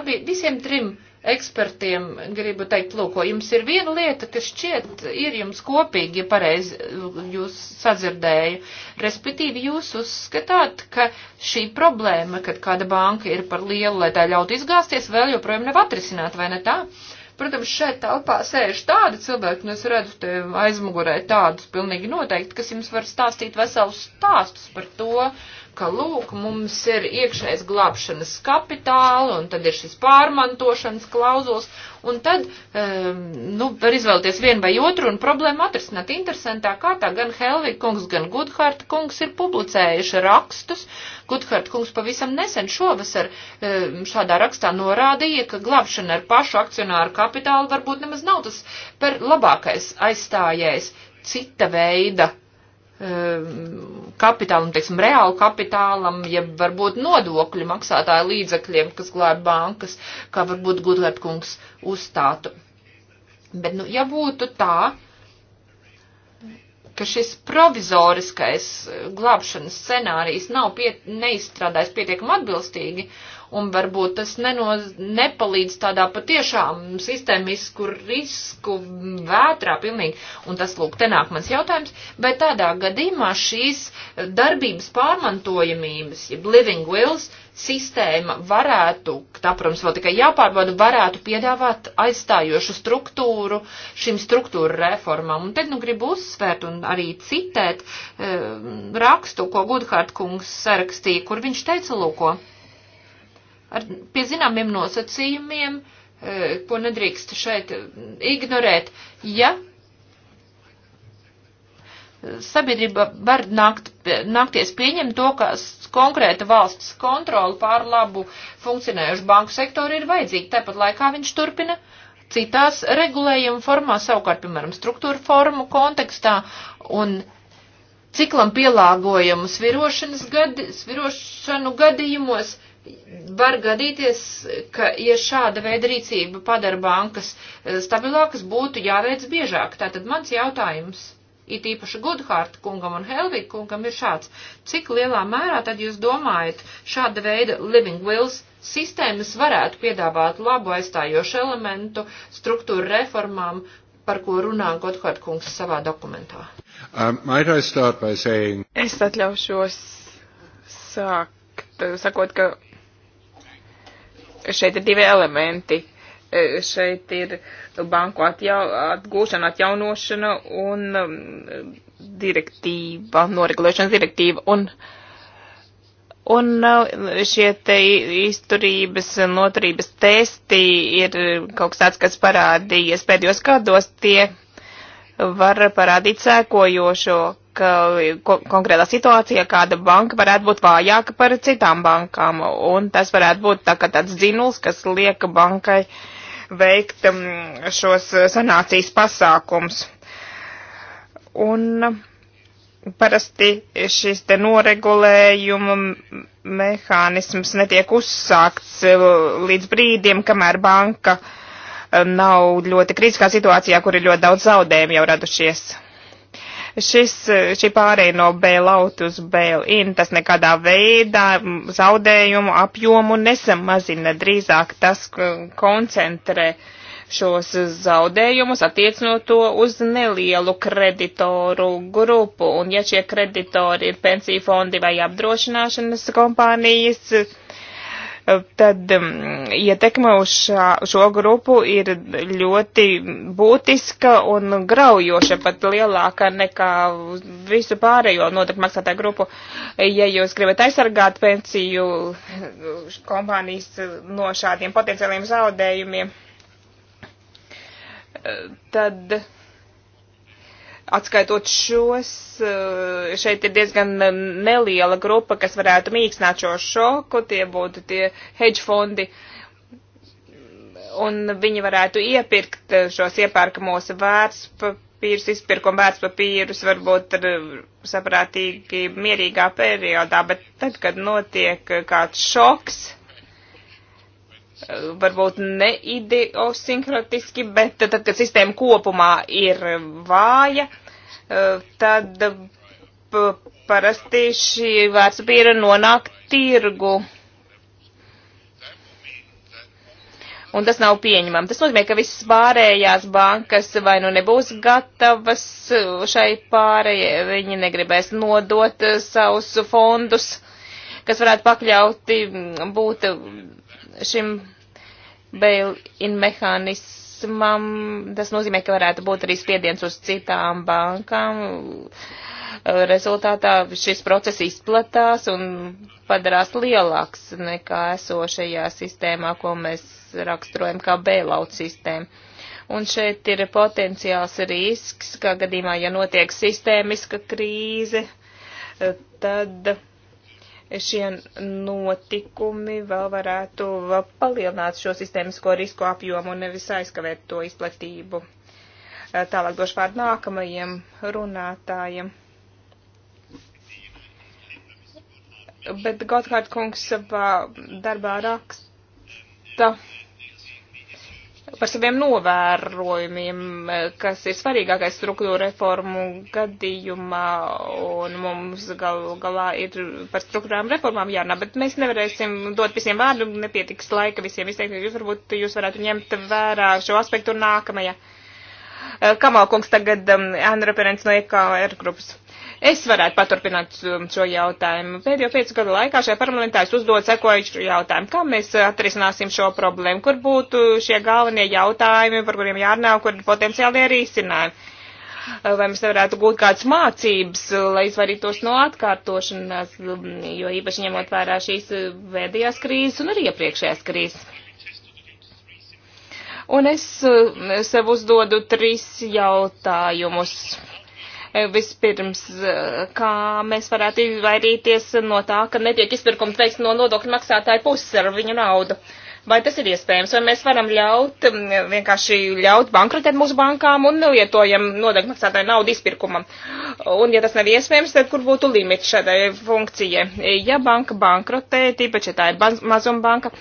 Abi, visiem trim ekspertiem gribu teikt, lūk, jums ir viena lieta, kas šķiet ir jums kopīgi, ja pareizi uh, jūs sadzirdēju. Respektīvi, jūs uzskatāt, ka šī problēma, kad kāda banka ir par lielu, lai tā ļautu izgāzties, vēl joprojām nav atrisināt, vai ne tā? Protams, šeit telpā sēž tādi cilvēki, un es redzu te aizmugurē tādus pilnīgi noteikti, kas jums var stāstīt veselus stāstus par to, ka, lūk, mums ir iekšējais glābšanas kapitāla, un tad ir šis pārmantošanas klauzuls, un tad, um, nu, var izvēlēties vienu vai otru, un problēmu atrisināt interesantā kārtā. Gan Helvig kungs, gan Gudhārta kungs ir publicējuši rakstus. Gudhārta kungs pavisam nesen šovasar um, šādā rakstā norādīja, ka glābšana ar pašu akcionāru kapitālu varbūt nemaz nav tas par labākais aizstājējs cita veida Um, kapitālam, teiksim, reālu kapitālam, ja varbūt nodokļu maksātāju līdzekļiem, kas glāb bankas, kā varbūt Gudlepkungs uzstātu. Bet, nu, ja būtu tā, ka šis provizoriskais glābšanas scenārijs nav pie, neizstrādājis pietiekami atbilstīgi, uh, un varbūt tas nenoz, nepalīdz tādā patiešām sistēmisku risku vētrā pilnīgi. Un tas, lūk, te nāk mans jautājums, vai tādā gadījumā šīs darbības pārmantojamības, jeb living wills, sistēma varētu, tā, protams, vēl tikai jāpārbauda, varētu piedāvāt aizstājošu struktūru šīm struktūra reformām. Un te nu gribu uzsvērt un arī citēt e, rakstu, ko Gudhārt kungs sarakstīja, kur viņš teica, lūko, ar, pie zināmiem nosacījumiem, e, ko nedrīkst šeit ignorēt. Ja sabiedrība var nākt, nākties pieņemt to, ka konkrēta valsts kontrola pār labu funkcionējušu banku sektoru ir vajadzīga. Tāpat laikā viņš turpina citās regulējuma formā, savukārt, piemēram, struktūra formu kontekstā un ciklam pielāgojumu svirošanas gadi, svirošanu gadījumos var gadīties, ka, ja šāda veida rīcība padara bankas e, stabilākas, būtu jāveic biežāk. Tātad mans jautājums, it īpaši Gudhārta kungam un Helvika kungam, ir šāds. Cik lielā mērā tad jūs domājat šāda veida living wills sistēmas varētu piedāvāt labu aizstājošu elementu struktūru reformām, par ko runā Gudhārta kungs savā dokumentā? Um, saying... Es atļaušos sākt, sakot, ka Šeit ir divi elementi. E, šeit ir banku atjau, atgūšana, atjaunošana un um, direktīva, noregulēšanas direktīva. Un, un uh, šie te izturības un noturības testi ir kaut kas tāds, kas parādījies pēdējos gados. Tie var parādīt sēkojošo ko, konkrētā situācijā kāda banka varētu būt vājāka par citām bankām, un tas varētu būt tā kā tāds dzinuls, kas lieka bankai veikt mm, šos eh, sanācijas pasākums. Un parasti šis te noregulējuma mehānisms netiek uzsākts eh, līdz brīdiem, kamēr banka eh, nav ļoti kritiskā situācijā, kur ir ļoti daudz zaudējumu jau radušies. Šis, šī pārēja no bailout uz bail-in, tas nekādā veidā zaudējumu apjomu nesamazina, drīzāk tas koncentrē šos zaudējumus, attiecinot to uz nelielu kreditoru grupu. Un ja šie kreditori ir pensiju fondi vai apdrošināšanas kompānijas, tad mm, ietekme uz šā, šo grupu ir ļoti būtiska un graujoša, pat lielāka nekā visu pārējo nodokļu maksātāju grupu. Ja jūs gribat aizsargāt pensiju kompānijas no šādiem potenciāliem zaudējumiem, tad Atskaitot šos, eh, šeit ir diezgan eh, neliela grupa, kas varētu mīkstināt šo šoku, tie būtu tie hedge fondi, un viņi varētu iepirkt eh, šos iepērkamos vērtspapīrus, izpirkumu vērtspapīrus, varbūt ar saprātīgi mierīgā periodā, bet tad, kad notiek kāds šoks, varbūt neideosinhrotiski, bet tad, kad sistēma kopumā ir vāja, eh, tad eh, parasti šī vērtspapīra nonāk tirgu. Un tas nav pieņemam. Tas nozīmē, ka visas pārējās bankas vai nu nebūs gatavas eh, šai pārējai, viņi negribēs nodot savus fondus, kas varētu pakļauti mm, būt šim bail-in mehānismam, tas nozīmē, ka varētu būt arī spiediens uz citām bankām. Rezultātā šis process izplatās un padarās lielāks nekā esošajā sistēmā, ko mēs raksturojam kā bailout sistēmu. Un šeit ir potenciāls risks, kā gadījumā, ja notiek sistēmiska krīze, tad šie notikumi vēl varētu vēl palielināt šo sistēmisko risku apjomu un nevis aizkavēt to izplatību. Tālāk došu vārdu nākamajiem runātājiem. Bet Gotthard kungs savā darbā raksta, par saviem novērojumiem, kas ir svarīgākais struktūra reformu gadījumā, un mums gal, galā ir par struktūrām reformām jārunā, bet mēs nevarēsim dot visiem vārdu, nepietiks laika visiem izteikt, jūs varbūt jūs varētu ņemt vērā šo aspektu nākamajā. Kamalkungs tagad um, Anna Referents no EKR grupas. Es varētu paturpināt um, šo jautājumu. Pēdējo piecu gadu laikā šajā parlamentā es uzdod sekojušu jautājumu. Kā mēs uh, atrisināsim šo problēmu? Kur būtu šie galvenie jautājumi, par kuriem jārunā, kur ir potenciāli risinājumi? Uh, vai mēs varētu gūt kādas mācības, uh, lai izvairītos no atkārtošanās, um, jo īpaši ņemot vērā šīs vēdējās krīzes un arī iepriekšējās krīzes. Un es sev uzdodu trīs jautājumus. Vispirms, eh, kā mēs varētu izvairīties no tā, ka netiek izpirkums veiks no nodokļu maksātāju puses ar viņu naudu. Uh, Vai tas ir iespējams, vai mēs varam ļaut, mm, vienkārši ļaut bankrotēt mūsu bankām un nelietojam nodokļu maksātāju naudu izpirkumam? Un, ja tas nav iespējams, tad kur būtu limits šādai funkcijai? Ja banka bankrotē, tīpaši, ja tā ir mazumbanka,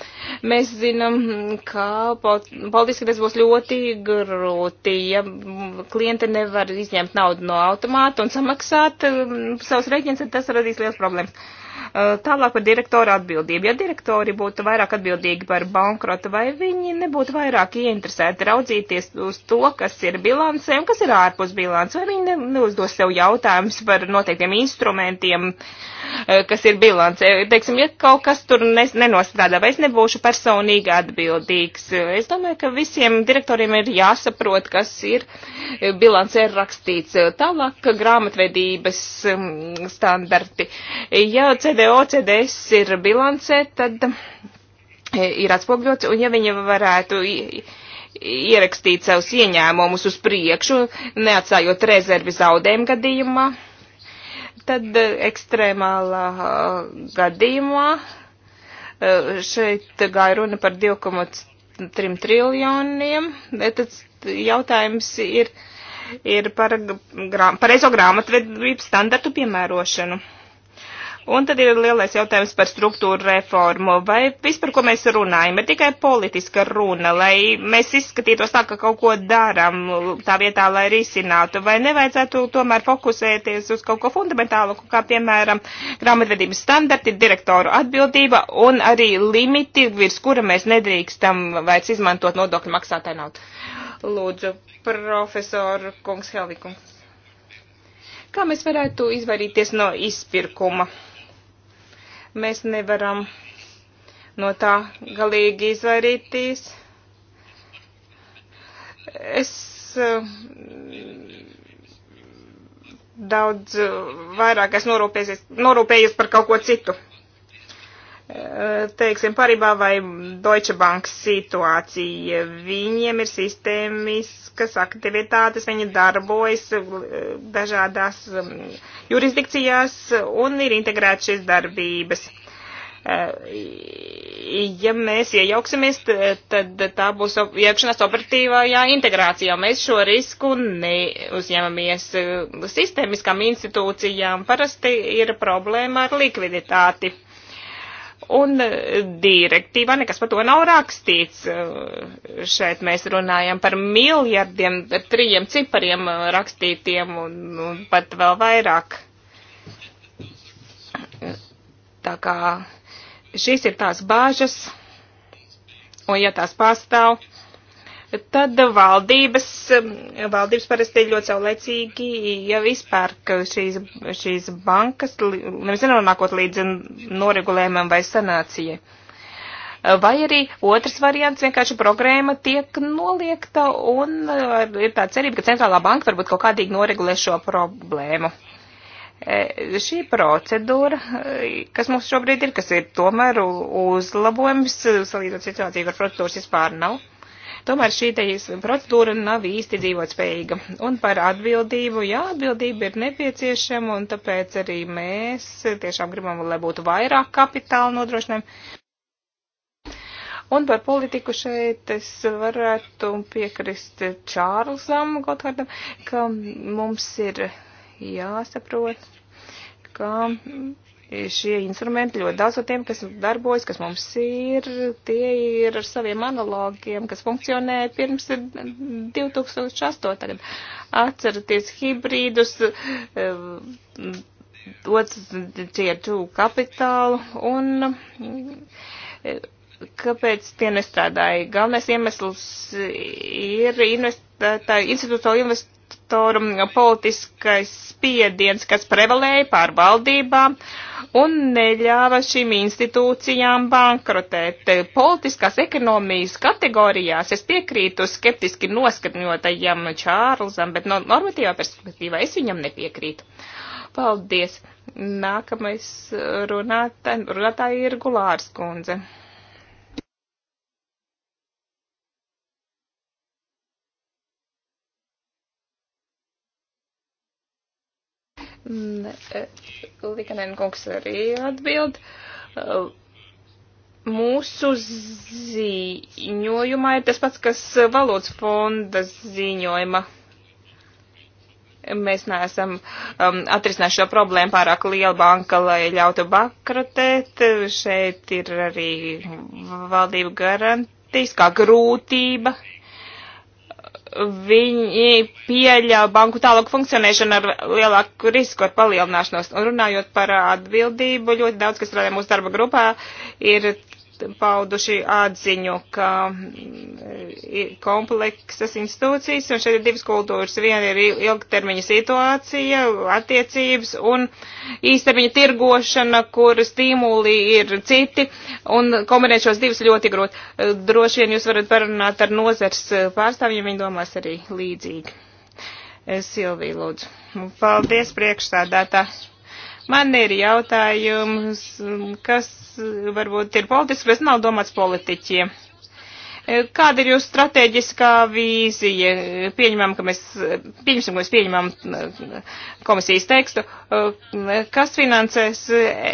mēs zinām, mm, ka politiski tas būs ļoti grūti, ja mm, klienti nevar izņemt naudu no automāta un samaksāt savus rēķinus, tad tas radīs liels problēmas Eh, tālāk par direktoru atbildību. Ja direktori būtu vairāk atbildīgi par bankrotu, vai viņi nebūtu vairāk ieinteresēti raudzīties uz to, kas ir bilancē un kas ir ārpus bilants, vai viņi neuzdos sev jautājumus par noteiktiem instrumentiem, eh, kas ir bilancē. Teiksim, ja kaut kas tur nenostrādā, vai es nebūšu personīgi atbildīgs. Es domāju, ka visiem direktoriem ir jāsaprot, kas ir bilancē rakstīts. Tālāk grāmatvedības mm, standarti. Ja CD PTO CDS ir bilancē, tad e, ir atspogļots, un ja viņi varētu ierakstīt savus ieņēmumus uz priekšu, neatstājot rezervi zaudējumu gadījumā, tad e, ekstrēmālā e, gadījumā šeit gāja runa par 2,3 triljoniem. Tad jautājums ir, ir par grā, pareizo grāmatvedības standartu piemērošanu. Un tad ir lielais jautājums par struktūru reformu. Vai viss, par ko mēs runājam, ir tikai politiska runa, lai mēs izskatītos tā, ka kaut ko darām tā vietā, lai risinātu, vai nevajadzētu tomēr fokusēties uz kaut ko fundamentālu, kā piemēram grāmatvedības standarti, direktoru atbildība un arī limiti, virs kura mēs nedrīkstam vairs izmantot nodokļu maksātāju naudu. Lūdzu, profesoru kungs Helvikungs. Kā mēs varētu izvairīties no izpirkuma? Mēs nevaram no tā galīgi izvairīties. Es um, daudz vairāk esmu norūpējies par kaut ko citu teiksim, parībā vai Deutsche Bank situācija. Viņiem ir sistēmiskas aktivitātes, viņi darbojas uh, dažādās um, jurisdikcijās un ir integrēts šīs darbības. Uh, ja mēs iejauksimies, tad tā būs iekšanās operatīvajā integrācijā. Mēs šo risku neuzņemamies. Uh, sistēmiskām institūcijām parasti ir problēma ar likviditāti Un e, direktīvā nekas par to nav rakstīts. E, šeit mēs runājam par miljardiem, par trījiem cipariem e, rakstītiem un, un pat vēl vairāk. Tā kā šīs ir tās bāžas, un ja tās pastāv, tad valdības, um, valdības parasti ļoti saulēcīgi jau izpērk šīs, šīs bankas, nemaz nenonākot līdz noregulējumam vai sanācijai. Vai arī otrs variants vienkārši programma tiek noliekta un uh, ir tā cerība, ka centrālā banka varbūt kaut kādīgi noregulē šo problēmu. E, šī procedūra, e, kas mums šobrīd ir, kas ir tomēr uzlabojums, salīdzinot situāciju, kur procedūras vispār nav Tomēr šī te procedūra nav īsti dzīvotspējīga. Un par atbildību, jā, atbildība ir nepieciešama, un tāpēc arī mēs tiešām gribam, lai būtu vairāk kapitāla nodrošinājumu. Un par politiku šeit es varētu piekrist Čārlzam Gothardam, ka mums ir jāsaprot, ka šie instrumenti, ļoti daudz no tiem, kas darbojas, kas mums ir, tie ir ar saviem analogiem, kas funkcionēja pirms 2008. gada. Atceraties hibrīdus, eh, otru kapitālu un eh, kāpēc tie nestrādāja. Galvenais iemesls ir investētāji, institucionāli invest, faktoru mm, politiskais spiediens, kas prevalēja pār valdībām un neļāva šīm institūcijām bankrotēt. Politiskās ekonomijas kategorijās es piekrītu skeptiski noskaņotajam Čārlzam, bet no normatīvā perspektīvā es viņam nepiekrītu. Paldies! Nākamais runātā, runātāja ir Gulārs kundze. E, Likanēna kungs arī atbild. E, mūsu ziņojumā ir tas pats, kas valodas fonda ziņojuma. Mēs neesam um, atrisinājuši šo problēmu pārāk liela banka, lai ļautu bankratēt. Šeit ir arī valdību garantijas, kā grūtība. Uh, viņi pieļauj banku tālāku funkcionēšanu ar lielāku risku, ar palielināšanos. Un runājot par atbildību, ļoti daudz, kas strādā mūsu darba grupā, ir pauduši atziņu, ka mm, ir kompleksas institūcijas, un šeit ir divas kultūras. Viena ir ilgtermiņa situācija, attiecības un īstermiņa tirgošana, kur stimuli ir citi, un kombinēt šos divus ļoti grūti. Eh, droši vien jūs varat parunāt ar nozars eh, pārstāvjiem, viņi domās arī līdzīgi. Eh, Silvija, lūdzu. Paldies priekšstādātā. Man ir jautājums, kas varbūt ir politisks, bet nav domāts politiķiem. Kāda ir jūsu strateģiskā vīzija? Pieņemam, ka mēs, pieņemsim, ka mēs pieņemam e, komisijas tekstu. E, kas finansēs, e,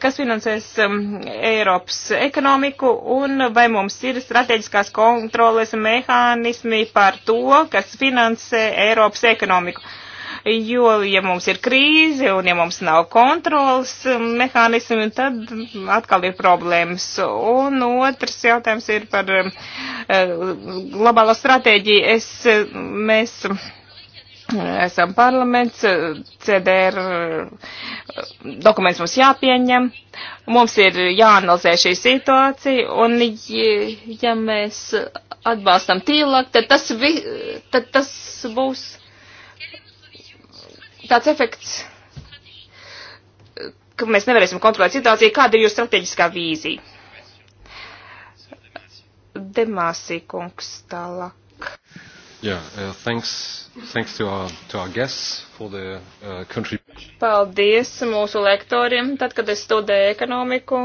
kas finansēs Eiropas ekonomiku un vai mums ir strateģiskās kontroles mehānismi par to, kas finansē Eiropas ekonomiku? Uh, jo, ja mums ir krīze un ja mums nav kontrolas mehānismi, tad atkal ir problēmas. Un otrs jautājums ir par eh, globālo stratēģiju. Es, mēs esam parlaments, CDR dokuments mums jāpieņem, mums ir jāanalizē šī situācija, un ja mēs atbalstam tīlāk, tad tas, vi, tad tas būs tāds efekts, ka mēs nevarēsim kontrolēt situāciju. Kāda ir jūsu strateģiskā vīzija? Demāsī kungs tālāk. Yeah, uh, thanks, thanks to our, to our guests for the uh, contribution. Paldies mūsu lektoriem. Tad, kad es studēju ekonomiku,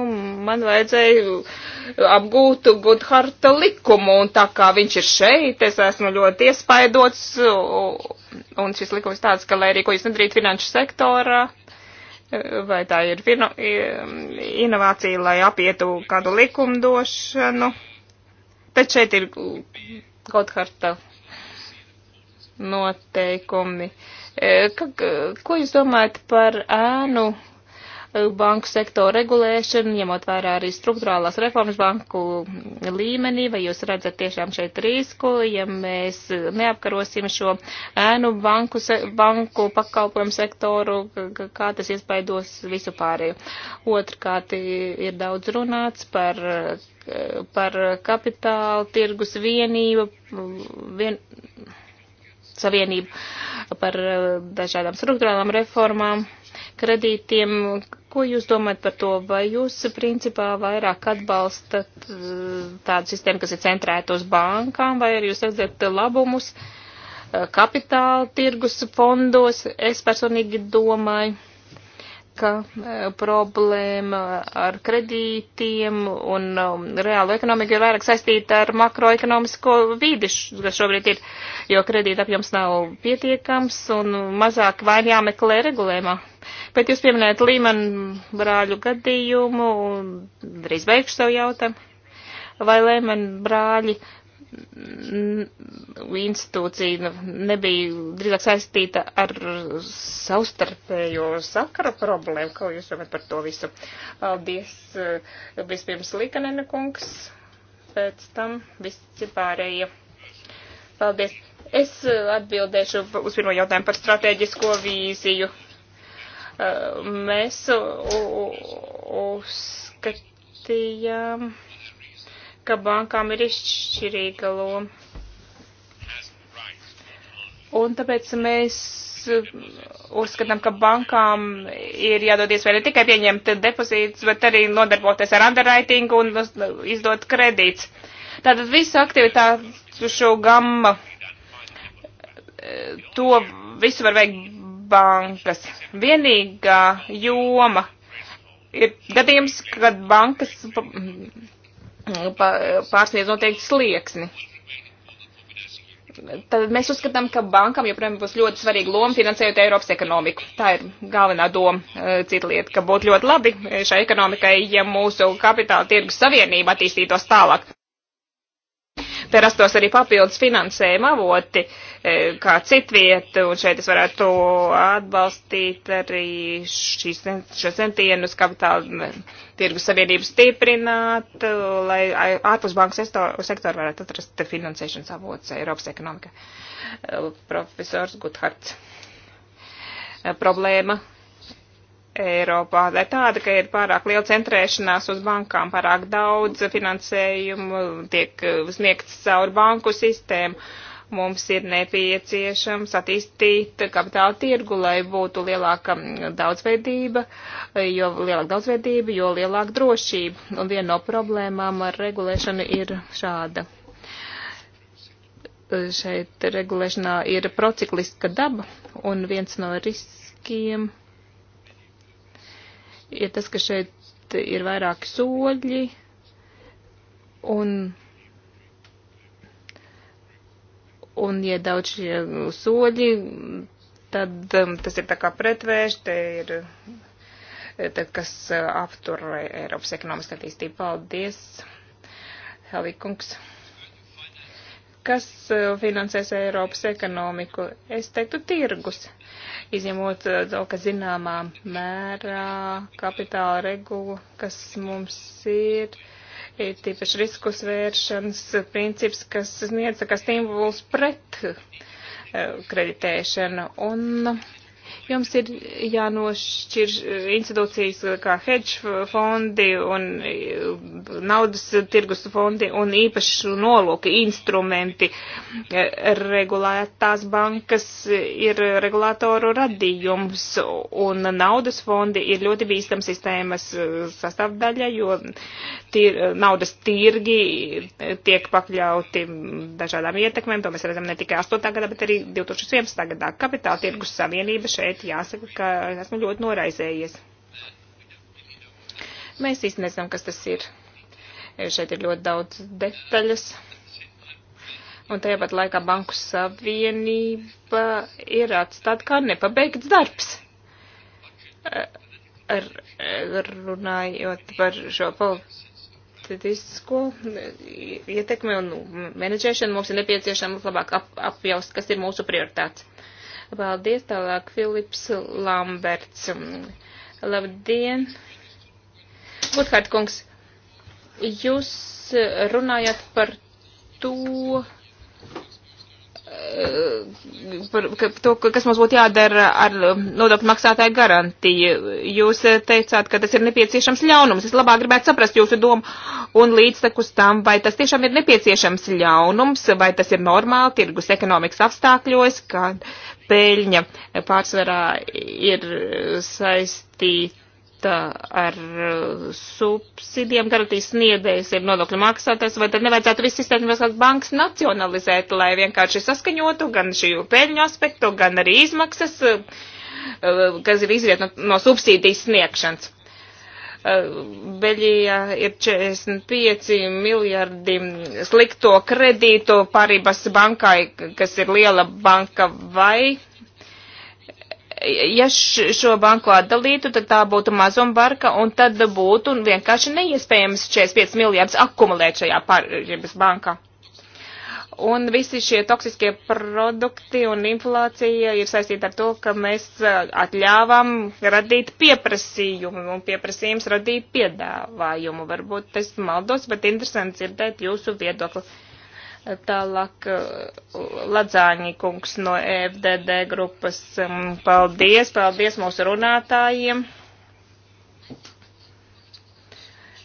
man vajadzēja apgūt Gudharta likumu, un tā kā viņš ir šeit, es esmu ļoti iespaidots, un šis likums tāds, ka lai arī ko jūs nedarītu finanšu sektorā, vai tā ir vino, inovācija, lai apietu kādu likumdošanu, tad šeit ir Gudharta likums noteikumi. E, ko jūs domājat par ēnu e, banku sektoru regulēšanu, ņemot vērā arī struktūrālās reformas banku līmenī, vai jūs redzat tiešām šeit risku, ja mēs neapkarosim šo ēnu banku, banku pakalpojumu sektoru, kā tas iespaidos visu pārējo. Otrkārt ir daudz runāts par par kapitālu, tirgus vienību, vien, Savienību par eh, dažādām struktūrālām reformām, kredītiem. Ko jūs domājat par to? Vai jūs principā vairāk atbalstat eh, tādu sistēmu, kas ir centrēta uz bankām, vai arī jūs redzat labumus eh, kapitāla tirgus fondos? Es personīgi domāju banka e, problēma ar kredītiem un um, reāla ekonomika ir vairāk saistīta ar makroekonomisko vīdi, kas šobrīd ir, jo kredīta apjoms nav pietiekams un mazāk vain jāmeklē regulējumā. Bet jūs pieminējat Līmanu brāļu gadījumu un drīz beigšu savu jautājumu. Vai Līmanu brāļi uh, institūcija nu, nebija drīzāk saistīta ar savstarpējo sakara problēmu. Ko jūs domājat par to visu? Paldies, eh, vispirms Likanena kungs, pēc tam visi pārējie. Paldies. Es eh, atbildēšu uz pirmo jautājumu par strateģisko vīziju. Eh, mēs uzskatījām. Uh, ka bankām ir izšķirīga loma. Un tāpēc mēs uzskatām, ka bankām ir jādod iespēja ne tikai pieņemt depozītus, bet arī nodarboties ar underwritingu un izdot kredīts. Tātad visa aktivitāte šo gamma, to visu var veikt bankas. Vienīgā joma ir gadījums, kad bankas pārsniedz noteikti slieksni. Tad mēs uzskatām, ka bankam joprojām būs ļoti svarīga loma finansējot Eiropas ekonomiku. Tā ir galvenā doma. Eh, cita lieta, ka būtu ļoti labi eh, šai ekonomikai, ja mūsu kapitāla tirgus savienība attīstītos tālāk te rastos arī papildus finansējuma avoti, e, kā citvieta, un šeit es varētu atbalstīt arī šīs, šo centienus kapitāla tirgus savienību stiprināt, lai ārpusbanku sektoru varētu atrast finansēšanas avots Eiropas ekonomikā. E, profesors Guthards. E, problēma Eiropā ir tāda, ka ir pārāk liela centrēšanās uz bankām, pārāk daudz finansējumu tiek uh, sniegts caur banku sistēmu. Mums ir nepieciešams attīstīt kapitāla tirgu, lai būtu lielāka mm, daudzveidība, jo lielāka daudzveidība, jo lielāka drošība. Un viena no problēmām ar regulēšanu ir šāda. Uh, šeit regulēšanā ir procikliska daba, un viens no riskiem ir tas, ka šeit ir vairāki soļi un, un ja daudz šie soļi, tad um, tas ir tā kā pretvērš, te ir, te, kas uh, aptur Eiropas ekonomiskā attīstība. Paldies, Helvikungs. Kas uh, finansēs Eiropas ekonomiku? Es teiktu, tirgus izņemot eh, to, ka zināmā mērā kapitāla regula, kas mums ir, ir tīpaši riskus vēršanas princips, kas sniedz kā stimulus pret eh, kreditēšanu. Un Jums ir jānošķir institūcijas kā hedge fondi un e, naudas tirgus fondi un īpašu nolūku instrumenti. E, regulētās bankas ir regulātoru radījums un naudas fondi ir ļoti bīstam sistēmas e, sastāvdaļa, jo tir, naudas tirgi tiek pakļauti dažādām ietekmēm. To mēs redzam ne tikai 8. gadā, bet arī 2011. gadā. Kapitāla tirgus savienība šeit šeit jāsaka, ka esmu ļoti noraizējies. Mēs īsti nezinām, kas tas ir. Šeit ir ļoti daudz detaļas. Un tajāpat laikā Banku Savienība ir atstāta kā nepabeigts darbs. Ar, runājot par šo politisko ietekmi un menedžēšanu, mums ir nepieciešams labāk ap, apjaust, kas ir mūsu prioritāts. Uh, Paldies tālāk, Filips Lamberts. Labdien! Gutkārt kungs, jūs runājat par to, Eh, par to, kas mums būtu jādara ar eh, nodokļu maksātāju garantiju. Jūs eh, teicāt, ka tas ir nepieciešams ļaunums. Es labāk gribētu saprast jūsu domu un līdztekus tam, vai tas tiešām ir nepieciešams ļaunums, vai tas ir normāli tirgus ekonomikas apstākļos, ka peļņa pārsvarā ir saistīta ar uh, subsidiem garantijas sniedzējs ir nodokļu maksātājs, vai tad nevajadzētu visu sistēmu vēlāk bankas nacionalizēt, lai vienkārši saskaņotu gan šī pēļņu aspektu, gan arī izmaksas, uh, uh, kas ir izriet no, no subsīdijas sniegšanas. Beļģijā ir 45 miljardi slikto kredītu pārības bankai, kas ir liela banka vai ja šo banku atdalītu, tad tā būtu mazumbarka un tad būtu vienkārši neiespējams 45 miljardus akumulēt šajā pārības bankā. Un visi šie toksiskie produkti un inflācija ir saistīta ar to, ka mēs atļāvām radīt pieprasījumu un pieprasījums radīja piedāvājumu. Varbūt es maldos, bet interesanti dzirdēt jūsu viedokli. Uh, Tālāk Ladzāņi kungs no EFDD grupas. Paldies, paldies mūsu runātājiem.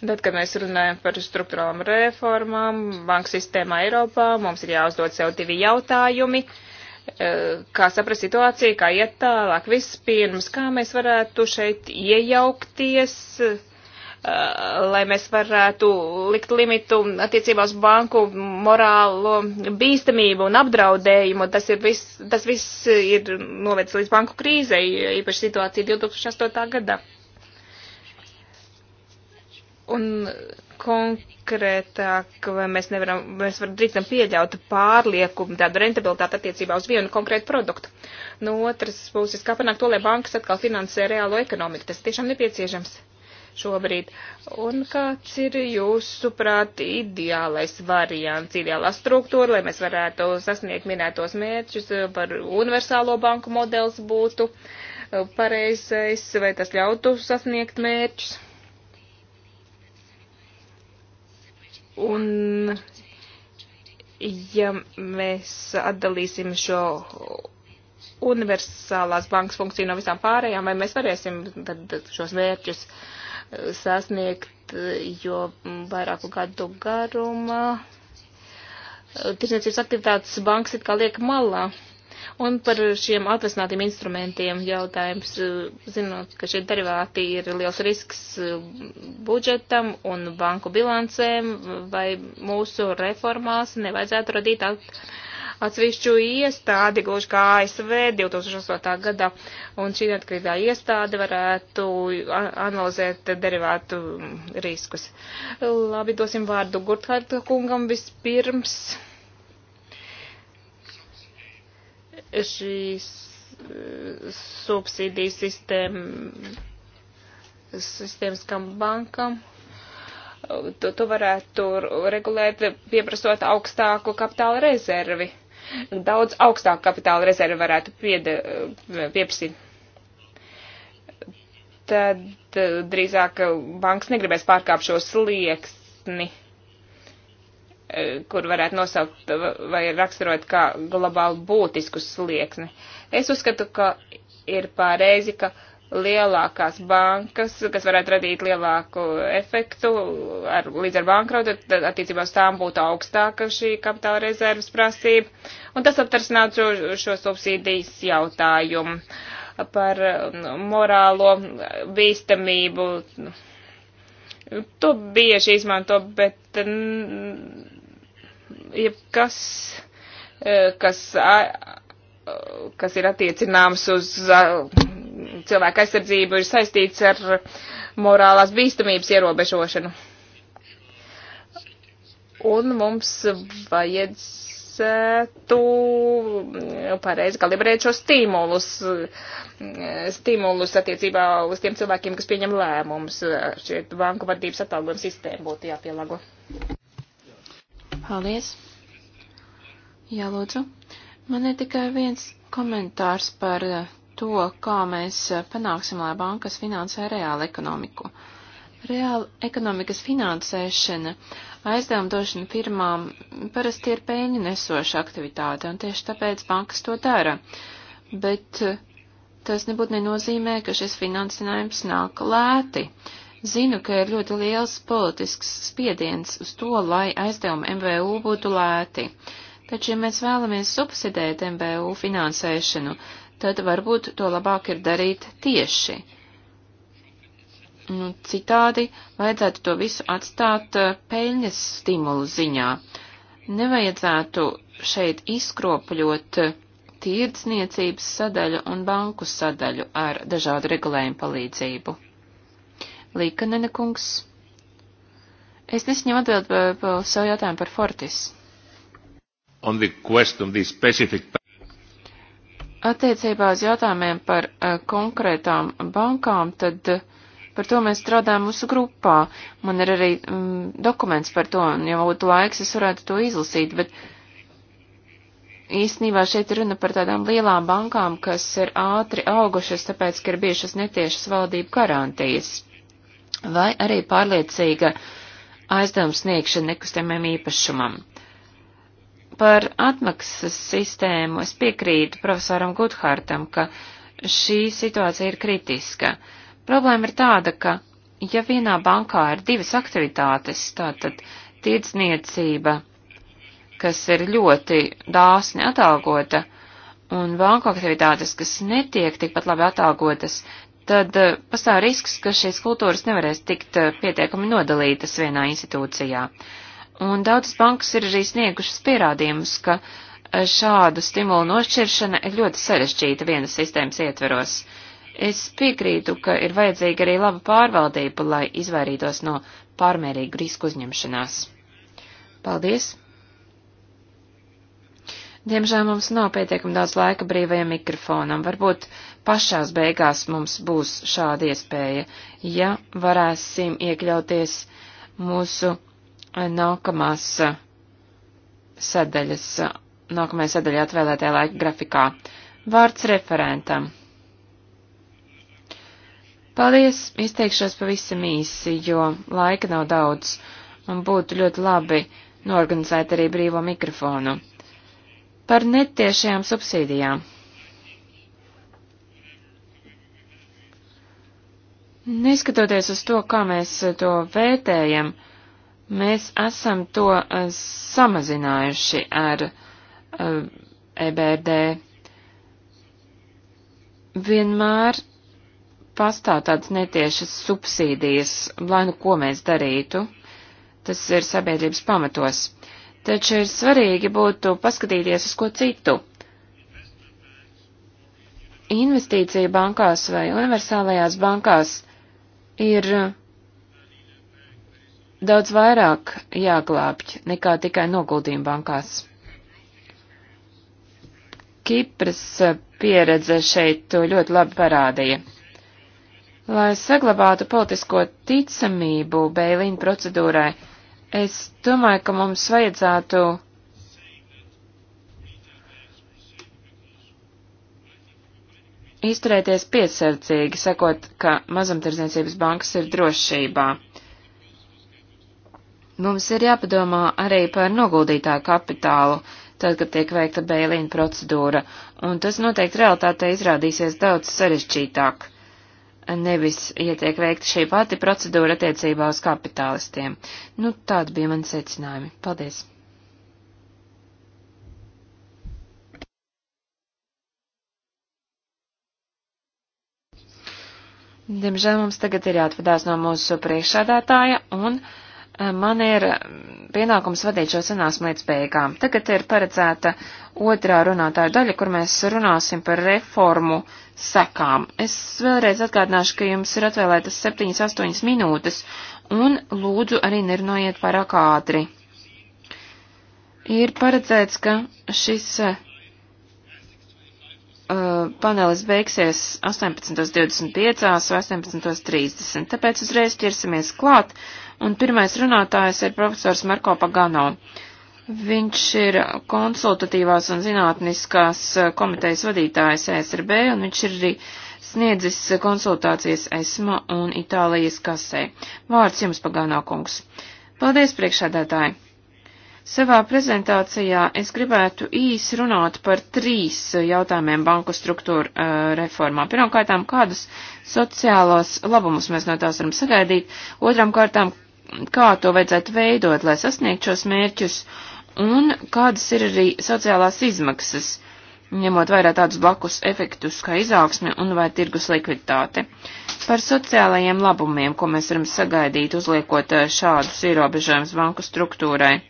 Tad, kad mēs runājam par struktūrālām reformām, banku sistēmā Eiropā, mums ir jāuzdod sev divi jautājumi. E, kā saprast situāciju, kā iet tālāk? Vispirms, kā mēs varētu šeit iejaukties? Eh, lai mēs varētu likt limitu attiecībā uz banku morālo bīstamību un apdraudējumu. Tas, ir vis, tas viss ir novedis līdz banku krīzei, īpaši situācija 2008. gadā. Un konkrētāk, vai mēs nevaram, mēs varam drīkstam pieļaut pārlieku tādu rentabilitāti attiecībā uz vienu konkrētu produktu. No otras puses, kā panākt to, lai bankas atkal finansē reālo ekonomiku, tas tiešām nepieciešams šobrīd. Un kāds ir jūsu prāt ideālais variants, ideālā struktūra, lai mēs varētu sasniegt minētos mērķus par universālo banku modelis būtu pareizais, vai tas ļautu sasniegt mērķus? Un ja mēs atdalīsim šo universālās bankas funkciju no visām pārējām, vai mēs varēsim tad šos mērķus sasniegt, jo vairāku gadu garumā tirsniecības aktivitātes bankas it kā liek malā. Un par šiem atvesinātiem instrumentiem jautājums, zinot, ka šie derivāti ir liels risks budžetam un banku bilancēm, vai mūsu reformās nevajadzētu radīt atkarību atsevišķu iestādi, gluži kā ASV 2008. gadā, un šī neatkarīgā iestāde varētu analizēt derivātu riskus. Labi, dosim vārdu Gurthārta kungam vispirms. Šīs e, subsīdiju sistēma, sistēmiskam bankam to, to varētu regulēt, pieprasot augstāku kapitāla rezervi daudz augstāku kapitāla rezervu varētu pieda, eh, pieprasīt. Tad eh, drīzāk eh, banks negribēs pārkāpt šo slieksni, kur varētu nosaukt vai raksturot kā globāli būtisku slieksni. Es uzskatu, ka ir pārreizi, ka uh, lielākās bankas, kas varētu radīt lielāku efektu ar, līdz ar bankrotu, tad attiecībā uz tām būtu augstāka šī kapitāla rezerves prasība. Un tas atrasinātu šo, šo subsīdijas jautājumu par um, morālo bīstamību. To bieži izmanto, bet jebkas, kas, eh, kas ir attiecināms uz cilvēka aizsardzību ir saistīts ar morālās bīstamības ierobežošanu. Un mums vajadzētu pareizi kalibrēt šos stimulus, stimulus attiecībā uz tiem cilvēkiem, kas pieņem lēmumus. Šeit banku vadības atalgojuma sistēma būtu jāpielāgo. Paldies. Jā, lūdzu. Man ir tikai viens komentārs par uh, to, kā mēs panāksim, lai bankas finansē reālu ekonomiku. Reāla ekonomikas finansēšana, aizdevuma došana firmām parasti ir peļņu nesoša aktivitāte, un tieši tāpēc bankas to dara. Bet eh, tas nebūtu nenozīmē, ka šis finansinājums nāk lēti. Zinu, ka ir ļoti liels politisks spiediens uz to, lai aizdevumi MVU būtu lēti. Taču, ja mēs vēlamies subsidēt MVU finansēšanu, tad varbūt to labāk ir darīt tieši. Nu, citādi vajadzētu to visu atstāt eh, peļņas stimulu ziņā. Nevajadzētu šeit izkropļot eh, tirdzniecības sadaļu un banku sadaļu ar dažādu regulējumu palīdzību. Līkanene kungs. Es nesaņemu atbildi par pa savu jautājumu par Fortis. On the question, the specific Attiecībā uz jautājumiem par uh, konkrētām bankām, tad uh, par to mēs strādājam mūsu grupā. Man ir arī um, dokuments par to, un ja būtu laiks, es varētu to izlasīt, bet īstenībā šeit runa par tādām lielām bankām, kas ir ātri augušas, tāpēc, ka ir bijušas netiešas valdību garantijas. Vai arī pārliecīga aizdevums sniegšana nekustamiem īpašumam. Par atmaksas sistēmu es piekrītu profesoram Gudhartam, ka šī situācija ir kritiska. Problēma ir tāda, ka ja vienā bankā ir divas aktivitātes, tātad tirdzniecība, kas ir ļoti dāsni atalgota, un banku aktivitātes, kas netiek tikpat labi atalgotas, tad eh, pastāv risks, ka šīs kultūras nevarēs tikt eh, pietiekami nodalītas vienā institūcijā. Uh, Un daudzas bankas ir arī sniegušas pierādījumus, ka e, šādu stimulu nošķiršana ir ļoti sarežģīta vienas sistēmas ietveros. Es piekrītu, ka ir vajadzīga arī laba pārvaldība, lai izvairītos no pārmērīgu risku uzņemšanās. Paldies! Diemžēl mums nav pietiekami daudz laika brīvajam mikrofonam. Varbūt pašās beigās mums būs šāda iespēja, ja varēsim iekļauties mūsu nākamās eh, sadaļas, eh, nākamajā sadaļā atvēlētajā laika grafikā. Vārds referentam. Paldies, izteikšos pavisam īsi, jo laika nav daudz, un būtu ļoti labi norganizēt arī brīvo mikrofonu. Par netiešajām subsīdijām. Neskatoties uz to, kā mēs to vērtējam, uh, Mēs esam to uh, samazinājuši ar uh, eh, EBRD. Vienmēr pastāv tādas netiešas subsīdijas, lai nu ko mēs darītu. Tas ir sabiedrības pamatos. Taču ir svarīgi būtu paskatīties uz ko citu. Investīcija bankās vai universālajās bankās ir uh, daudz vairāk jāglābj nekā tikai noguldījumi bankās. Kipras pieredze šeit to ļoti labi parādīja. Lai saglabātu politisko ticamību Beilīna procedūrai, es domāju, ka mums vajadzētu izturēties piesardzīgi, sakot, ka mazumtirdzniecības bankas ir drošībā. Mums ir jāpadomā arī par noguldītāju kapitālu, tad, kad tiek veikta bēlīna procedūra, un tas noteikti realitātei izrādīsies daudz sarežģītāk. Nevis, ja tiek veikta šī pati procedūra attiecībā uz kapitālistiem. Nu, tādi bija mani secinājumi. Paldies! Diemžēl mums tagad ir jāatvadās no mūsu priekšādātāja un. Man ir mm, pienākums vadīt šo sanāksmu līdz beigām. Tagad ir paredzēta otrā runātāja daļa, kur mēs runāsim par reformu sekām. Es vēlreiz atgādināšu, ka jums ir atvēlētas 7-8 minūtes, un lūdzu arī nerunājiet pārāk ātri. Ir paredzēts, ka šis uh, panelis beigsies 18.25 vai 18.30, tāpēc uzreiz ķersimies klāt Un pirmais runātājs ir profesors Marko Pagano. Viņš ir konsultatīvās un zinātniskās eh, komitejas vadītājs ESRB, un viņš ir arī sniedzis konsultācijas ESMA un Itālijas kasē. Vārds jums, Pagano kungs. Paldies, priekšādātāji! Savā prezentācijā es gribētu īsi runāt par trīs jautājumiem banku struktūra uh, reformā. Pirmkārtām, kādus sociālos labumus mēs no tās varam sagaidīt, otram kārtām, kā to vajadzētu veidot, lai sasniegtu šos mērķus, un kādas ir arī sociālās izmaksas, ņemot vairā tādus blakus efektus kā izaugsme un vai tirgus likviditāte. Par sociālajiem labumiem, ko mēs varam sagaidīt, uzliekot eh, šādus ierobežojumus banku struktūrai.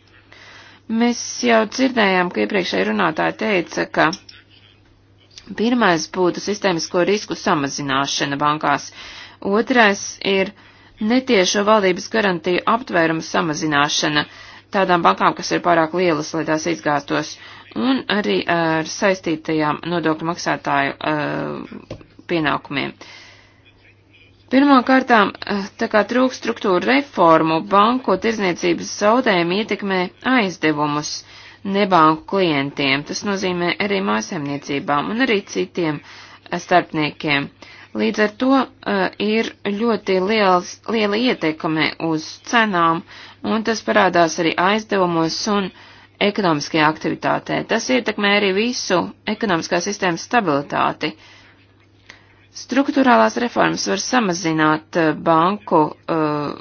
Mēs jau dzirdējām, ka iepriekšēji runātāji teica, ka pirmais būtu sistēmisko risku samazināšana bankās, otrais ir uh, netiešo valdības garantiju aptvērumu samazināšana tādām bankām, kas ir pārāk lielas, lai tās izgāstos, un arī ar saistītajām nodokļu maksātāju uh, pienākumiem. Pirmkārtām, eh, tā kā trūk struktūra reformu, banku tirzniecības zaudējumi ietekmē aizdevumus nebanku klientiem, tas nozīmē arī mājasemniecībām un arī citiem eh, starpniekiem. Līdz ar to uh, ir ļoti liels, liela ietekme uz cenām, un tas parādās arī aizdevumos un ekonomiskajā aktivitātē. Tas ietekmē arī visu ekonomiskās sistēmas stabilitāti. Struktūrālās reformas var samazināt uh, banku uh,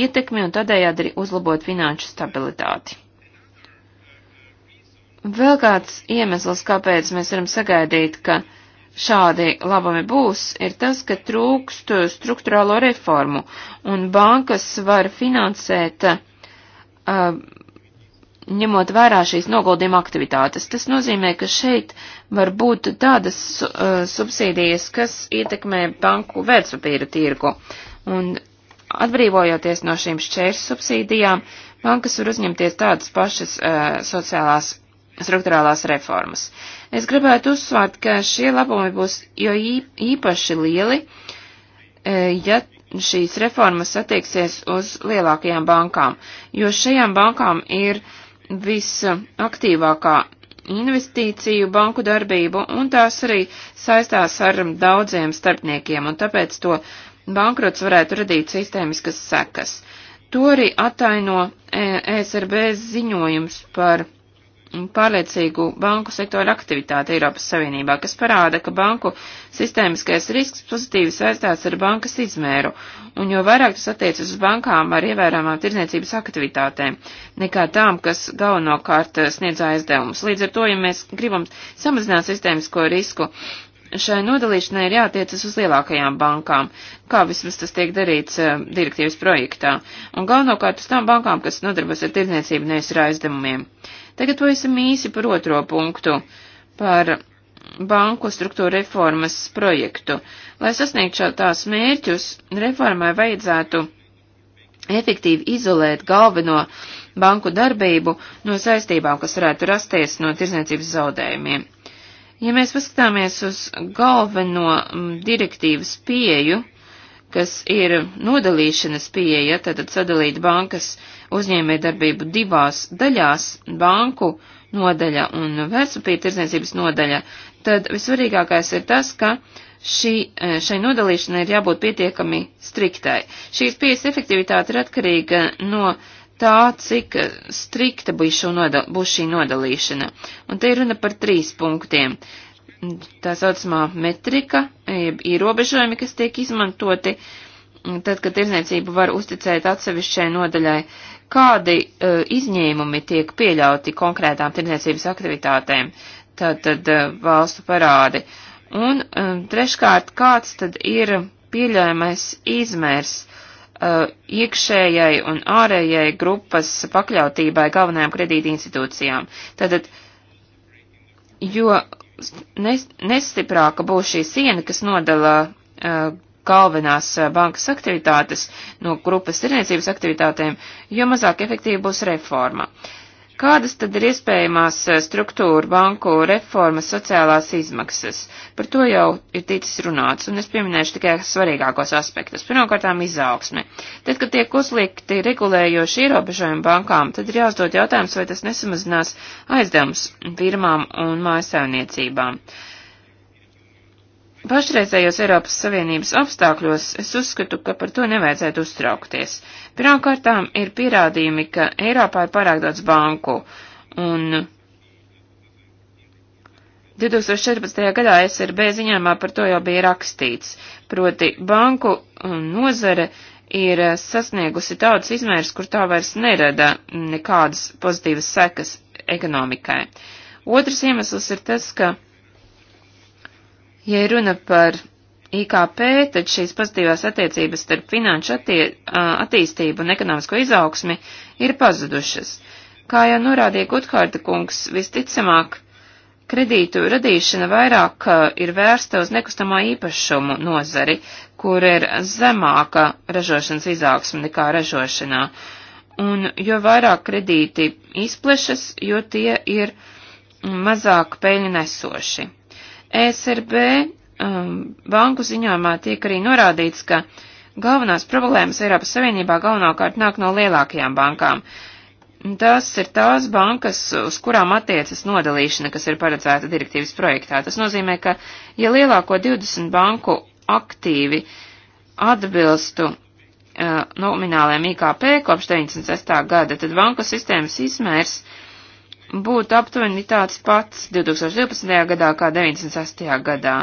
ietekmi un tādējādi arī uzlabot finanšu stabilitāti. Vēl kāds iemesls, kāpēc mēs varam sagaidīt, ka uh, šādi labumi būs, ir tas, ka trūkst struktūrālo reformu, un bankas var finansēt, uh, ņemot vērā šīs noguldījuma aktivitātes. Tas nozīmē, ka šeit var būt tādas uh, subsīdijas, kas ietekmē banku vērtspapīra tirgu, un atbrīvojoties no šīm šķērs subsīdijām, bankas var uzņemties tādas pašas uh, sociālās struktūrālās reformas. Uh, Es gribētu uzsvērt, ka šie labumi būs jo īpaši lieli, e, ja šīs reformas attieksies uz lielākajām bankām, jo šajām bankām ir visaktīvākā investīciju banku darbību, un tās arī saistās ar daudziem starpniekiem, un tāpēc to bankrots varētu radīt sistēmiskas sekas. To arī ataino ESRB e ziņojums par pārliecīgu banku sektoru aktivitāti Eiropas Savienībā, kas parāda, ka banku sistēmiskais risks pozitīvi saistīts ar bankas izmēru, un jo vairāk tas attiecas uz bankām ar ievērāmām tirdzniecības aktivitātēm, nekā tām, kas galvenokārt sniedz aizdevumus. Līdz ar to, ja mēs gribam samazināt sistēmisko risku, uh, šai nodalīšanai ir jātiecas uz lielākajām bankām, kā vismaz tas tiek darīts uh, direktīvas projektā, un galvenokārt uz tām bankām, kas nodarbas ar tirdzniecību, nevis ar aizdevumiem. Tagad pavisam īsi par otro punktu, par banku struktūra reformas projektu. Lai sasniegtu tās mērķus, reformai vajadzētu efektīvi izolēt galveno banku darbību no saistībām, kas varētu rasties no tirdzniecības zaudējumiem. Ja mēs paskatāmies uz galveno mm, direktīvas pieju, kas ir nodalīšanas pieeja, tātad sadalīt bankas uzņēmē darbību divās daļās - banku nodaļa un vērtspapīra tirdzniecības nodaļa, tad visvarīgākais ir tas, ka šī, e, šai nodalīšanai ir jābūt pietiekami striktai. Šīs pieejas efektivitāte ir atkarīga no tā, cik strikta būs, nodal, būs šī nodalīšana. Un te ir runa par trīs punktiem. Tā saucamā metrika, ierobežojumi, kas tiek izmantoti, tad, kad tirzniecību var uzticēt atsevišķai nodaļai, kādi uh, izņēmumi tiek pieļauti konkrētām tirzniecības aktivitātēm, tātad uh, e, valstu parādi. Un um, treškārt, kāds tad ir pieļaujamais izmērs Uh, iekšējai un ārējai grupas pakļautībai galvenajām kredīti institūcijām. Tātad, jo nestiprāka būs šī siena, kas nodala uh, galvenās uh, bankas aktivitātes no grupas tirniecības aktivitātēm, jo mazāk efektīva būs reforma. Uh, Kādas tad ir iespējamās eh, struktūra banku reformas sociālās izmaksas? Par to jau ir ticis runāts, un es pieminēšu tikai svarīgākos aspektus. Pirmkārtām izaugsme. Tad, kad tiek uzlikti regulējoši ierobežojumi bankām, tad ir jāuzdod jautājums, vai tas nesamazinās aizdevums firmām un mājasēmniecībām. Uh, Pašreizējos Eiropas Savienības apstākļos es uzskatu, ka par to nevajadzētu uztraukties. Pirmkārtām ir pierādījumi, ka Eiropā ir pārāk daudz banku, un 2014. gadā SRB ziņāmā par to jau bija rakstīts, proti banku nozare ir sasniegusi tautas izmērs, kur tā vairs nerada nekādas pozitīvas sekas ekonomikai. Otrs iemesls ir tas, ka Ja runa par IKP, tad šīs pozitīvās attiecības starp finanšu attie, attīstību un ekonomisko izaugsmi ir pazudušas. Kā jau norādīja Gutkārta kungs, visticamāk, kredītu radīšana vairāk ir vērsta uz nekustamā īpašumu nozari, kur ir zemāka ražošanas izaugsme nekā ražošanā. Un jo vairāk kredīti izplešas, jo tie ir mazāk peļņa nesoši. ESRB um, banku ziņojumā tiek arī norādīts, ka galvenās problēmas Eiropas Savienībā galvenokārt nāk no lielākajām bankām. Tās ir tās bankas, uz kurām attiecas nodalīšana, kas ir paredzēta direktīvas projektā. Tas nozīmē, ka ja lielāko 20 banku aktīvi atbilstu uh, nomināliem IKP kopš 96. gada, tad banku sistēmas izmērs būtu aptuveni tāds pats 2012. gadā kā 98. gadā.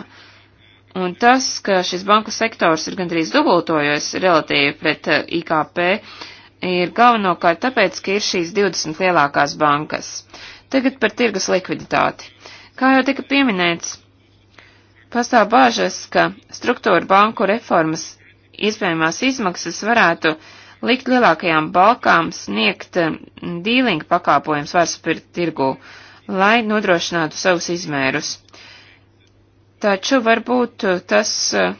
Un tas, ka šis banku sektors ir gandrīz dubultojies relatīvi pret eh, IKP, ir galvenokārt tāpēc, ka ir šīs 20 lielākās bankas. Tagad par tirgus likviditāti. Kā jau tika pieminēts, pastāv bāžas, ka struktūra banku reformas iespējamās izmaksas varētu uh, likt lielākajām balkām sniegt eh, dīlinga pakāpojums vārspirkt tirgu, lai nodrošinātu savus izmērus. Taču varbūt eh, tas eh,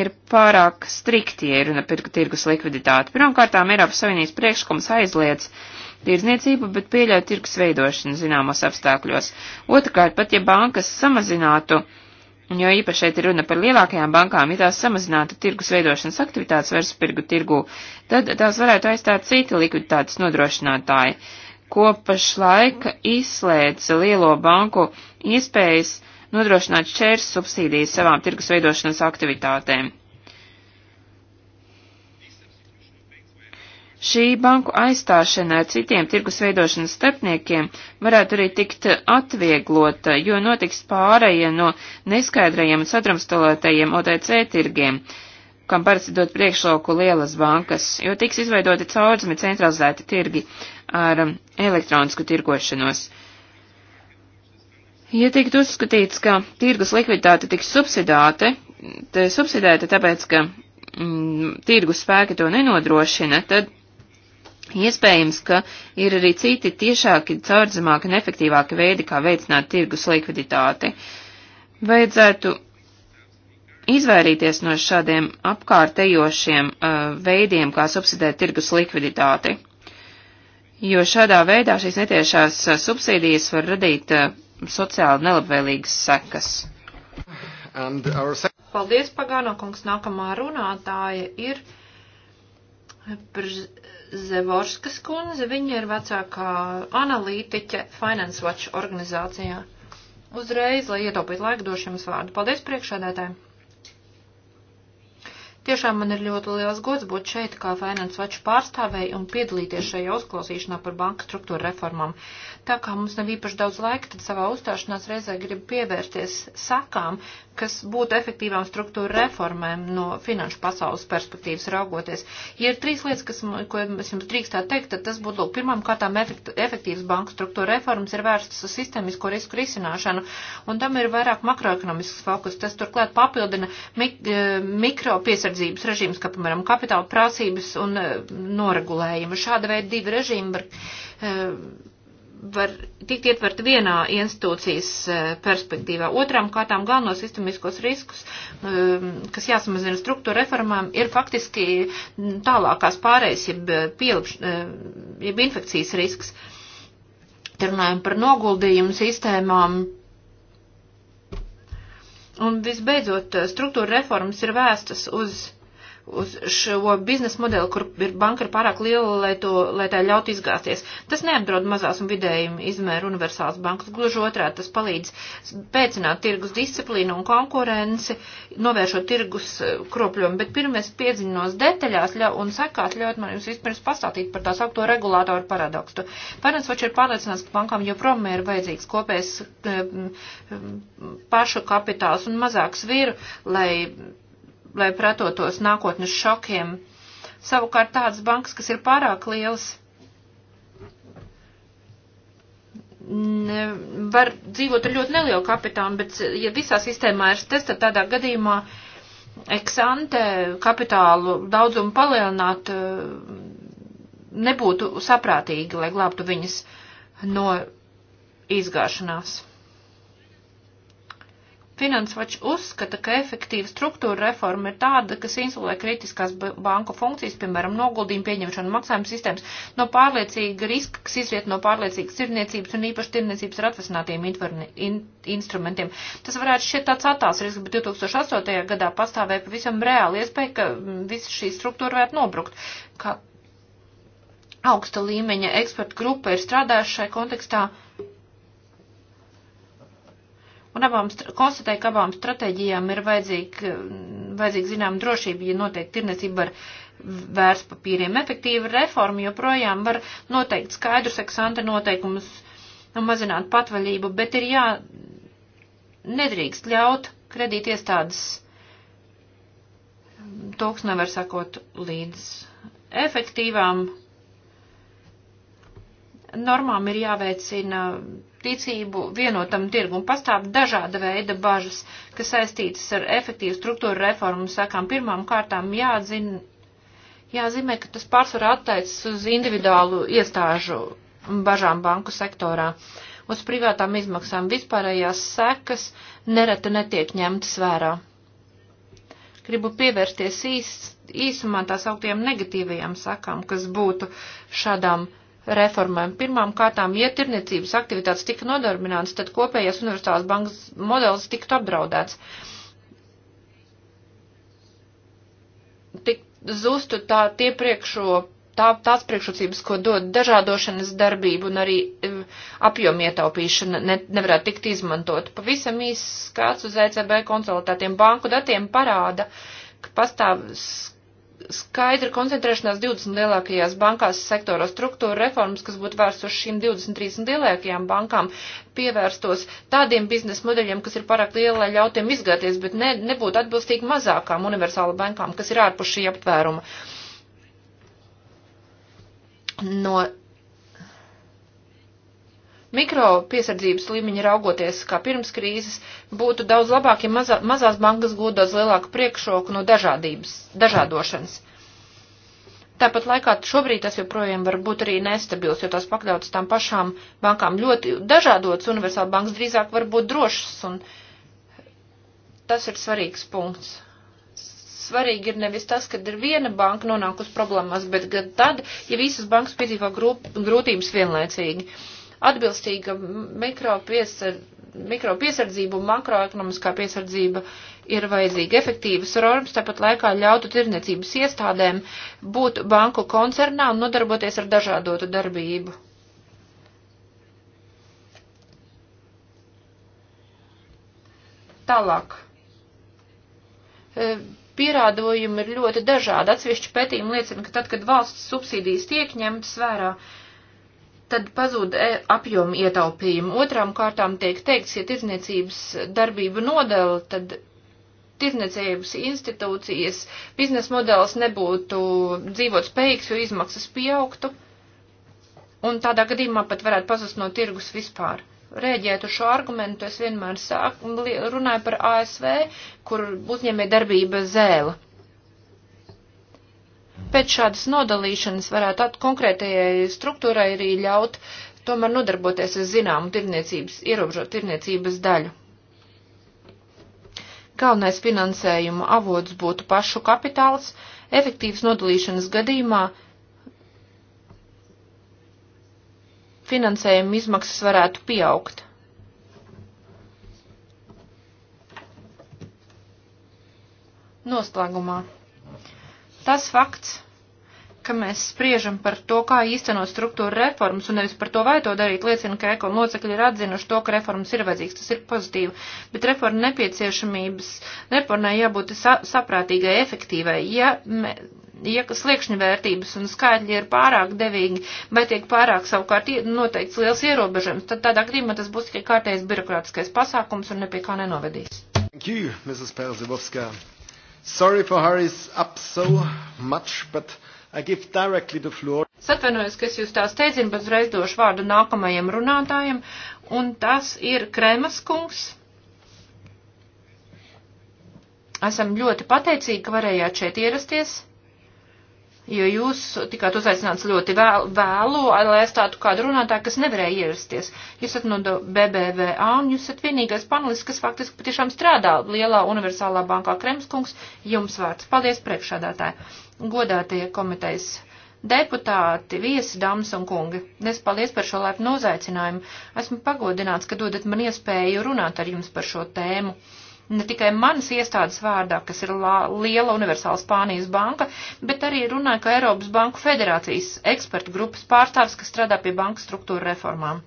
ir pārāk strikti, ja runa par tirgus likviditāti. Pirmkārtām Eiropas Savienības priekšlikums aizliedz tirdzniecību, bet pieļauj tirgus veidošanu zināmos apstākļos. Otrakārt, pat ja bankas samazinātu uh, Un jo īpaši šeit ir runa par lielākajām bankām, ja tās samazinātu tirgus veidošanas aktivitātes vairs pirgu tirgu, tad tās varētu aizstāt citi likviditātes nodrošinātāji, ko pašlaik izslēdz lielo banku iespējas nodrošināt šķērs subsīdijas savām tirgus veidošanas aktivitātēm. Šī banku aizstāšana ar citiem tirgus veidošanas starpniekiem varētu arī tikt atvieglota, jo notiks pārēja no neskaidrajiem un sadrumstalotajiem OTC tirgiem, kam parasti dod priekšroku lielas bankas, jo tiks izveidoti caurzmi centralizēti tirgi ar um, elektronisku tirgošanos. Ja tiktu uzskatīts, ka tirgus likviditāte tiks subsidēta, subsidēta tāpēc, ka mm, tirgus spēki to nenodrošina, tad Iespējams, ka ir arī citi tiešāki, caurdzamāki un efektīvāki veidi, kā veicināt tirgus likviditāti. Vajadzētu izvairīties no šādiem apkārtējošiem uh, veidiem, kā subsidēt tirgus likviditāti, jo šādā veidā šīs netiešās uh, subsīdijas var radīt uh, sociāli nelabvēlīgas sekas. Our... Paldies, Pagāno kungs. Nākamā runātāja ir. Prž... Uh, Zevorskas kundze, viņa ir vecākā analītiķe Finance Watch organizācijā. Uzreiz, lai ietaupītu laiku, došu jums vārdu. Paldies priekšādētājiem! Tiešām man ir ļoti liels gods būt šeit kā Finance Watch pārstāvēji un piedalīties šajā uzklausīšanā par banka struktūra reformām. Uh, Tā kā mums nav īpaši daudz laika, tad savā uzstāšanās reizē gribu pievērties sakām, kas būtu efektīvām struktūra reformēm no finanšu pasaules perspektīvas raugoties. Ja ir trīs lietas, kas, ko es jums drīkstā teikt, tad tas būtu, lūk, pirmām kārtām efekt, efektīvas banku struktūra reformas ir vērstas uz sistēmisko risku risināšanu, un tam ir vairāk makroekonomisks fokus. Tas turklāt papildina mik, e, mikro piesardzības režīmus, kā, piemēram, kapitāla prasības un e, noregulējumu. Šāda veida divi režīmi var e, var tikt ietvert vienā institūcijas e, perspektīvā. Otram kārtām galveno sistemiskos riskus, e, kas jāsamazina struktūra reformām, ir faktiski tālākās pārējas, jeb, pielipš, e, jeb infekcijas risks. Te runājam par noguldījumu sistēmām. Un visbeidzot, struktūra reformas ir vēstas uz uz šo biznesa modeli, kur ir banka ir pārāk liela, lai, to, lai tā ļautu izgāzties. Tas neapdraud mazās un vidējuma izmēru universālas bankas. Gluži otrādi tas palīdz pēcināt tirgus disciplīnu un konkurenci, novēršot tirgus eh, kropļojumu. Bet pirmais piedziņos detaļās ļa, un sekās ļaut man jums vispirms pastāstīt par tās augto regulātoru paradokstu. Parensvoč ir pārliecināts, ka bankām joprojām ir vajadzīgs kopējs eh, pašu kapitāls un mazāks vīru, lai lai pretotos nākotnes šokiem. Savukārt tādas bankas, kas ir pārāk lielas, ne, var dzīvot ar ļoti nelielu kapitālu, bet ja visā sistēmā ir stress, tad tādā gadījumā eksante kapitālu daudzumu palielināt eh, nebūtu saprātīgi, lai glābtu viņas no izgāšanās. Finansvač uzskata, ka efektīva struktūra reforma ir tāda, kas insulē kritiskās banku funkcijas, piemēram, noguldījumu pieņemšanu maksājumu sistēmas no pārliecīga riska, kas izriet no pārliecīgas tirniecības un īpaši tirniecības ar atvesinātiem in instrumentiem. Tas varētu šķiet tāds attāls risks, bet 2008. gadā pastāvēja pavisam reāli iespēja, ka mm, visa šī struktūra varētu nobrukt. Kā augsta līmeņa ekspertu grupa ir strādājuši šai kontekstā Un abām, konstatēja, ka abām stratēģijām ir vajadzīga, vajadzīga zinām drošība, ja notiek tirnesība ar vērtspapīriem. Efektīva reforma joprojām var noteikt skaidrus eksanta noteikumus un mazināt patvaļību, bet ir jā, nedrīkst ļaut kredīt iestādes tūks nevar sakot līdz efektīvām normām ir jāveicina ticību vienotam tirgum pastāv dažāda veida bažas, kas saistītas ar efektīvu struktūru reformu sakām. Pirmām kārtām jāatzina, jāzīmē, ka tas pārsvarā attaicis uz individuālu iestāžu bažām banku sektorā. Uz privātām izmaksām vispārējās sekas nereti netiek ņemtas vērā. Gribu pievērsties īs, īsumā tās augtiem negatīvajām sakām, kas būtu šādām uh, reformēm. Pirmām kārtām, ja tirniecības aktivitātes tika nodarbināts, tad kopējais universālās bankas modelis tiktu apdraudēts. Tik zustu tā tie priekšo, tā, tās priekšrocības, ko dod dažādošanas darbību un arī e, apjomietaupīšana ne, nevarētu tikt izmantot. Pavisam īsts skats uz ECB konsolidētiem banku datiem parāda, ka pastāv skaidra koncentrēšanās 20 lielākajās bankās sektoros struktūra reformas, kas būtu vērsts uz šīm 23 lielākajām bankām, pievērstos tādiem biznesa modeļiem, kas ir pārāk lieli, lai ļautiem izgāties, bet ne, nebūtu atbilstīgi mazākām universāla bankām, kas ir ārpus šī aptvēruma. No mikro piesardzības līmeņa raugoties, kā pirms krīzes, būtu daudz labāk, ja mazā, mazās bankas gūdot lielāku priekšroku no dažādības, dažādošanas. Tāpat laikā šobrīd tas joprojām var būt arī nestabils, jo tās pakļautas tām pašām bankām ļoti dažādotas. Universāla bankas drīzāk var būt drošas, un tas ir svarīgs punkts svarīgi ir nevis tas, kad ir viena banka nonākusi problēmās, bet gan tad, ja visas bankas piedzīvo grūtības vienlaicīgi. Uh, atbilstīga mikro piesardzība un makroekonomiskā piesardzība ir vajadzīga. Efektīvas normas tāpat laikā ļautu tirniecības iestādēm būt banku koncernā un nodarboties ar dažādotu darbību. Tālāk e, pierādījumi ir ļoti dažādi. Atsevišķi pētījumi liecina, ka tad, kad valsts subsīdijas tiek ņemtas vērā, tad pazūd e, apjomu ietaupījumu. Otrām kārtām tiek teikts, ja tirzniecības darbību nodala, tad tirzniecības institūcijas biznesa modelis nebūtu dzīvot spējīgs, jo izmaksas pieaugtu. Un tādā gadījumā pat varētu pazust no tirgus vispār. Rēģēt uz šo argumentu es vienmēr sāku, runāju par ASV, kur uzņēmē darbība zēla pēc šādas nodalīšanas varētu konkrētajai struktūrai arī ļaut tomēr nodarboties ar zināmu tirniecības, ierobežot tirniecības daļu. Galvenais finansējuma avots būtu pašu kapitāls, efektīvas nodalīšanas gadījumā finansējuma izmaksas varētu pieaugt. Noslēgumā. Tas fakts, ka mēs spriežam par to, kā īstenot struktūra reformas un nevis par to, vai to darīt, liecina, ka ekon locekļi ir atzinuši to, ka reformas ir vajadzīgs, tas ir pozitīvi, bet reforma nepieciešamības, reformai jābūt sa saprātīgai, efektīvai. Ja me, ja sliekšņa vērtības un skaitļi ir pārāk devīgi, vai tiek pārāk savukārt noteikts liels ierobežojums, tad tādā gadījumā tas būs tikai kārtējs birokrātiskais pasākums un nepie kā nenovedīs. Thank you, Mrs. Pelzivovskā. Sorry for hurries up so much, but I give directly the floor. Satvenojos, ka es jūs tā steidzinu, bet uzreiz došu vārdu nākamajam runātājam, un tas ir Kremas kungs. Esam ļoti pateicīgi, ka varējāt šeit ierasties jo jūs tikāt uzaicināts ļoti vēl, vēlu, lai aizstātu kādu runātāju, kas nevarēja ierasties. Jūs esat no BBVA un jūs esat vienīgais panelis, kas faktiski patiešām strādā lielā universālā bankā Kremskungs. Jums vārds. Paldies, priekšādātāji. Godātie komitejas deputāti, viesi, dāmas un kungi, es paldies par šo laipnu uzaicinājumu. Esmu pagodināts, ka dodat man iespēju runāt ar jums par šo tēmu ne tikai manas iestādes vārdā, kas ir la, liela universāla Spānijas banka, bet arī runāju kā Eiropas Banku federācijas ekspertu grupas pārstāvis, kas strādā pie banka struktūra reformām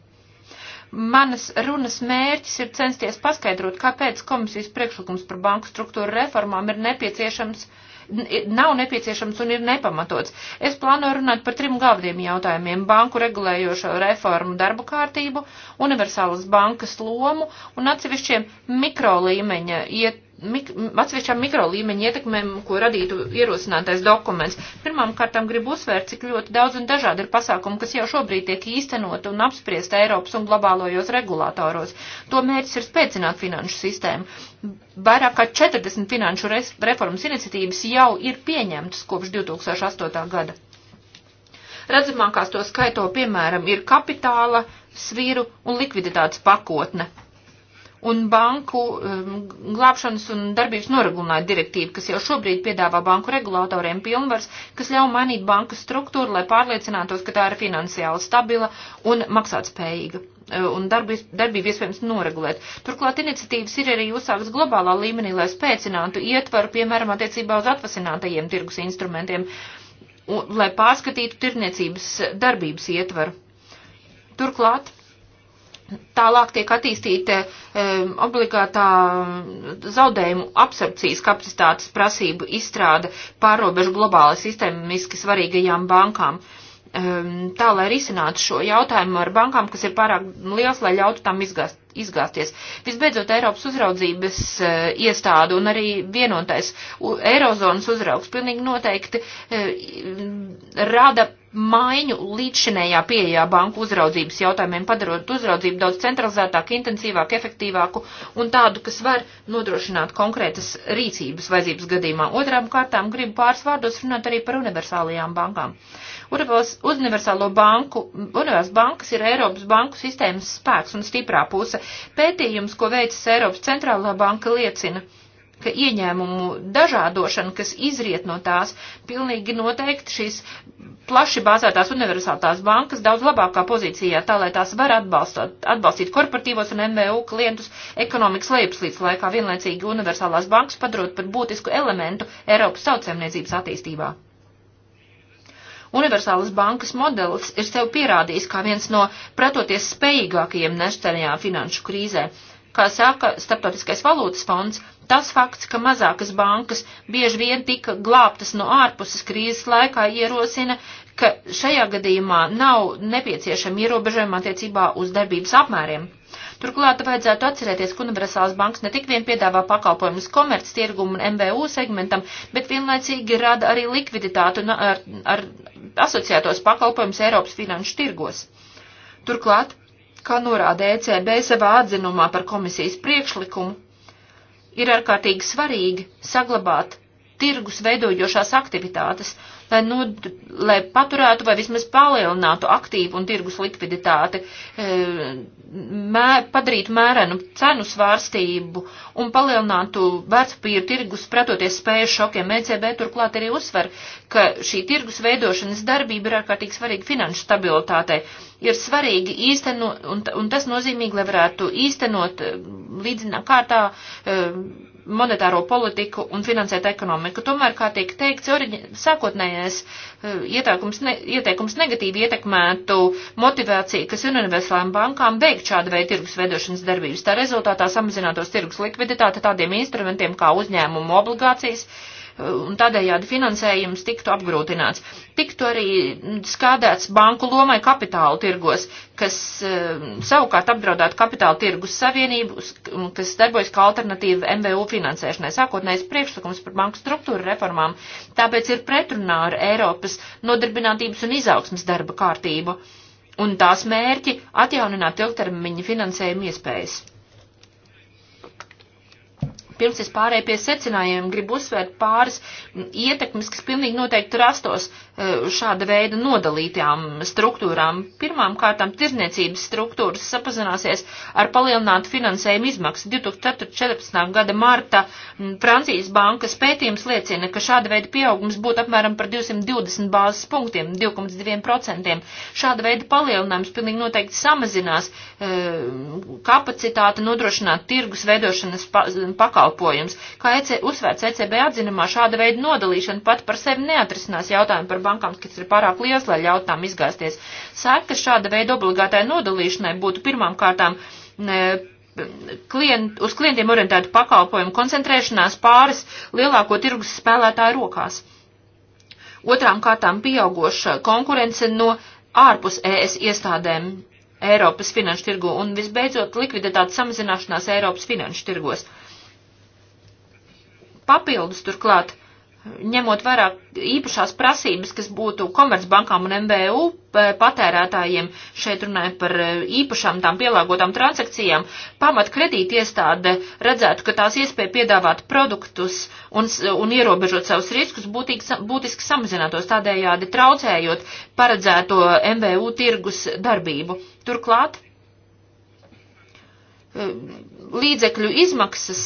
manas runas mērķis ir censties paskaidrot, kāpēc komisijas priekšlikums par banku struktūru reformām ir nepieciešams uh, nav nepieciešams un ir nepamatots. Es plānoju runāt par trim galviem jautājumiem - banku regulējošo reformu darbu kārtību, universālas bankas lomu un atsevišķiem mikrolīmeņa iet mik atsevišķām mikro līmeņa ietekmēm, ko radītu ierosinātais dokuments. Pirmām kārtām gribu uzsvērt, cik ļoti daudz un dažādi ir pasākumi, kas jau šobrīd tiek īstenot un apspriest Eiropas un globālojos regulātoros. To mērķis ir spēcināt finanšu sistēmu. Vairāk kā 40 finanšu reformas iniciatīvas jau ir pieņemtas kopš 2008. gada. Redzamākās to skaito, piemēram, ir kapitāla, sviru un likviditātes pakotne un banku um, glābšanas un darbības noregulējuma direktīva, kas jau šobrīd piedāvā banku regulātoriem pilnvars, kas ļauj mainīt banku struktūru, lai pārliecinātos, ka tā ir finansiāli stabila un maksātspējīga uh, un darbību darbība iespējams noregulēt. Turklāt iniciatīvas ir arī uzsāktas globālā līmenī, lai spēcinātu ietvaru, piemēram, attiecībā uz atvasinātajiem tirgus instrumentiem, un, lai pārskatītu tirniecības darbības ietvaru. Turklāt Tālāk tiek attīstīta e, obligātā um, zaudējumu absorpcijas kapacitātes prasību izstrāde pārobežu globāli sistēmiski svarīgajām bankām. E, tā, lai risinātu šo jautājumu ar bankām, kas ir pārāk liels, lai ļautu tam izgāst, izgāsties. Visbeidzot, Eiropas uzraudzības e, iestāde un arī vienotais Eirozonas uzraugs pilnīgi noteikti uh, rada maiņu līdzšinējā pieejā banku uzraudzības jautājumiem, padarot uzraudzību daudz centralizētāku, intensīvāku, efektīvāku un tādu, kas var nodrošināt konkrētas rīcības vajadzības gadījumā. Otrām kārtām gribu pāris vārdos runāt arī par universālajām bankām. Universālo banku, universālās bankas ir Eiropas banku sistēmas spēks un stiprā puse. Pētījums, ko veicis Eiropas centrālā banka, liecina ka ieņēmumu dažādošana, kas izriet no tās, pilnīgi noteikti šīs plaši bāzētās universālās bankas daudz labākā pozīcijā, tā lai tās var atbalstot, atbalstīt korporatīvos un MVU klientus ekonomikas lejupslīdz laikā vienlaicīgi universālās bankas padarot par būtisku elementu Eiropas saucēmniecības attīstībā. Universālas bankas modelis ir sev pierādījis kā viens no pretoties spējīgākajiem nesenajā finanšu krīzē. Kā saka Startautiskais valūtas fonds, Tas fakts, ka mazākas bankas bieži vien tika glābtas no ārpuses krīzes laikā, ierosina, ka šajā gadījumā nav nepieciešama ierobežojuma attiecībā uz darbības apmēriem. Turklāt vajadzētu atcerēties, ka universālās bankas ne tik vien piedāvā pakalpojumus komerc tirgumu un MBU segmentam, bet vienlaicīgi rada arī likviditātu un ar, ar asociētos pakalpojumus Eiropas finanšu tirgos. Turklāt, kā norāda ECB savā atzinumā par komisijas priekšlikumu, ir ārkārtīgi svarīgi saglabāt tirgus veidojošās aktivitātes, lai, nu, lai paturētu vai vismaz palielinātu aktīvu un tirgus likviditāti, e, mē, padarītu mērenu cenu svārstību un palielinātu vērtspapīru tirgus, pretoties spēju šokiem. ECB turklāt arī uzsver, ka šī tirgus veidošanas darbība ir ārkārtīgi svarīga finanšu stabilitātei. Ir svarīgi īstenot, un, un tas nozīmīgi, lai varētu īstenot e, līdzinā kārtā. Uh, monetāro politiku un finansēt ekonomiku. Tomēr, kā tiek teikts, sākotnējais e, ieteikums, ne, ieteikums negatīvi ietekmētu motivāciju, kas ir universālām bankām veikt šādu veidu tirgus vedošanas darbības. Tā rezultātā samazinātos tirgus likviditāte tādiem instrumentiem kā uzņēmumu obligācijas, uh, un tādējādi finansējums tiktu apgrūtināts. Tiktu arī skādēts banku lomai kapitāla tirgos, kas eh, savukārt apdraudētu kapitāla tirgus savienību, kas darbojas kā alternatīva MVU finansēšanai. Sākotnējais priekšlikums par banku struktūru reformām tāpēc ir pretrunā ar Eiropas nodarbinātības un izaugsmas darba kārtību un tās mērķi atjaunināt ilgtermiņa finansējumu iespējas pirms es pārēju pie secinājumiem, gribu uzsvērt pāris ietekmes, kas pilnīgi noteikti rastos e, šāda veida nodalītām struktūrām. Pirmām kārtām tirzniecības struktūras sapazināsies ar palielinātu finansējumu izmaksu. 2014. gada marta Francijas bankas pētījums liecina, ka šāda veida pieaugums būtu apmēram par 220 bāzes punktiem, 2,2%. Šāda veida palielinājums pilnīgi noteikti samazinās e, kapacitāti nodrošināt tirgus veidošanas pakalpojumus pakalpojums. Kā EC, uzsvērts ECB atzinumā, šāda veida nodalīšana pat par sevi neatrisinās jautājumu par bankām, kas ir pārāk liels, lai ļautām izgāzties. Sēkas šāda veida obligātai nodalīšanai būtu pirmām kārtām. Ne, klient, uz klientiem orientētu pakalpojumu koncentrēšanās pāris lielāko tirgus spēlētāju rokās. Otrām kārtām pieaugoša konkurence no ārpus ES iestādēm Eiropas finanšu tirgu un visbeidzot likviditātes samazināšanās Eiropas finanšu tirgos papildus turklāt, ņemot vērā īpašās prasības, kas būtu komercbankām un MBU e, patērētājiem, šeit runājot par e, īpašām tām pielāgotām transakcijām, pamat kredīti iestāde redzētu, ka tās iespēja piedāvāt produktus un, un ierobežot savus riskus būtīgi, būtiski samazinātos, tādējādi traucējot paredzēto MBU tirgus darbību. Turklāt e, līdzekļu izmaksas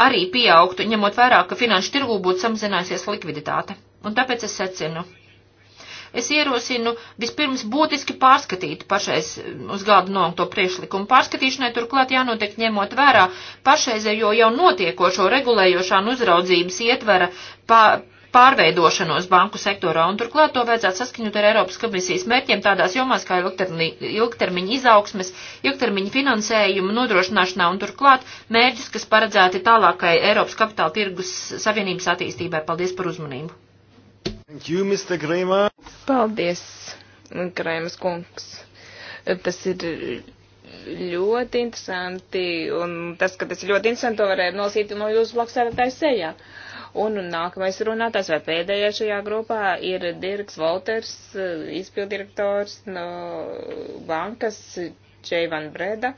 arī pieaugtu, ņemot vērā, ka finanšu tirgū būtu samazinājusies likviditāte. Un tāpēc es secinu. Es ierosinu vispirms būtiski pārskatīt pašais uz gadu nolikto priekšlikumu. Pārskatīšanai turklāt jānotiek ņemot vērā pašreizējo jau notiekošo regulējošā un uzraudzības ietvera pā, pārveidošanos banku sektorā, un turklāt to vajadzētu saskaņot ar Eiropas komisijas mērķiem tādās jomās kā ilgtermiņa izaugsmes, ilgtermiņa finansējuma nodrošināšanā, un turklāt mērķis, kas paredzēti tālākai Eiropas kapitāla tirgus savienības attīstībai. Paldies par uzmanību! Thank you, Mr. Grēmā. Paldies, Grēmas kungs. Tas ir ļoti interesanti, un tas, ka tas ir ļoti interesanti, to varēja nolasīt no jūsu blaksētātāja sejā. Uh, Un nākamais runātājs vai pēdējais šajā grupā ir Dirks Volters, izpildirektors no bankas Čeivan Breda.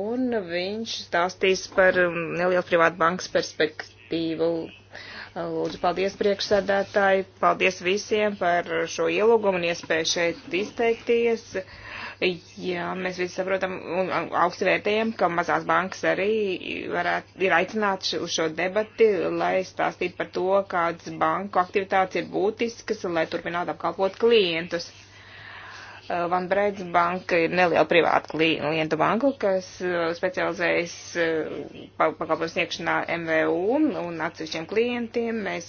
Un viņš stāstīs par nelielu privātu bankas perspektīvu. Lūdzu, paldies priekšsēdētāji, paldies visiem par šo ielūgumu un iespēju šeit izteikties. Uh, Jā, mēs visi saprotam un augstu vērtējam, ka mazās bankas arī varētu, ir aicināts uz šo debati, lai stāstītu par to, kādas banku aktivitātes ir būtiskas, lai turpinātu apkalpot klientus. Eh, Van Braids banka ir neliela privāta klientu banka, kas eh, specializējas eh, pakalpojumu sniegšanā MVU un atsevišķiem klientiem. Mēs,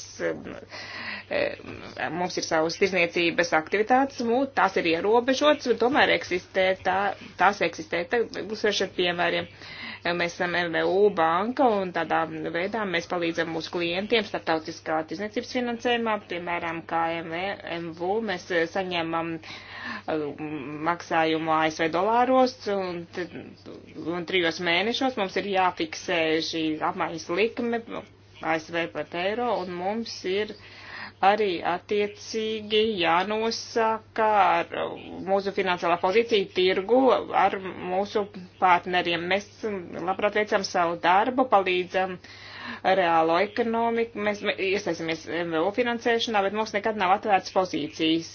mums ir savas tirzniecības aktivitātes, nu, tās ir ierobežotas, un tomēr eksistē, tā, tās eksistē. Tagad būs ar šiem piemēriem. Uh, Mēs esam MVU banka un tādā veidā mēs palīdzam mūsu klientiem starptautiskā tirsniecības finansējumā. Piemēram, kā MVU mēs eh, saņemam eh, maksājumu ASV dolāros un, un trijos mēnešos mums ir jāfiksē šī apmaiņas likme ASV pat eiro un mums ir. Uh, arī attiecīgi jānosaka ar mūsu finansiālā pozīcija tirgu ar mūsu partneriem. Mēs labprāt veicam savu darbu, palīdzam reālo ekonomiku, mēs iesaistamies MVO finansēšanā, bet mums nekad nav atvērts pozīcijas.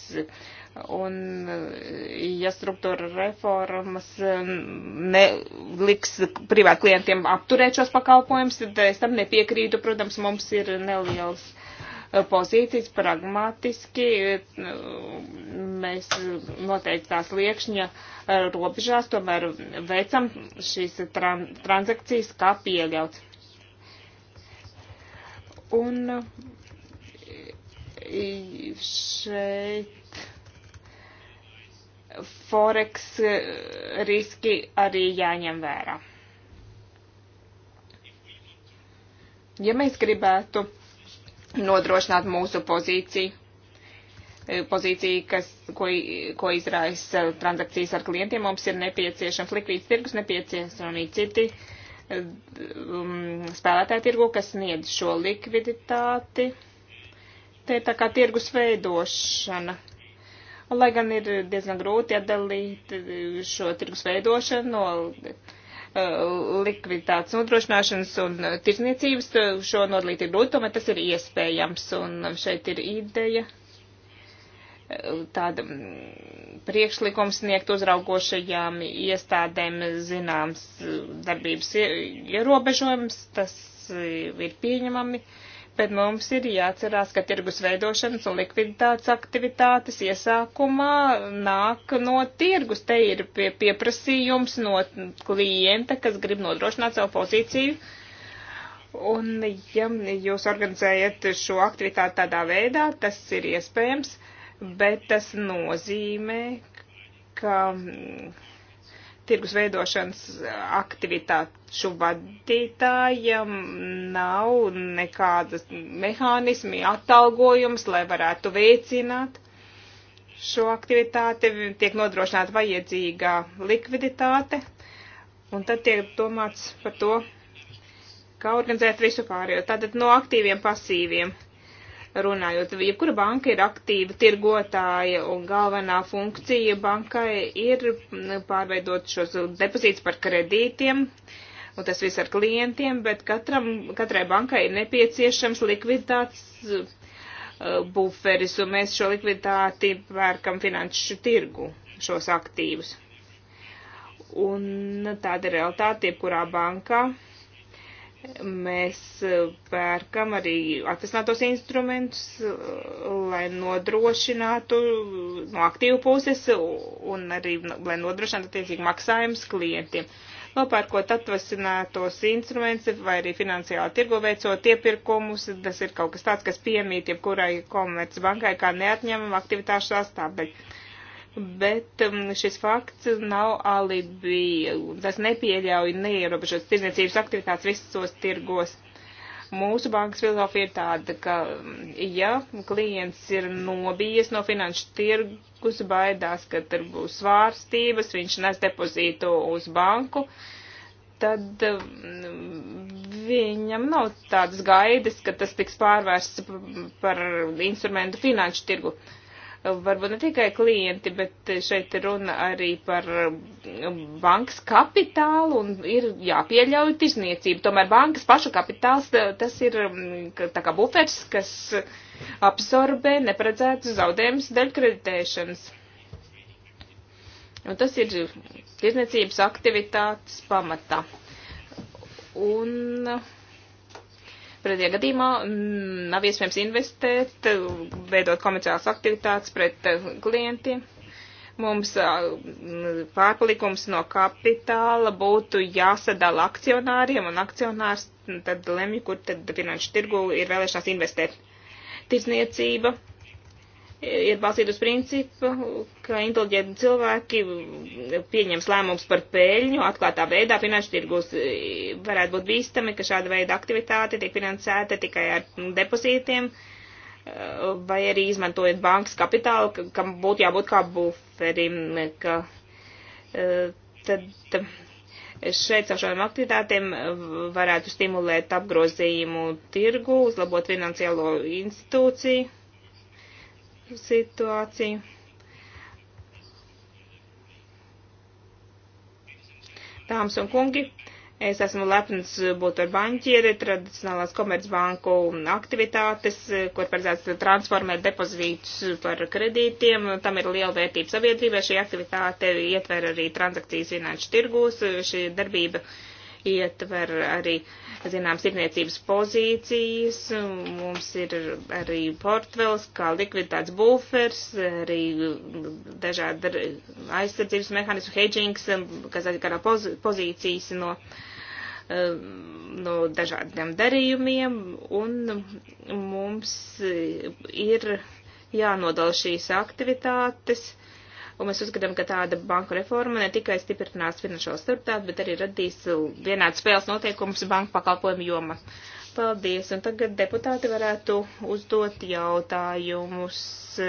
Un, ja struktūra reformas neliks privāt klientiem apturēt šos pakalpojumus, tad es tam nepiekrītu. Protams, mums ir neliels uh, pozīcijas pragmatiski. Mēs noteikti tās liekšņa robežās tomēr veicam šīs tran transakcijas kā pieļauts. Un šeit Forex riski arī jāņem vērā. Ja mēs gribētu uh, nodrošināt mūsu pozīciju, eh, pozīciju kas, ko, ko izraisa transakcijas ar klientiem. Mums ir nepieciešams likvīds tirgus, nepieciešami citi eh, um, spēlētāji tirgu, kas sniedz šo likviditāti. Te ir tā kā tirgus veidošana. Lai gan ir diezgan grūti atdalīt eh, šo tirgus veidošanu no Eh, likviditātes nodrošināšanas un eh, tirzniecības eh, šo nodalītību būtu, tomēr tas ir iespējams. Un šeit ir ideja tāda mm, priekšlikums sniegt uzraugošajām iestādēm zināms darbības ierobežojums, tas ir pieņemami. Uh, bet mums ir jāatcerās, ka tirgus veidošanas un likviditātes aktivitātes iesākumā nāk no tirgus. Te ir pie, pieprasījums no klienta, kas grib nodrošināt savu pozīciju. Un, ja jūs organizējat šo aktivitāti tādā veidā, tas ir iespējams, bet tas nozīmē, ka tirgus veidošanas aktivitāšu vadītājam nav nekādas mehānismi, atalgojums, lai varētu veicināt šo aktivitāti, tiek nodrošināta vajadzīgā likviditāte, un tad tiek domāts par to, kā organizēt visu pārējo. Tātad no aktīviem pasīviem runājot. Jebkura banka ir aktīva tirgotāja un galvenā funkcija bankai ir mm, pārveidot šos depozītus par kredītiem. Un tas viss ar klientiem, bet katram, katrai bankai ir nepieciešams likviditātes uh, buferis, un mēs šo likviditāti pērkam finanšu tirgu, šos aktīvus. Un tāda ir realitāte, jebkurā bankā. Uh, Mēs uh, pērkam arī atvesinātos instrumentus, uh, lai nodrošinātu uh, no aktīvu puses un arī, nu, lai nodrošinātu attiecīgi maksājumus klientiem nopērkot atvasinātos instrumentus vai arī finansiāli tirgo veicot iepirkumus. Tas ir kaut kas tāds, kas piemīt jebkurai komercbankai kā neatņemama aktivitāšu sastāvdaļa bet um, šis fakts nav alibi. Tas nepieļauj neierobežotas tirdzniecības aktivitātes visos tirgos. Mūsu bankas filozofija ir tāda, ka um, ja klients ir nobijies no finanšu tirgus, baidās, ka tur būs svārstības, viņš nes depozītu uz banku, tad um, viņam nav tādas gaidas, ka tas tiks pārvērsts par instrumentu finanšu tirgu. Uh, varbūt ne tikai klienti, bet šeit runa arī par bankas kapitālu un ir jāpieļauj tirzniecību. Tomēr bankas pašu kapitāls tas ir mm, tā kā bufers, kas absorbē neparedzētus zaudējumus dēļ kreditēšanas. Un tas ir tirzniecības aktivitātes pamatā. Un uh, Pretējā gadījumā mm, nav iespējams investēt, veidot komerciālas aktivitātes pret eh, klientiem. Mums eh, pārpalikums no kapitāla būtu jāsadala akcionāriem, un akcionārs tad lemj, kur tad finanšu tirgu ir vēlēšanās investēt. Tirzniecība ir balstīta uz principu, ka inteliģenti cilvēki pieņems lēmums par pēļņu atklātā veidā finanšu tirgus. E, varētu būt bīstami, ka šāda veida aktivitāte tiek finansēta tikai ar depozītiem e, vai arī izmantojot bankas kapitālu, kam būtu jābūt kā buferim, ka e, tad šeit ar šādām aktivitātēm varētu stimulēt apgrozījumu tirgu, uzlabot finansiālo institūciju situāciju. Dāmas un kungi, es esmu lepns būt par banķieri, tradicionālās komercbanku aktivitātes, ko paredzēts transformēt depozītus par kredītiem. Tam ir liela vērtība sabiedrībai. Šī aktivitāte ietver arī transakcijas finanšu tirgūs. Šī darbība uh, ietver arī, zinām, sirdniecības pozīcijas, mums ir arī portvels, kā likviditātes bufers, arī dažādi aizsardzības mehānismi, hedgings, kas atkarā pozīcijas no, no dažādiem darījumiem, un mums ir jānodala šīs aktivitātes un mēs uzskatām, ka tāda banku reforma ne tikai stiprinās finanšo stabilitāti, bet arī radīs vienādas spēles noteikumus banku pakalpojumu joma. Paldies, un tagad deputāti varētu uzdot jautājumus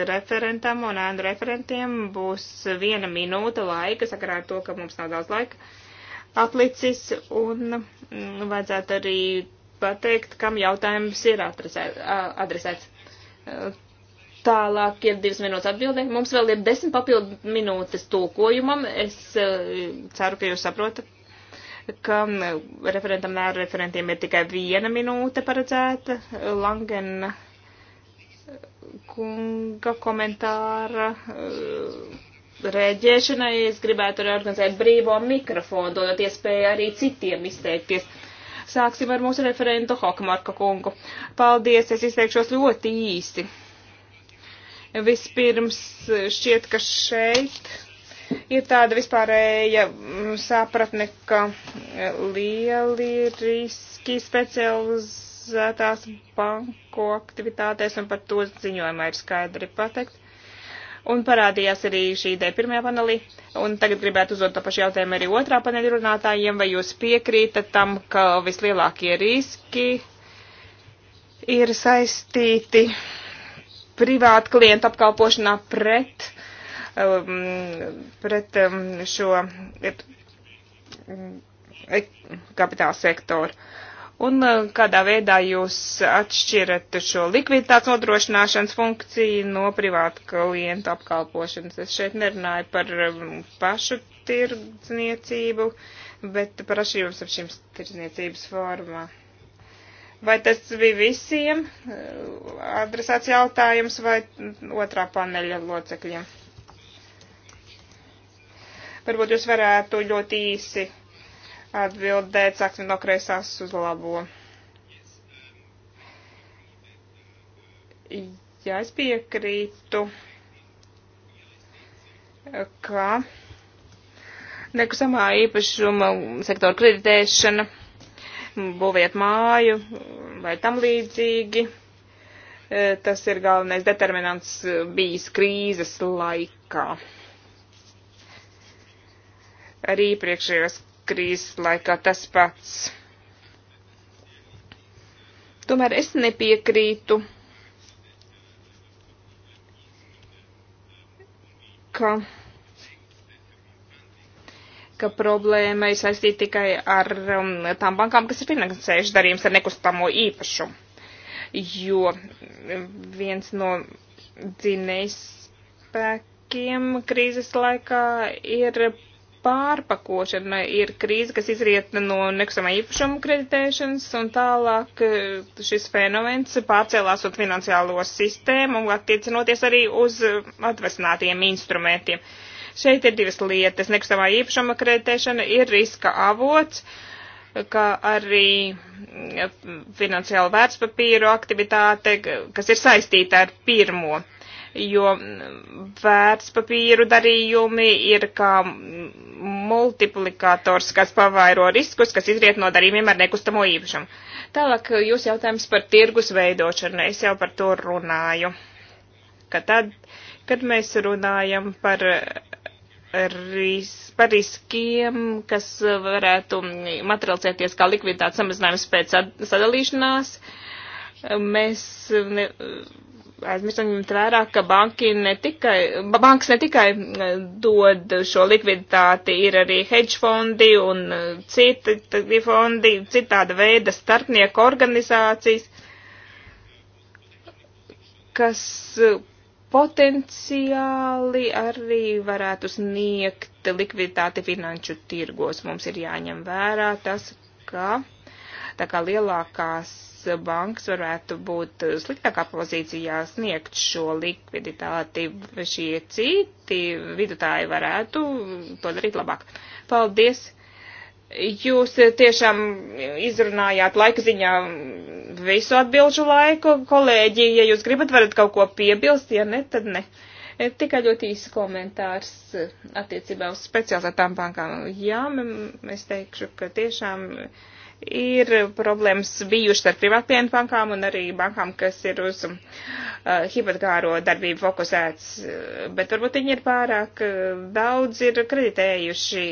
referentam un ēnu referentiem. Būs viena minūte laika, sakarā ar to, ka mums nav daudz laika aplicis, un mm, vajadzētu arī pateikt, kam jautājums ir adresēts. Tālāk ir divas minūtes atbildē. Mums vēl ir desmit papildu minūtes tulkojumam. Es eh, ceru, ka jūs saprotat, ka eh, referentam ar referentiem ir tikai viena minūte paredzēta. Langena eh, kunga komentāra rēģēšanai es gribētu arī organizēt brīvo mikrofonu, dodot iespēju arī citiem izteikties. Sāksim ar mūsu referentu Hokmarka kungu. Paldies, es izteikšos ļoti īsti. Vispirms eh, šķiet, ka šeit ir tāda vispārēja mm, sapratne, ka eh, lieli riski specializētās banku aktivitātēs un par to ziņojumā ir skaidri pateikt. Un parādījās arī šī ideja pirmajā panelī. Un tagad gribētu uzdot to pašu jautājumu arī otrā paneļa runātājiem, vai jūs piekrītat tam, ka vislielākie riski ir saistīti privātu klientu apkalpošanā pret, um, pret um, šo mm, kapitāla sektoru. Un uh, kādā veidā jūs atšķirat šo likviditātes nodrošināšanas funkciju no privāta klienta apkalpošanas? Es šeit nerunāju par um, pašu tirdzniecību, bet par atšķirības ar šīm tirdzniecības formām. Vai tas bija visiem adresāts jautājums vai otrā paneļa locekļiem? Varbūt jūs varētu ļoti īsi atbildēt, sāksim no kreisās uz labo. Jā, es piekrītu, ka nekustamā īpašuma sektora kreditēšana būviet māju vai tam līdzīgi. E, tas ir galvenais determinants bijis krīzes laikā. Arī priekšējās krīzes laikā tas pats. Tomēr es nepiekrītu, ka ka problēma ir saistīta tikai ar um, tām bankām, kas ir finansējuši darījums ar nekustamo īpašumu. Jo viens no dzinējspēkiem krīzes laikā ir pārpakošana, ir krīze, kas izriet no nekustamā īpašuma kreditēšanas, un tālāk uh, šis fenomens pārcēlās uz finansiālo sistēmu, attiecinoties arī uz atvesinātiem instrumentiem. Uh, Šeit ir divas lietas. Nekustamā īpašuma kreditēšana ir riska avots kā arī mm, finansiāla vērtspapīru aktivitāte, kas ir saistīta ar pirmo, jo mm, vērtspapīru darījumi ir kā mm, multiplikators, kas pavairo riskus, kas izriet no darījumiem ar nekustamo īpašumu. Tālāk eh, jūs jautājums par tirgus veidošanu, es jau par to runāju, ka tad Kad mēs runājam par, eh, ris, par riskiem, kas eh, varētu materializēties kā likviditātes samazinājums pēc sadalīšanās, mēs ne, aizmirstam ņemt vērā, ka banki ne tikai, bankas ne tikai eh, dod šo likviditāti, ir arī hedge fondi un citi fondi, citāda veida starpnieku organizācijas, kas potenciāli arī varētu sniegt likviditāti finanšu tirgos. Mums ir jāņem vērā tas, ka tā kā lielākās bankas varētu būt sliktākā pozīcijā sniegt šo likviditāti, šie citi vidutāji varētu to darīt labāk. Paldies! Jūs tiešām izrunājāt laika ziņā visu atbilžu laiku. Kolēģi, ja jūs gribat, varat kaut ko piebilst, ja ne, tad ne. Tikai ļoti īsi komentārs attiecībā uz specializētām bankām. Jā, es teikšu, ka tiešām ir problēmas bijušas ar privātajām bankām un arī bankām, kas ir uz uh, hipotekāro darbību fokusēts, bet varbūt viņi ir pārāk uh, daudz ir kreditējuši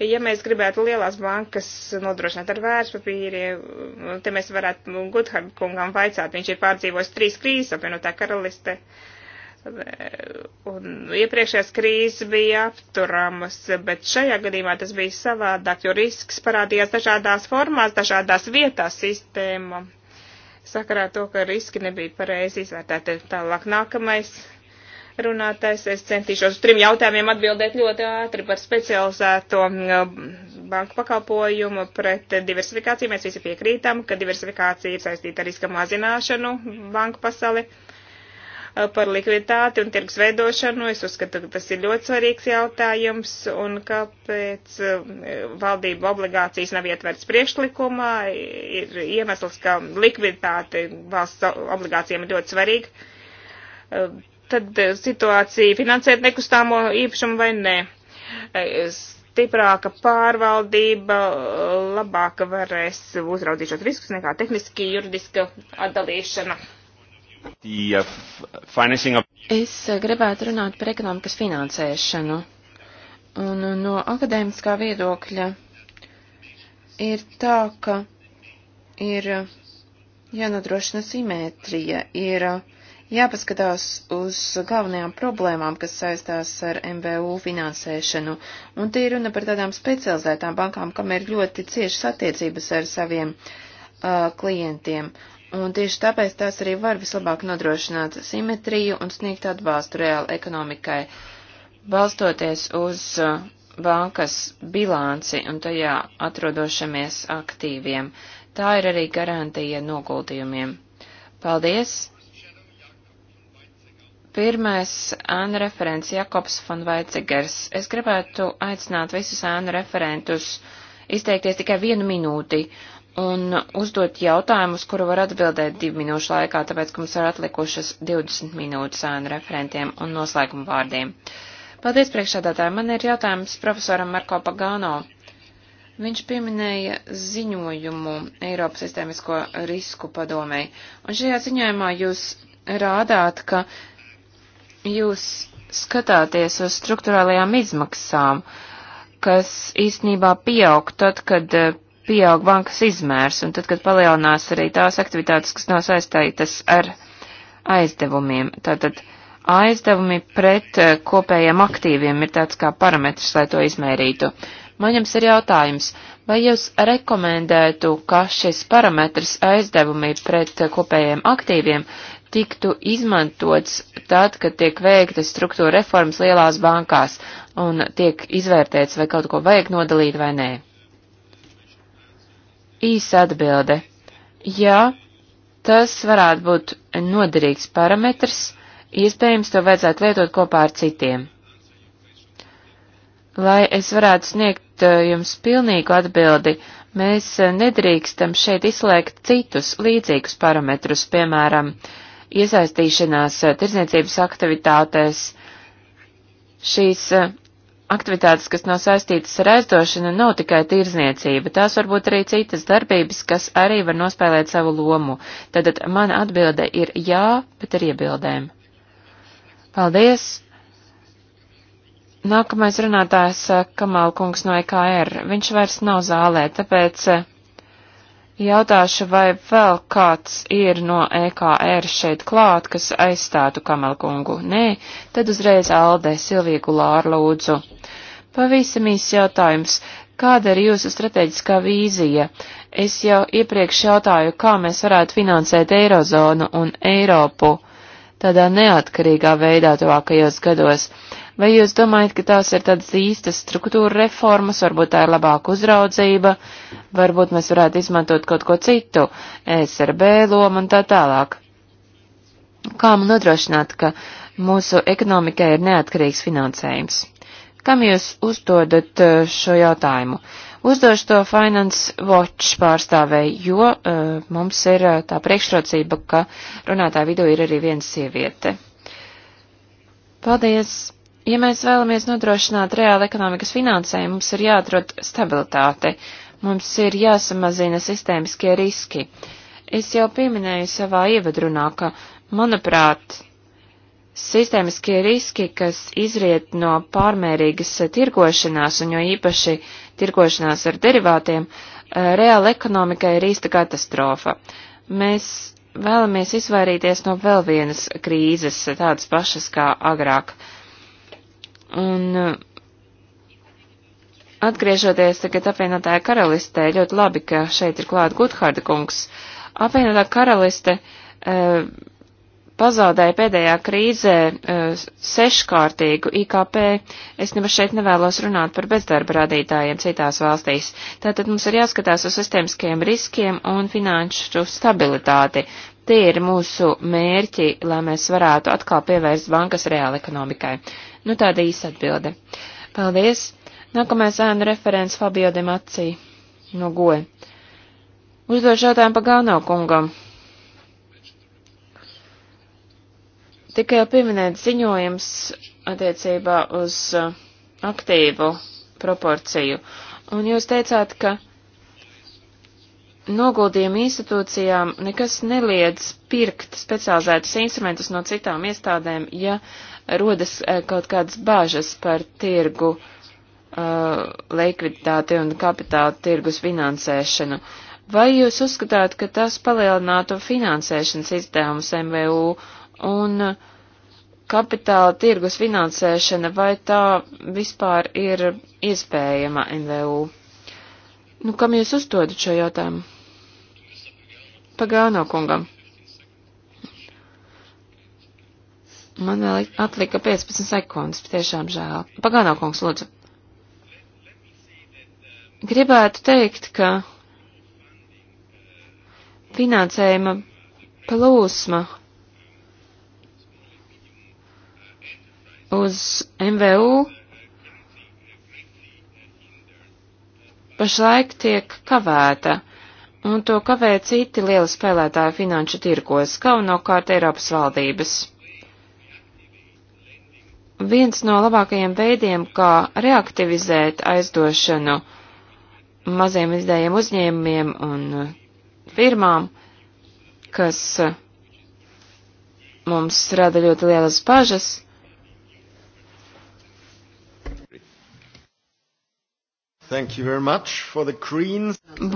Ja mēs gribētu lielās bankas nodrošināt ar vērtspapīriem, te mēs varētu Gudham kungam vaicāt, viņš ir pārdzīvojis trīs krīzes apvienotā karaliste. Un iepriekšējās krīzes bija apturamas, bet šajā gadījumā tas bija savādāk, jo risks parādījās dažādās formās, dažādās vietās sistēma. Sakarā to, ka riski nebija pareizi izvērtēti. Tālāk nākamais runātais. Es centīšos uz trim jautājumiem atbildēt ļoti ātri par specializēto mm, banku pakalpojumu pret diversifikāciju. Mēs visi piekrītam, ka diversifikācija ir saistīta ar riska mazināšanu banku pasauli par likviditāti un tirgus veidošanu. Es uzskatu, ka tas ir ļoti svarīgs jautājums, un kāpēc valdība obligācijas nav ietverts priekšlikumā, ir iemesls, ka likviditāte valsts obligācijām ir ļoti svarīga tad e, situācija finansēt nekustāmo īpašumu vai nē. E, stiprāka pārvaldība e, labāka varēs uzraudzīt šos riskus nekā tehniski juridiska atdalīšana. Uh, es gribētu runāt par ekonomikas finansēšanu. Un no akadēmiskā viedokļa ir tā, ka ir jānodrošina simetrija, ir uh, Jāpaskatās uz galvenajām problēmām, kas saistās ar MBU finansēšanu, un tie ir runa par tādām specializētām bankām, kam ir ļoti ciešas attiecības ar saviem uh, klientiem, un tieši tāpēc tās arī var vislabāk nodrošināt simetriju un sniegt atbalstu reāli ekonomikai, balstoties uz uh, bankas bilanci un tajā atrodošamies aktīviem. Tā ir arī garantija noguldījumiem. Paldies! Pirmais ēnu referents Jakobs von Weizegers. Es gribētu aicināt visus ēnu referentus izteikties tikai vienu minūti un uzdot jautājumus, kuru var atbildēt divu minūšu laikā, tāpēc, ka mums ir atlikušas 20 minūtes ēnu referentiem un noslēguma vārdiem. Paldies, priekšādātāji. Man ir jautājums profesoram Marko Pagano. Viņš pieminēja ziņojumu Eiropas sistēmisko risku padomēji, un šajā ziņojumā jūs rādāt, ka jūs skatāties uz struktūrālajām izmaksām, kas īstenībā pieaug tad, kad eh, pieaug bankas izmērs un tad, kad palielinās arī tās aktivitātes, kas nav saistītas ar aizdevumiem. Tātad aizdevumi pret eh, kopējiem aktīviem ir tāds kā parametrs, lai to izmērītu. Man jums ir jautājums, vai jūs rekomendētu, ka šis parametrs aizdevumi pret eh, kopējiem aktīviem tiktu izmantots tad, kad tiek veiktas struktūra reformas lielās bankās un tiek izvērtēts, vai kaut ko vajag nodalīt vai nē. Īsa atbilde. Jā, tas varētu būt noderīgs parametrs, iespējams to vajadzētu lietot kopā ar citiem. Lai es varētu sniegt eh, jums pilnīgu atbildi, mēs eh, nedrīkstam šeit izslēgt citus līdzīgus parametrus, piemēram, uh, iesaistīšanās eh, tirdzniecības aktivitātēs. Šīs eh, aktivitātes, kas nav saistītas ar aizdošanu, nav tikai tirzniecība, tās varbūt arī citas darbības, kas arī var nospēlēt savu lomu. Tātad mana atbilde ir jā, bet ar iebildēm. Paldies! Nākamais runātājs eh, Kamāla kungs no EKR. Viņš vairs nav zālē, tāpēc Jautāšu, vai vēl kāds ir no EKR šeit klāt, kas aizstātu Kamelkungu? Nē, tad uzreiz Aldē Silvīgu Lāru lūdzu. Pavisam īsts jautājums. Kāda ir jūsu strateģiskā vīzija? Es jau iepriekš jautāju, kā mēs varētu finansēt Eirozonu un Eiropu tādā neatkarīgā veidā tuvākajos gados. Vai jūs domājat, ka tās ir tādas īstas struktūra reformas, varbūt tā ir labāka uzraudzība, varbūt mēs varētu izmantot kaut ko citu, SRB lomu un tā tālāk? Kā man nodrošināt, ka mūsu ekonomikai ir neatkarīgs finansējums? Kam jūs uzdodat eh, šo jautājumu? Uzdošu to Finance Watch pārstāvēji, jo uh, mums ir uh, tā priekšrocība, ka runātāju vidū ir arī viena sieviete. Paldies! Ja mēs vēlamies nodrošināt reāli ekonomikas finansējumu, mums ir jāatrod stabilitāte, mums ir jāsamazina sistēmiskie riski. Es jau pieminēju savā ievadrunā, ka, manuprāt, sistēmiskie riski, kas izriet no pārmērīgas tirgošanās un jo īpaši tirgošanās ar derivātiem, eh, reāla ekonomikai ir īsta katastrofa. Mēs vēlamies izvairīties no vēl vienas krīzes, tādas pašas kā agrāk. Un uh, atgriežoties tagad apvienotāja karalistē, ļoti labi, ka šeit ir klāt Gutharda kungs. Apvienotā karaliste uh, pazaudēja pēdējā krīzē uh, seškārtīgu IKP. Es nemaz šeit nevēlos runāt par bezdarba rādītājiem citās valstīs. Tātad mums ir jāskatās uz sistēmiskajiem riskiem un finanšu stabilitāti. Tie ir mūsu mērķi, lai mēs varētu atkal pievērst bankas reāli ekonomikai. Nu, tāda īsa atbilde. Paldies! Nākamais ēnu referents Fabio de Macī no Goja. Uzdošu jautājumu pa Gāno kungam. Tikai jau pieminēt ziņojums attiecībā uz uh, aktīvu proporciju. Un jūs teicāt, ka noguldījumu institūcijām nekas neliedz pirkt specializētus instrumentus no citām iestādēm, ja uh, rodas eh, kaut kādas bāžas par tirgu uh, likviditāti un kapitāla tirgus finansēšanu. Vai jūs uzskatāt, ka tas palielinātu finansēšanas izdevumus MVU un kapitāla tirgus finansēšana, vai tā vispār ir iespējama MVU? Nu, kam jūs uzdodat šo jautājumu? Pagāno kungam. Man vēl atlika 15 sekundes, tiešām žēl. Pagānā kungs, lūdzu. Gribētu teikt, ka finansējuma plūsma uz MVU pašlaik tiek kavēta, un to kavē citi lieli spēlētāji finanšu tirkos, galvenokārt Eiropas valdības viens no labākajiem veidiem, kā reaktivizēt aizdošanu maziem izdējiem uzņēmumiem un uh, firmām, kas uh, mums rada ļoti lielas bažas.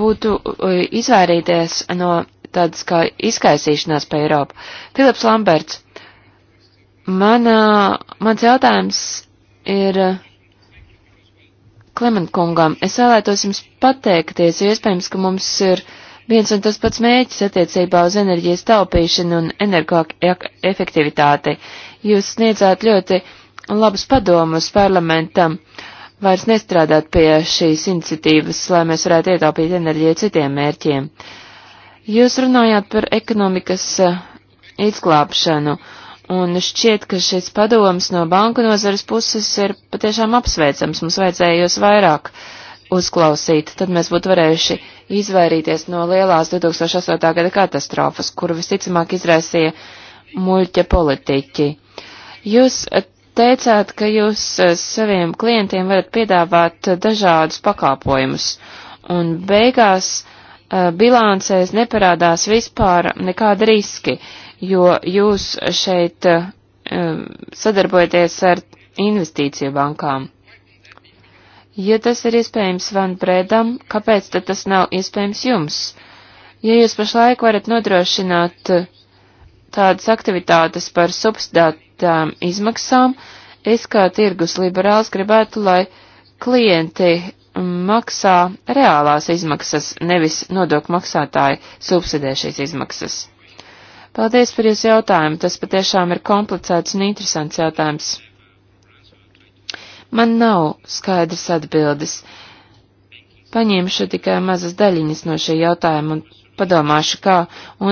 Būtu uh, izvairīties no tādas kā izkaisīšanās pa Eiropu. Filips Lamberts Manā, mans jautājums ir uh, Klementkungam. Es vēlētos jums pateikties, jo iespējams, ka mums ir viens un tas pats mēķis attiecībā uz enerģijas taupīšanu un energoefektivitāti. Jūs sniedzāt ļoti labus padomus parlamentam vairs nestrādāt pie šīs iniciatīvas, lai mēs varētu ietaupīt enerģiju citiem mērķiem. Jūs runājāt par ekonomikas uh, izglābšanu Un šķiet, ka šis padoms no banku nozares puses ir patiešām apsveicams. Mums vajadzēja jūs vairāk uzklausīt, tad mēs būtu varējuši izvairīties no lielās 2008. gada katastrofas, kuru visticamāk izraisīja muļķa politiķi. Jūs teicāt, ka jūs eh, saviem klientiem varat piedāvāt dažādus pakāpojumus, un beigās eh, bilancēs neparādās vispār nekāda riski. Uh, jo jūs šeit eh, sadarbojaties ar investīciju bankām. Ja tas ir iespējams Van Brēdam, kāpēc tad tas nav iespējams jums? Ja jūs pašlaik varat nodrošināt eh, tādas aktivitātes par subsidētām izmaksām, es kā tirgus liberāls gribētu, lai klienti maksā reālās izmaksas, nevis nodokmaksātāji subsidē šīs izmaksas. Paldies par jūsu jautājumu. Tas patiešām ir komplicēts un interesants jautājums. Man nav skaidrs atbildes. Paņemšu tikai mazas daļiņas no šī jautājuma un padomāšu, kā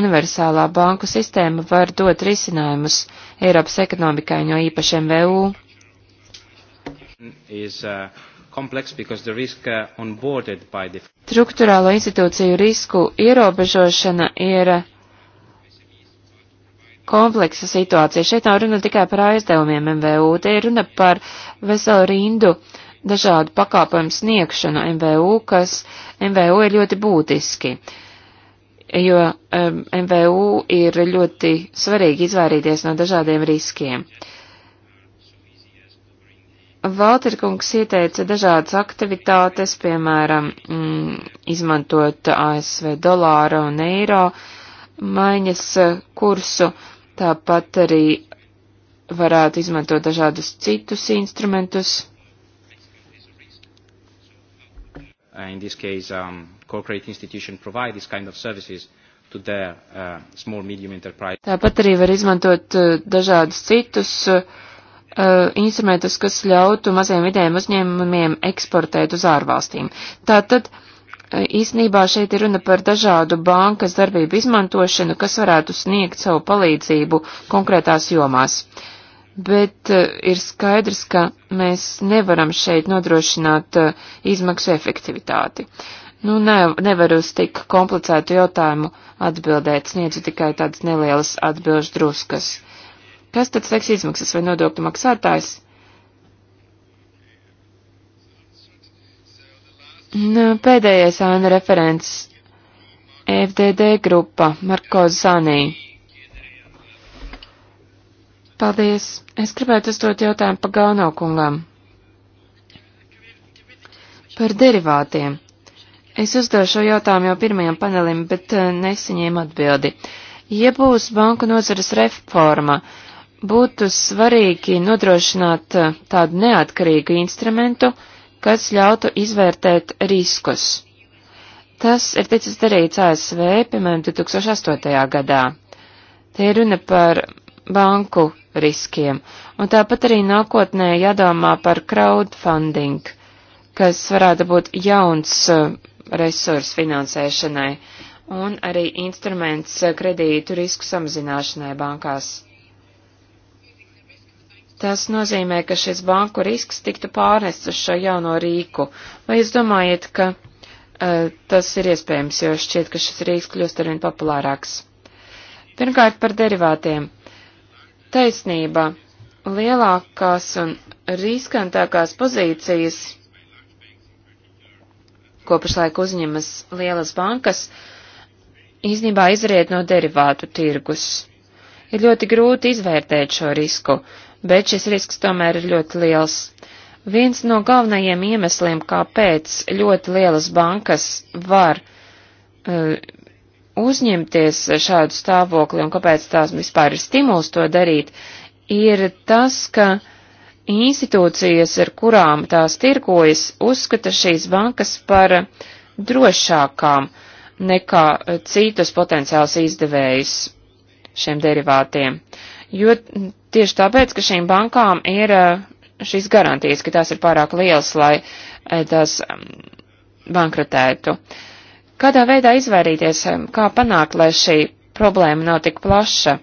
universālā banku sistēma var dot risinājumus Eiropas ekonomikai, jo īpaši MVU. Is, uh, uh the... Struktūrālo institūciju risku ierobežošana ir kompleksa situācija. Šeit nav runa tikai par aizdevumiem MVU, te ir runa par veselu rindu dažādu pakāpojumu sniegšanu MVU, kas MVU ir ļoti būtiski, jo um, MVU ir ļoti svarīgi izvairīties no dažādiem riskiem. Valterkungs ieteica dažādas aktivitātes, piemēram, mm, izmantot ASV dolāru un eiro maiņas kursu, uh, Tāpat arī varētu izmantot dažādus citus instrumentus. Uh, in this case, um, corporate institutions provide this kind of services to their uh, small medium enterprise. Tāpat arī var izmantot uh, dažādus citus uh, instrumentus, kas ļautu maziem vidējiem uzņēmumiem eksportēt uz ārvalstīm. Tātad īsnībā šeit ir runa par dažādu bankas darbību izmantošanu, kas varētu sniegt savu palīdzību konkrētās jomās. Bet eh, ir skaidrs, ka mēs nevaram šeit nodrošināt eh, izmaksu efektivitāti. Nu, ne, nevaru uz tik komplicētu jautājumu atbildēt, sniedzu tikai tādas nelielas atbilžu druskas. Kas tad seks izmaksas vai nodokļu maksātājs? Pēdējais āna referents - FDD grupa Marko Zanī. Paldies. Es gribētu uzdot jautājumu pa Gauno kungam. Par derivātiem. Es uzdošu jautājumu jau pirmajam panelim, bet eh, nesaņēmu atbildi. Ja būs banku nozares reforma, būtu svarīgi nodrošināt eh, tādu neatkarīgu instrumentu, uh, kas ļautu izvērtēt riskus. Tas ir ticis darīts ASV, piemēram, 2008. gadā. Te ir runa par banku riskiem, un tāpat arī nākotnē jādomā par crowdfunding, kas varētu būt jauns uh, resurs finansēšanai, un arī instruments uh, kredītu risku samazināšanai bankās. Tas nozīmē, ka šis banku risks tiktu pārnests uz šo jauno rīku. Vai jūs domājat, ka uh, tas ir iespējams, jo šķiet, ka šis rīks kļūst arvien populārāks? Pirmkārt par derivātiem. Taisnība. Lielākās un riskantākās pozīcijas, ko pašlaik uzņemas lielas bankas, īsnībā izriet no derivātu tirgus. Ir ļoti grūti izvērtēt šo risku bet šis risks tomēr ir ļoti liels. Viens no galvenajiem iemesliem, kāpēc ļoti lielas bankas var uh, uzņemties šādu stāvokli un kāpēc tās vispār ir stimuls to darīt, ir tas, ka institūcijas, ar kurām tās tirkojas, uzskata šīs bankas par drošākām nekā eh, citus potenciāls izdevējus šiem derivātiem, jo Tieši tāpēc, ka šīm bankām ir eh, šīs garantijas, ka tās ir pārāk lielas, lai eh, tās mm, bankrotētu. Kādā veidā izvairīties, mm, kā panākt, lai šī problēma nav tik plaša?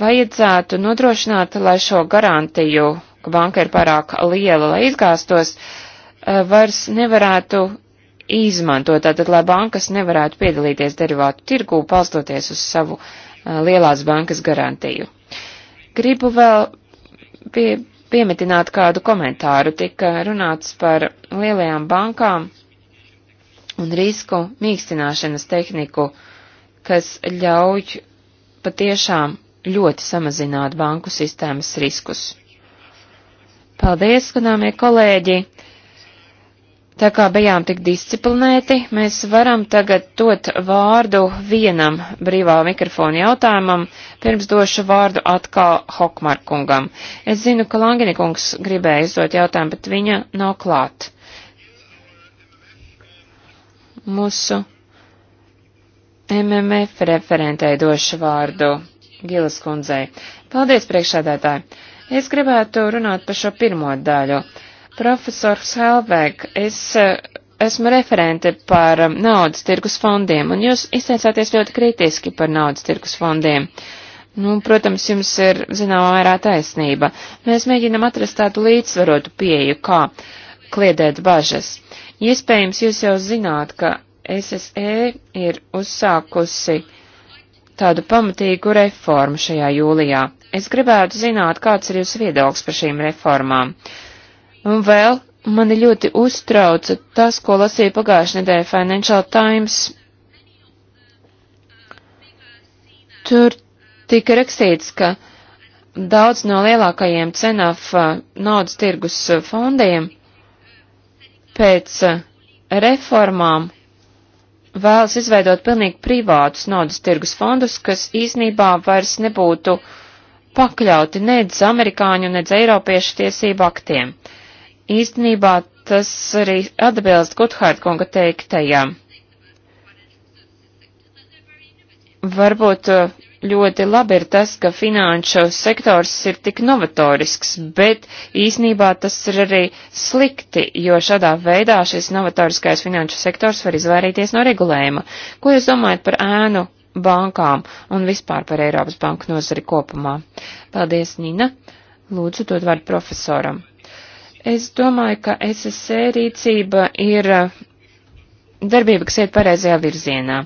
Vajadzētu nodrošināt, lai šo garantiju, ka banka ir pārāk liela, lai izgāstos, eh, vairs nevarētu izmantot, tātad, lai bankas nevarētu piedalīties derivātu tirgū, palstoties uz savu lielās bankas garantiju. Gribu vēl pie, piemetināt kādu komentāru. Tika runāts par lielajām bankām un risku mīkstināšanas tehniku, kas ļauj patiešām ļoti samazināt banku sistēmas riskus. Paldies, skatāmie kolēģi! Tā kā bijām tik disciplinēti, mēs varam tagad dot vārdu vienam brīvā mikrofona jautājumam, pirms došu vārdu atkal Hokmarkungam. Es zinu, ka Langinikungs gribēja izdot jautājumu, bet viņa nav klāt. Mūsu MMF referentei došu vārdu Gilas kundzei. Paldies, priekšādātāji! Es gribētu runāt par šo pirmo daļu. Profesors Helveg, es eh, esmu referente par eh, naudas tirgus fondiem, un jūs izteicāties ļoti kritiski par naudas tirgus fondiem. Nu, protams, jums ir, zināmā mērā, taisnība. Mēs mēģinam atrast tādu līdzsvarotu pieju, kā kliedēt bažas. Iespējams, jūs jau zināt, ka SSE ir uzsākusi tādu pamatīgu reformu šajā jūlijā. Es gribētu zināt, kāds ir jūsu viedoklis par šīm reformām. Uh, Un vēl mani ļoti uztrauca tas, ko lasīju pagājušajā nedēļā Financial Times. Tur tika rakstīts, ka daudz no lielākajiem cenāf naudas tirgus fondiem pēc reformām vēlas izveidot pilnīgi privātus naudas tirgus fondus, kas īsnībā vairs nebūtu pakļauti nedz amerikāņu, nedz eiropiešu tiesību aktiem. Uh, īstenībā tas arī atbilst Guthārda kunga teiktajam. Varbūt uh, ļoti labi ir tas, ka finanšu sektors ir tik novatorisks, bet īsnībā tas ir arī slikti, jo šādā veidā šis novatoriskais finanšu sektors var izvairīties no regulējuma. Ko jūs domājat par ēnu bankām un vispār par Eiropas banku nozari kopumā? Paldies, Nina. Lūdzu, dod vārdu profesoram. Es domāju, ka SSC e rīcība ir uh, darbība, kas iet pareizajā virzienā,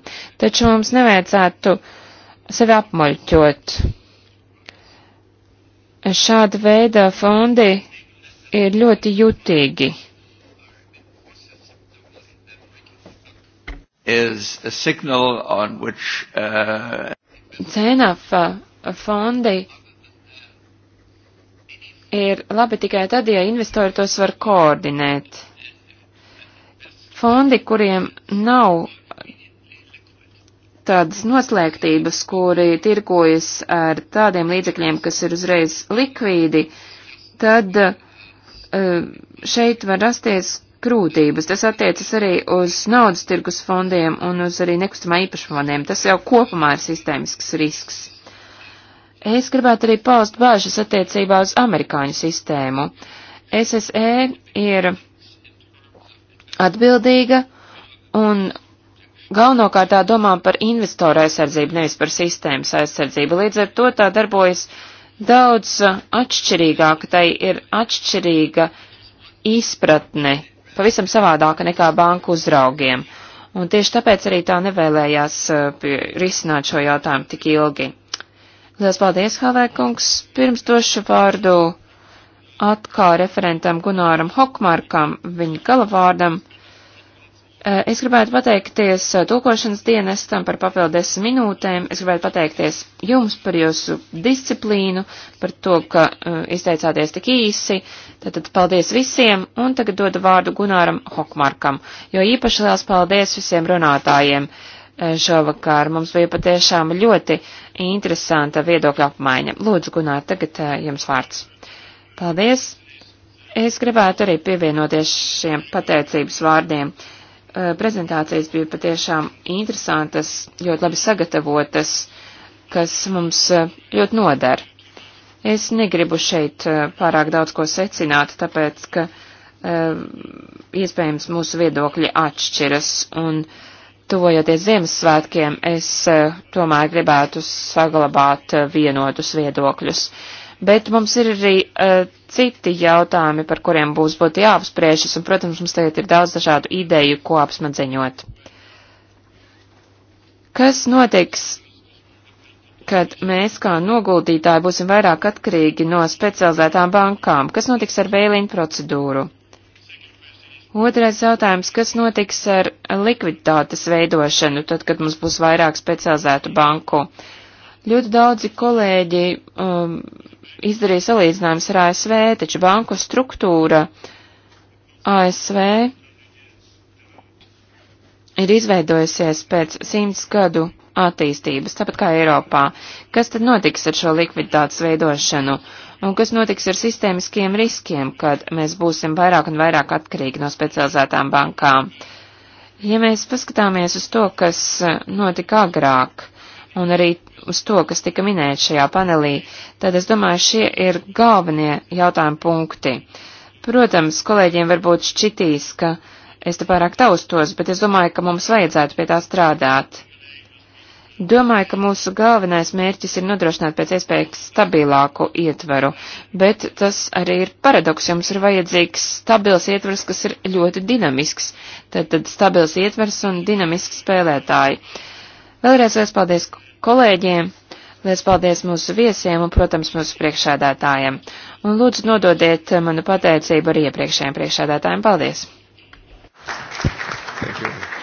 taču mums nevajadzētu sevi apmuļķot. Šāda veida fondi ir ļoti jutīgi. Uh, Cēnafa uh... fondi ir labi tikai tad, ja investori tos var koordinēt. Fondi, kuriem nav tādas noslēgtības, kuri tirkojas ar tādiem līdzekļiem, kas ir uzreiz likvīdi, tad eh, šeit var rasties krūtības. Tas attiecas arī uz naudas tirgus fondiem un uz arī nekustamā īpašumiem. Tas jau kopumā ir sistēmisks risks. Es gribētu arī paust bāžas attiecībā uz amerikāņu sistēmu. SSE ir atbildīga un galvenokārt tā domā par investoru aizsardzību, nevis par sistēmas aizsardzību. Līdz ar to tā darbojas daudz atšķirīgāk, tai ir atšķirīga izpratne, pavisam savādāka nekā banku uzraugiem. Un tieši tāpēc arī tā nevēlējās eh, risināt šo jautājumu tik ilgi. Lielas paldies, Havēkungs. Pirms došu vārdu atkal referentam Gunāram Hokmarkam, viņa galavārdam. Eh, es gribētu pateikties eh, tulkošanas dienestam par papildu desmit minūtēm. Es gribētu pateikties jums par jūsu disciplīnu, par to, ka uh, izteicāties tik īsi. Tātad paldies visiem, un tagad dodu vārdu Gunāram Hokmarkam, jo īpaši liels paldies visiem runātājiem. Uh, Eh, šovakar. Mums bija patiešām ļoti interesanta viedokļa apmaiņa. Lūdzu, Gunār, tagad eh, jums vārds. Paldies! Es gribētu arī pievienoties šiem pateicības vārdiem. Eh, prezentācijas bija patiešām interesantas, ļoti labi sagatavotas, kas mums ļoti nodara. Es negribu šeit pārāk daudz ko secināt, tāpēc, ka iespējams mūsu viedokļi atšķiras un uh, Tuvojoties Ziemassvētkiem, es eh, tomēr gribētu saglabāt eh, vienotus viedokļus. Bet mums ir arī uh, citi jautājumi, par kuriem būs būtu jāapspriežas, un, protams, mums tagad ir daudz dažādu ideju, ko apsmadzeņot. Kas notiks, kad mēs kā noguldītāji būsim vairāk atkarīgi no specializētām bankām? Kas notiks ar vēlīnu procedūru? Otrais jautājums, kas notiks ar likviditātes veidošanu, tad, kad mums būs vairāk specializētu banku? Ļoti daudzi kolēģi um, izdarīja salīdzinājumus ar ASV, taču banku struktūra ASV ir izveidojusies pēc simts gadu attīstības, tāpat kā Eiropā. Kas tad notiks ar šo likviditātes veidošanu? Un kas notiks ar sistēmiskiem riskiem, kad mēs būsim vairāk un vairāk atkarīgi no specializētām bankām? Ja mēs paskatāmies uz to, kas notika agrāk, un arī uz to, kas tika minēts šajā panelī, tad es domāju, šie ir galvenie jautājuma punkti. Protams, kolēģiem varbūt šķitīs, ka es te pārāk taustos, bet es domāju, ka mums vajadzētu pie tā strādāt. Domāju, ka mūsu galvenais mērķis ir nodrošināt pēc iespējas stabilāku ietvaru, bet tas arī ir paradoks. Jums ir vajadzīgs stabils ietvars, kas ir ļoti dinamisks. Tad, tad stabils ietvars un dinamisks spēlētāji. Vēlreiz liels paldies kolēģiem, liels paldies mūsu viesiem un, protams, mūsu priekšādātājiem. Un lūdzu nododiet manu pateicību arī iepriekšējiem priekšādātājiem. Paldies! Thank you.